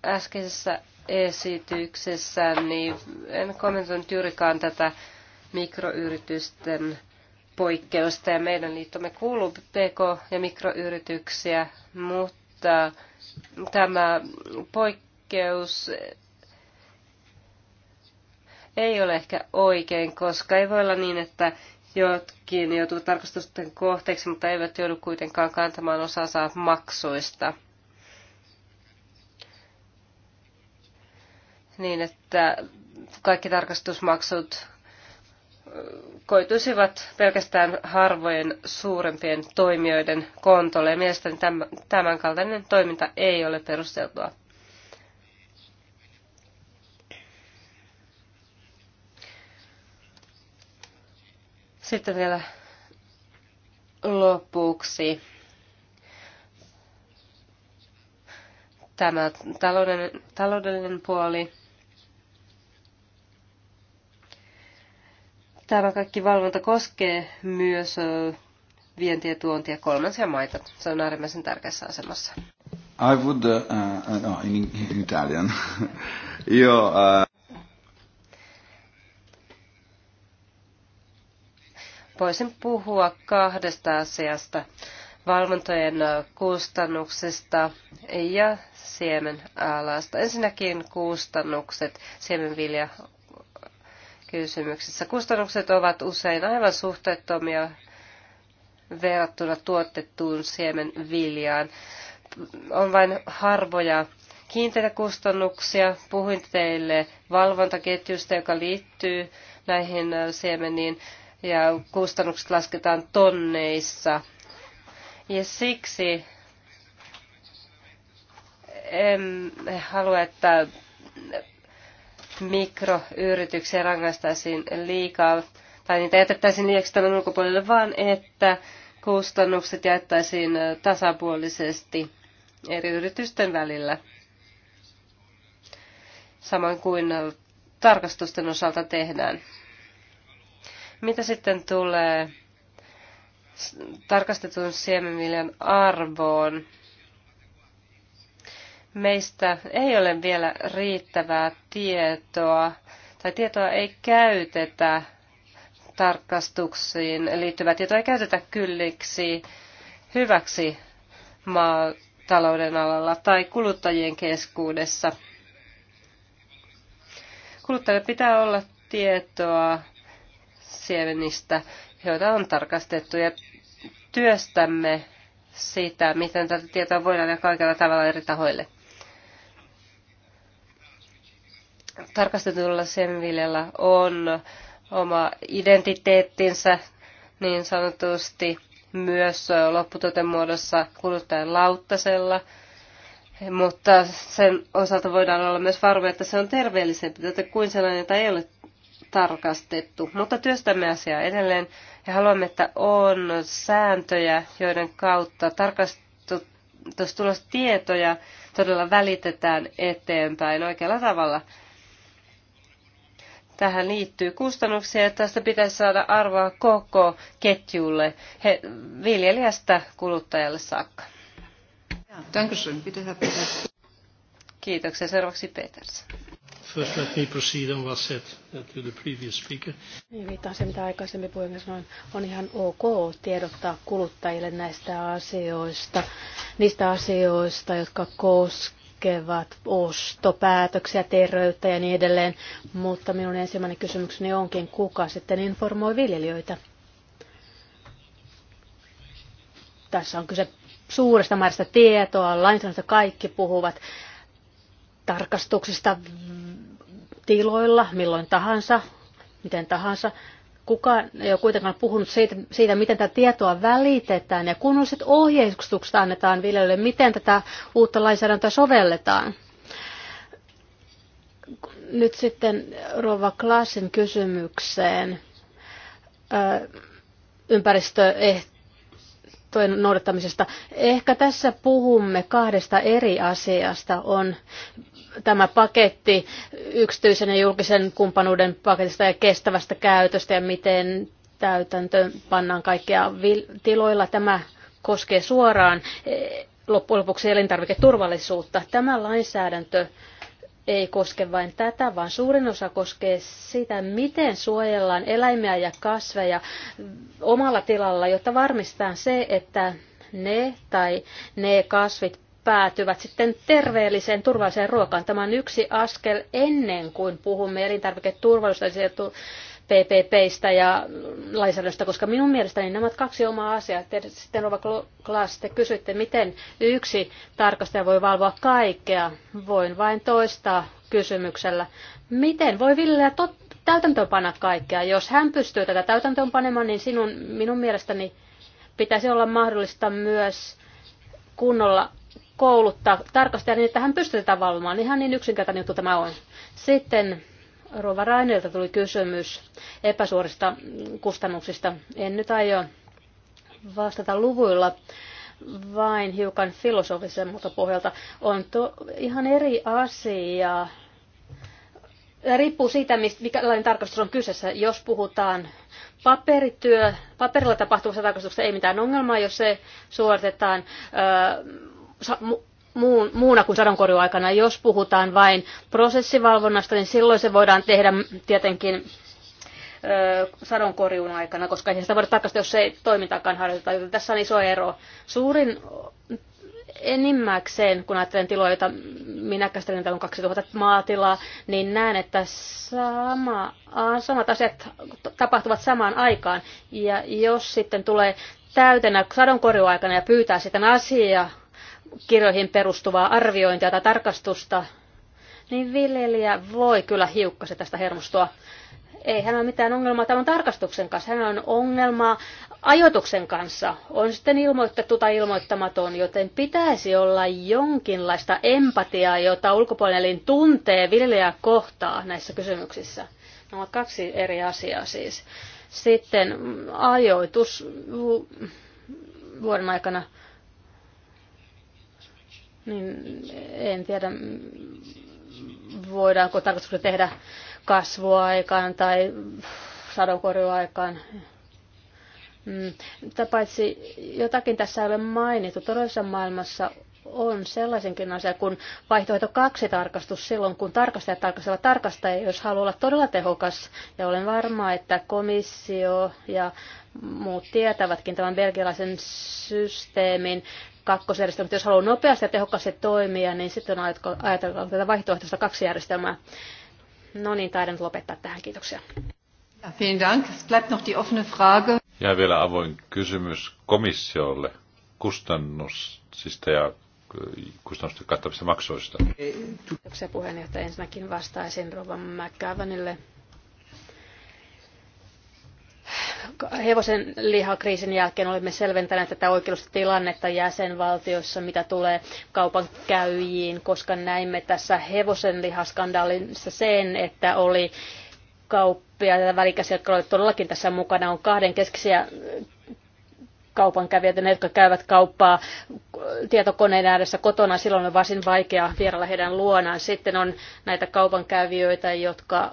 Speaker 2: äskeisessä esityksessä, niin en kommentoinut juurikaan tätä mikroyritysten poikkeusta ja meidän liittomme kuuluu pk- ja mikroyrityksiä, mutta tämä poikkeus ei ole ehkä oikein, koska ei voi olla niin, että jotkin joutuvat tarkastusten kohteeksi, mutta eivät joudu kuitenkaan kantamaan osaa saa maksuista. niin, että kaikki tarkastusmaksut koituisivat pelkästään harvojen suurempien toimijoiden kontolle. mielestäni tämänkaltainen toiminta ei ole perusteltua. Sitten vielä lopuksi tämä taloudellinen, taloudellinen puoli – Tämä kaikki valvonta koskee myös vientiä, tuontia kolmansia maita. Se on äärimmäisen tärkeässä asemassa. I would, uh, no, in, Italian. *laughs* Io, uh... Voisin puhua kahdesta asiasta. Valvontojen kustannuksista ja siemenalasta. Ensinnäkin kustannukset siemenvilja kysymyksessä. Kustannukset ovat usein aivan suhteettomia verrattuna tuotettuun siemenviljaan. On vain harvoja kiinteitä kustannuksia. Puhuin teille valvontaketjusta, joka liittyy näihin siemeniin, ja kustannukset lasketaan tonneissa. Ja siksi en halua, että mikroyrityksiä rangaistaisiin liikaa tai niitä jätettäisiin liiaksi tämän ulkopuolelle, vaan että kustannukset jaettaisiin tasapuolisesti eri yritysten välillä. Samoin kuin tarkastusten osalta tehdään. Mitä sitten tulee tarkastetun siemenviljan arvoon? meistä ei ole vielä riittävää tietoa tai tietoa ei käytetä tarkastuksiin liittyvää tietoa ei käytetä kylliksi hyväksi maatalouden alalla tai kuluttajien keskuudessa. Kuluttajille pitää olla tietoa siemenistä, joita on tarkastettu ja työstämme sitä, miten tätä tietoa voidaan ja kaikilla tavalla eri tahoille. tarkastetulla Semvilellä on oma identiteettinsä niin sanotusti myös muodossa kuluttajan lauttasella, mutta sen osalta voidaan olla myös varma, että se on terveellisempi tuote kuin sellainen, jota ei ole tarkastettu. Mutta työstämme asiaa edelleen ja haluamme, että on sääntöjä, joiden kautta tarkastustulostietoja todella välitetään eteenpäin oikealla tavalla – Tähän liittyy kustannuksia ja tästä pitäisi saada arvoa koko ketjulle, he, viljelijästä kuluttajalle saakka. Kiitoksia. Seuraavaksi Peters.
Speaker 1: First let me proceed on what said to the previous speaker.
Speaker 3: Niin, viittaan se, mitä aikaisemmin puhemies sanoin. On ihan ok tiedottaa kuluttajille näistä asioista, niistä asioista, jotka koskevat koskevat ostopäätöksiä, terveyttä ja niin edelleen. Mutta minun ensimmäinen kysymykseni onkin, kuka sitten informoi viljelijöitä? Tässä on kyse suuresta määrästä tietoa, lainsäädäntö kaikki puhuvat tarkastuksista tiloilla milloin tahansa, miten tahansa kukaan ei ole kuitenkaan puhunut siitä, siitä miten tätä tietoa välitetään ja kunnolliset ohjeistukset annetaan viljelijöille, miten tätä uutta lainsäädäntöä sovelletaan. Nyt sitten Rova Klaasin kysymykseen ympäristöehto ehtojen noudattamisesta. Ehkä tässä puhumme kahdesta eri asiasta. On tämä paketti yksityisen ja julkisen kumppanuuden paketista ja kestävästä käytöstä ja miten täytäntöön pannaan kaikkia tiloilla. Tämä koskee suoraan eh, loppujen lopuksi elintarviketurvallisuutta. Tämä lainsäädäntö ei koske vain tätä, vaan suurin osa koskee sitä, miten suojellaan eläimiä ja kasveja omalla tilalla, jotta varmistetaan se, että ne tai ne kasvit päätyvät sitten terveelliseen turvalliseen ruokaan. Tämä on yksi askel ennen kuin puhumme elintarviketurvallisuudesta PPPistä ja lainsäädännöstä, koska minun mielestäni nämä ovat kaksi omaa asiaa. Te, sitten Rova Klaas, te kysytte, miten yksi tarkastaja voi valvoa kaikkea. Voin vain toistaa kysymyksellä. Miten voi Ville tot, täytäntöönpana kaikkea? Jos hän pystyy tätä täytäntöönpanemaan, niin sinun, minun mielestäni pitäisi olla mahdollista myös kunnolla kouluttaa tarkastaja niin, että hän pystyy tätä valvomaan. Ihan niin yksinkertainen juttu tämä on. Sitten rouva Rainilta tuli kysymys epäsuorista kustannuksista. En nyt aio vastata luvuilla vain hiukan filosofisemmalta pohjalta. On to, ihan eri asia. riippuu siitä, mikälainen tarkastus on kyseessä. Jos puhutaan paperityö, paperilla tapahtuvasta tarkastuksesta, ei mitään ongelmaa, jos se suoritetaan muun, muuna kuin sadonkorjuaikana. Jos puhutaan vain prosessivalvonnasta, niin silloin se voidaan tehdä tietenkin sadonkorjuun aikana, koska ei sitä voida tarkastaa, jos se ei toimintaakaan harjoiteta. Joten tässä on iso ero. Suurin enimmäkseen, kun ajattelen tiloja, joita minä käsittelen, täällä on 2000 maatilaa, niin näen, että sama, samat asiat tapahtuvat samaan aikaan. Ja jos sitten tulee täytenä sadonkorjuaikana ja pyytää sitten asiaa, kirjoihin perustuvaa arviointia tai tarkastusta, niin viljelijä voi kyllä hiukkasen tästä hermostua. Ei hän ole mitään ongelmaa tämän tarkastuksen kanssa, hän on ongelmaa ajoituksen kanssa. On sitten ilmoitettu tai ilmoittamaton, joten pitäisi olla jonkinlaista empatiaa, jota ulkopuolinen tuntee viljelijää kohtaa näissä kysymyksissä. Nämä ovat kaksi eri asiaa siis. Sitten ajoitus vuoden aikana niin en tiedä, voidaanko tarkoituksena tehdä kasvua aikaan tai sadonkorjua aikaan. Mm. paitsi jotakin tässä ei ole mainittu. Todellisessa maailmassa on sellaisenkin asia kuin vaihtoehto kaksi tarkastus silloin, kun tarkastajat tarkastavat tarkastajia, jos haluaa olla todella tehokas. Ja olen varma, että komissio ja muut tietävätkin tämän belgialaisen systeemin kakkosjärjestelmä. Jos haluaa nopeasti ja tehokkaasti toimia, niin sitten on ajatella tätä vaihtoehtoista kaksi järjestelmää. No niin, taidan nyt lopettaa tähän. Kiitoksia. Ja, Dank. Es bleibt noch die offene Frage.
Speaker 1: Jää vielä avoin kysymys komissiolle kustannuksista ja äh, kustannusten kattavista maksuista.
Speaker 3: Kiitoksia puheenjohtaja. Ensinnäkin vastaisin Rovan McGavanille hevosen lihakriisin jälkeen olemme selventäneet tätä oikeudellista tilannetta jäsenvaltioissa, mitä tulee kaupan käyjiin, koska näimme tässä hevosen lihaskandaalissa sen, että oli kauppia ja välikäsiä, jotka olivat todellakin tässä mukana, on kahden keskisiä kaupankävijöitä, ne, jotka käyvät kauppaa tietokoneen ääressä kotona, silloin on varsin vaikea vierailla heidän luonaan. Sitten on näitä kaupankävijöitä, jotka,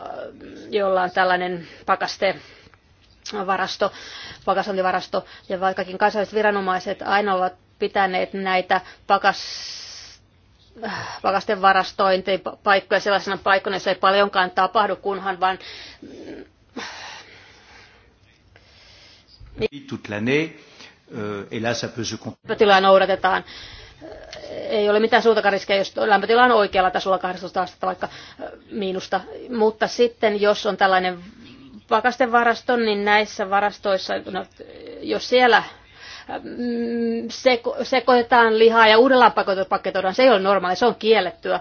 Speaker 3: joilla on tällainen pakaste varasto, pakastontivarasto, ja vaikkakin kansalliset viranomaiset aina ovat pitäneet näitä pakas äh, pakasten varastointipaikkoja sellaisena paikkoina, joissa ei paljonkaan tapahdu, kunhan vaan... Äh,
Speaker 1: Toute l'année, euh, et là ça peut se...
Speaker 3: Lämpötilaa noudatetaan. Ei ole mitään suurta riskejä, jos lämpötila on oikealla tasolla 18 astetta vaikka äh, miinusta, mutta sitten jos on tällainen vakasten varaston, niin näissä varastoissa, no, jos siellä mm, seko, sekoitetaan lihaa ja uudellaan paketoidaan, se ei ole normaalia, se on kiellettyä.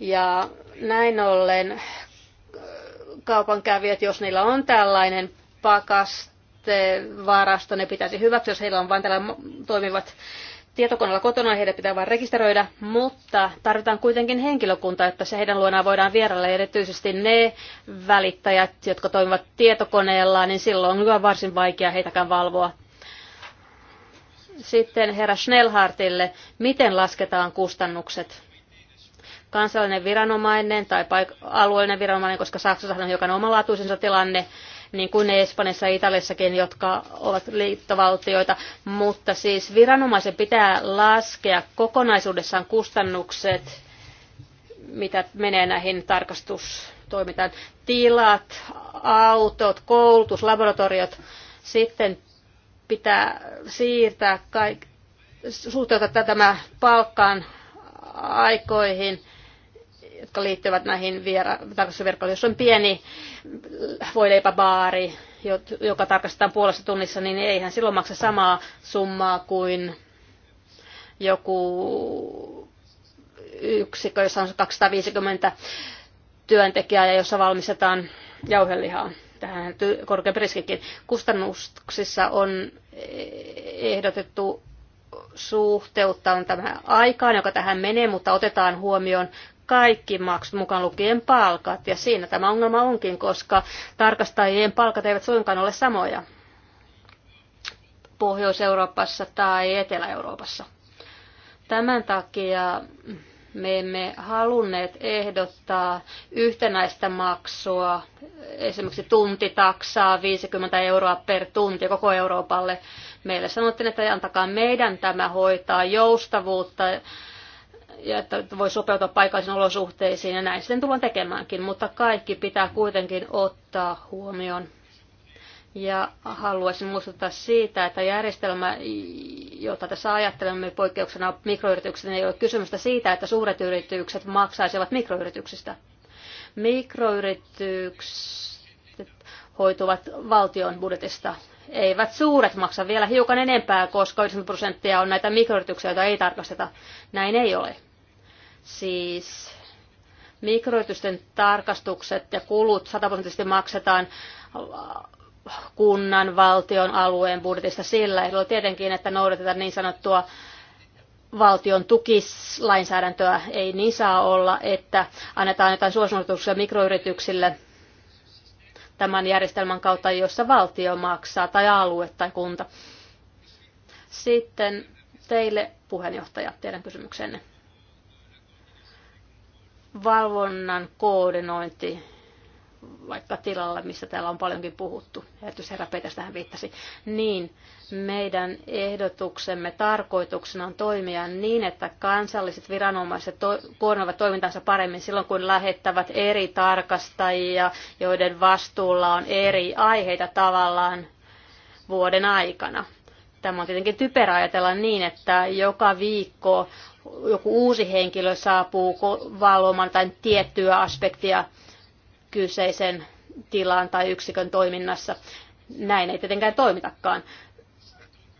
Speaker 3: Ja näin ollen kaupankävijät, jos niillä on tällainen pakaste, varasto, ne pitäisi hyväksyä, jos heillä on vain tällainen toimivat tietokoneella kotona, heidät pitää vain rekisteröidä, mutta tarvitaan kuitenkin henkilökunta, että se heidän luonaan voidaan vierailla, erityisesti ne välittäjät, jotka toimivat tietokoneella, niin silloin on varsin vaikea heitäkään valvoa. Sitten herra Schnellhartille, miten lasketaan kustannukset? Kansallinen viranomainen tai paik- alueellinen viranomainen, koska Saksassa on jokainen omalaatuisensa tilanne, niin kuin Espanjassa ja Italiassakin, jotka ovat liittovaltioita, mutta siis viranomaisen pitää laskea kokonaisuudessaan kustannukset, mitä menee näihin tarkastustoimintaan. Tilat, autot, koulutus, laboratoriot, sitten pitää siirtää kaikki, suhteuttaa tämä palkkaan aikoihin – jotka liittyvät näihin tarkastusverkkoihin. Jos on pieni voileipäbaari, joka tarkastetaan puolessa tunnissa, niin eihän silloin maksa samaa summaa kuin joku yksikkö, jossa on 250 työntekijää ja jossa valmistetaan jauhelihaa. Tähän korkeampi riskikin. Kustannuksissa on ehdotettu suhteuttaa tämä aikaan, joka tähän menee, mutta otetaan huomioon kaikki maksut, mukaan lukien palkat. Ja siinä tämä ongelma onkin, koska tarkastajien palkat eivät suinkaan ole samoja Pohjois-Euroopassa tai Etelä-Euroopassa. Tämän takia me emme halunneet ehdottaa yhtenäistä maksua, esimerkiksi tuntitaksaa 50 euroa per tunti koko Euroopalle. Meille sanottiin, että antakaa meidän tämä hoitaa joustavuutta ja että voi sopeutua paikallisiin olosuhteisiin ja näin sitten tullaan tekemäänkin, mutta kaikki pitää kuitenkin ottaa huomioon. Ja haluaisin muistuttaa siitä, että järjestelmä, jota tässä ajattelemme poikkeuksena mikroyrityksen, ei ole kysymystä siitä, että suuret yritykset maksaisivat mikroyrityksistä. Mikroyritykset hoituvat valtion budjetista. Eivät suuret maksa vielä hiukan enempää, koska 90 prosenttia on näitä mikroyrityksiä, joita ei tarkasteta. Näin ei ole. Siis mikroyritysten tarkastukset ja kulut sataprosenttisesti maksetaan kunnan, valtion, alueen budjetista sillä ehdolla tietenkin, että noudatetaan niin sanottua valtion tukislainsäädäntöä ei niin saa olla, että annetaan jotain suosituksia mikroyrityksille tämän järjestelmän kautta, jossa valtio maksaa tai alue tai kunta. Sitten teille puheenjohtaja, teidän kysymyksenne valvonnan koordinointi vaikka tilalla, missä täällä on paljonkin puhuttu, jos herra Peters tähän viittasi, niin meidän ehdotuksemme tarkoituksena on toimia niin, että kansalliset viranomaiset to- koordinoivat toimintansa paremmin silloin, kun lähettävät eri tarkastajia, joiden vastuulla on eri aiheita tavallaan vuoden aikana. Tämä on tietenkin typerä ajatella niin, että joka viikko joku uusi henkilö saapuu valvomaan tai tiettyä aspektia kyseisen tilan tai yksikön toiminnassa. Näin ei tietenkään toimitakaan.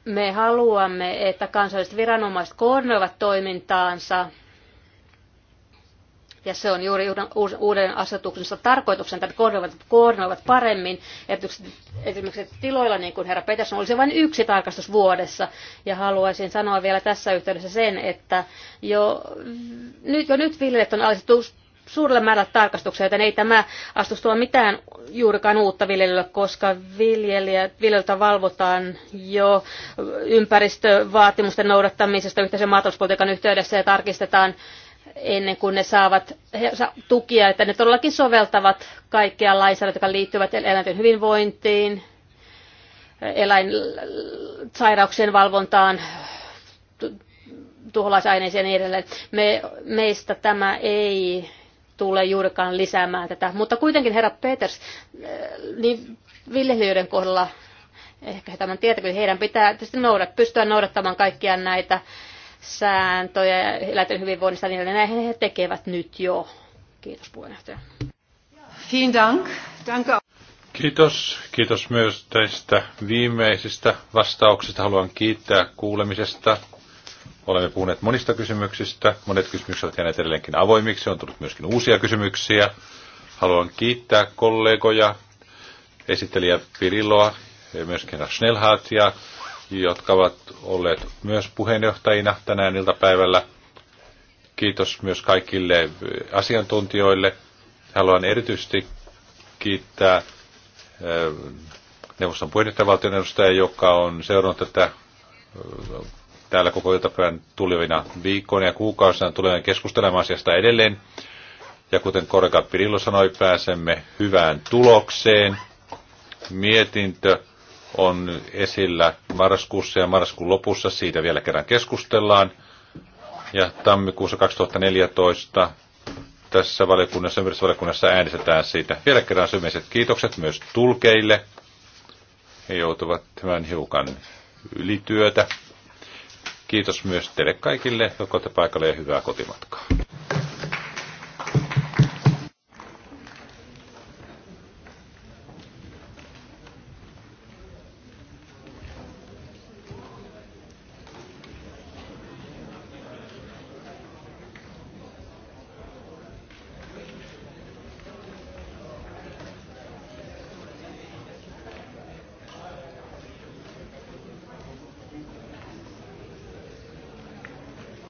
Speaker 3: Me haluamme, että kansalliset viranomaiset koordinoivat toimintaansa ja se on juuri uuden asetuksensa tarkoituksen, että koordinoivat, koordinoivat paremmin. Esimerkiksi tiloilla, niin kuin herra Peterson, olisi vain yksi tarkastus vuodessa. Ja haluaisin sanoa vielä tässä yhteydessä sen, että jo nyt, jo nyt viljelijät on alistettu suurelle määrälle tarkastuksia, joten ei tämä astu tuo mitään juurikaan uutta viljelylle, koska viljelijöiltä valvotaan jo ympäristövaatimusten noudattamisesta yhteisen maatalouspolitiikan yhteydessä ja tarkistetaan ennen kuin ne saavat tukia, että ne todellakin soveltavat kaikkia lainsäädäntöjä, jotka liittyvät eläinten hyvinvointiin, eläinsairauksien valvontaan, tuholaisaineisiin ja niin edelleen. Me, meistä tämä ei tule juurikaan lisäämään tätä. Mutta kuitenkin herra Peters, eh, niin viljelijöiden kohdalla, ehkä he tämän tietävät, niin heidän pitää tietysti noudat, pystyä noudattamaan kaikkia näitä sääntöjä eläinten hyvinvoinnista, niin näinhän he tekevät nyt jo. Kiitos puheenjohtaja. Vielen Dank.
Speaker 1: Kiitos. Kiitos myös tästä viimeisistä vastauksista. Haluan kiittää kuulemisesta. Olemme puhuneet monista kysymyksistä. Monet kysymykset ovat jääneet edelleenkin avoimiksi. On tullut myöskin uusia kysymyksiä. Haluan kiittää kollegoja, esittelijä ja myöskin Schnellhaat ja jotka ovat olleet myös puheenjohtajina tänään iltapäivällä. Kiitos myös kaikille asiantuntijoille. Haluan erityisesti kiittää eh, neuvoston puheenjohtajavaltion edustaja, joka on seurannut tätä eh, täällä koko iltapäivän tulevina viikkoina ja kuukausina tulevina keskustelemaan asiasta edelleen. Ja kuten kollega Pirillo sanoi, pääsemme hyvään tulokseen. Mietintö on esillä marraskuussa ja marraskuun lopussa. Siitä vielä kerran keskustellaan. Ja tammikuussa 2014 tässä valiokunnassa, ympäristövaliokunnassa äänestetään siitä. Vielä kerran syvälliset kiitokset myös tulkeille. He joutuvat tämän hiukan ylityötä. Kiitos myös teille kaikille, jotka olette paikalle ja hyvää kotimatkaa.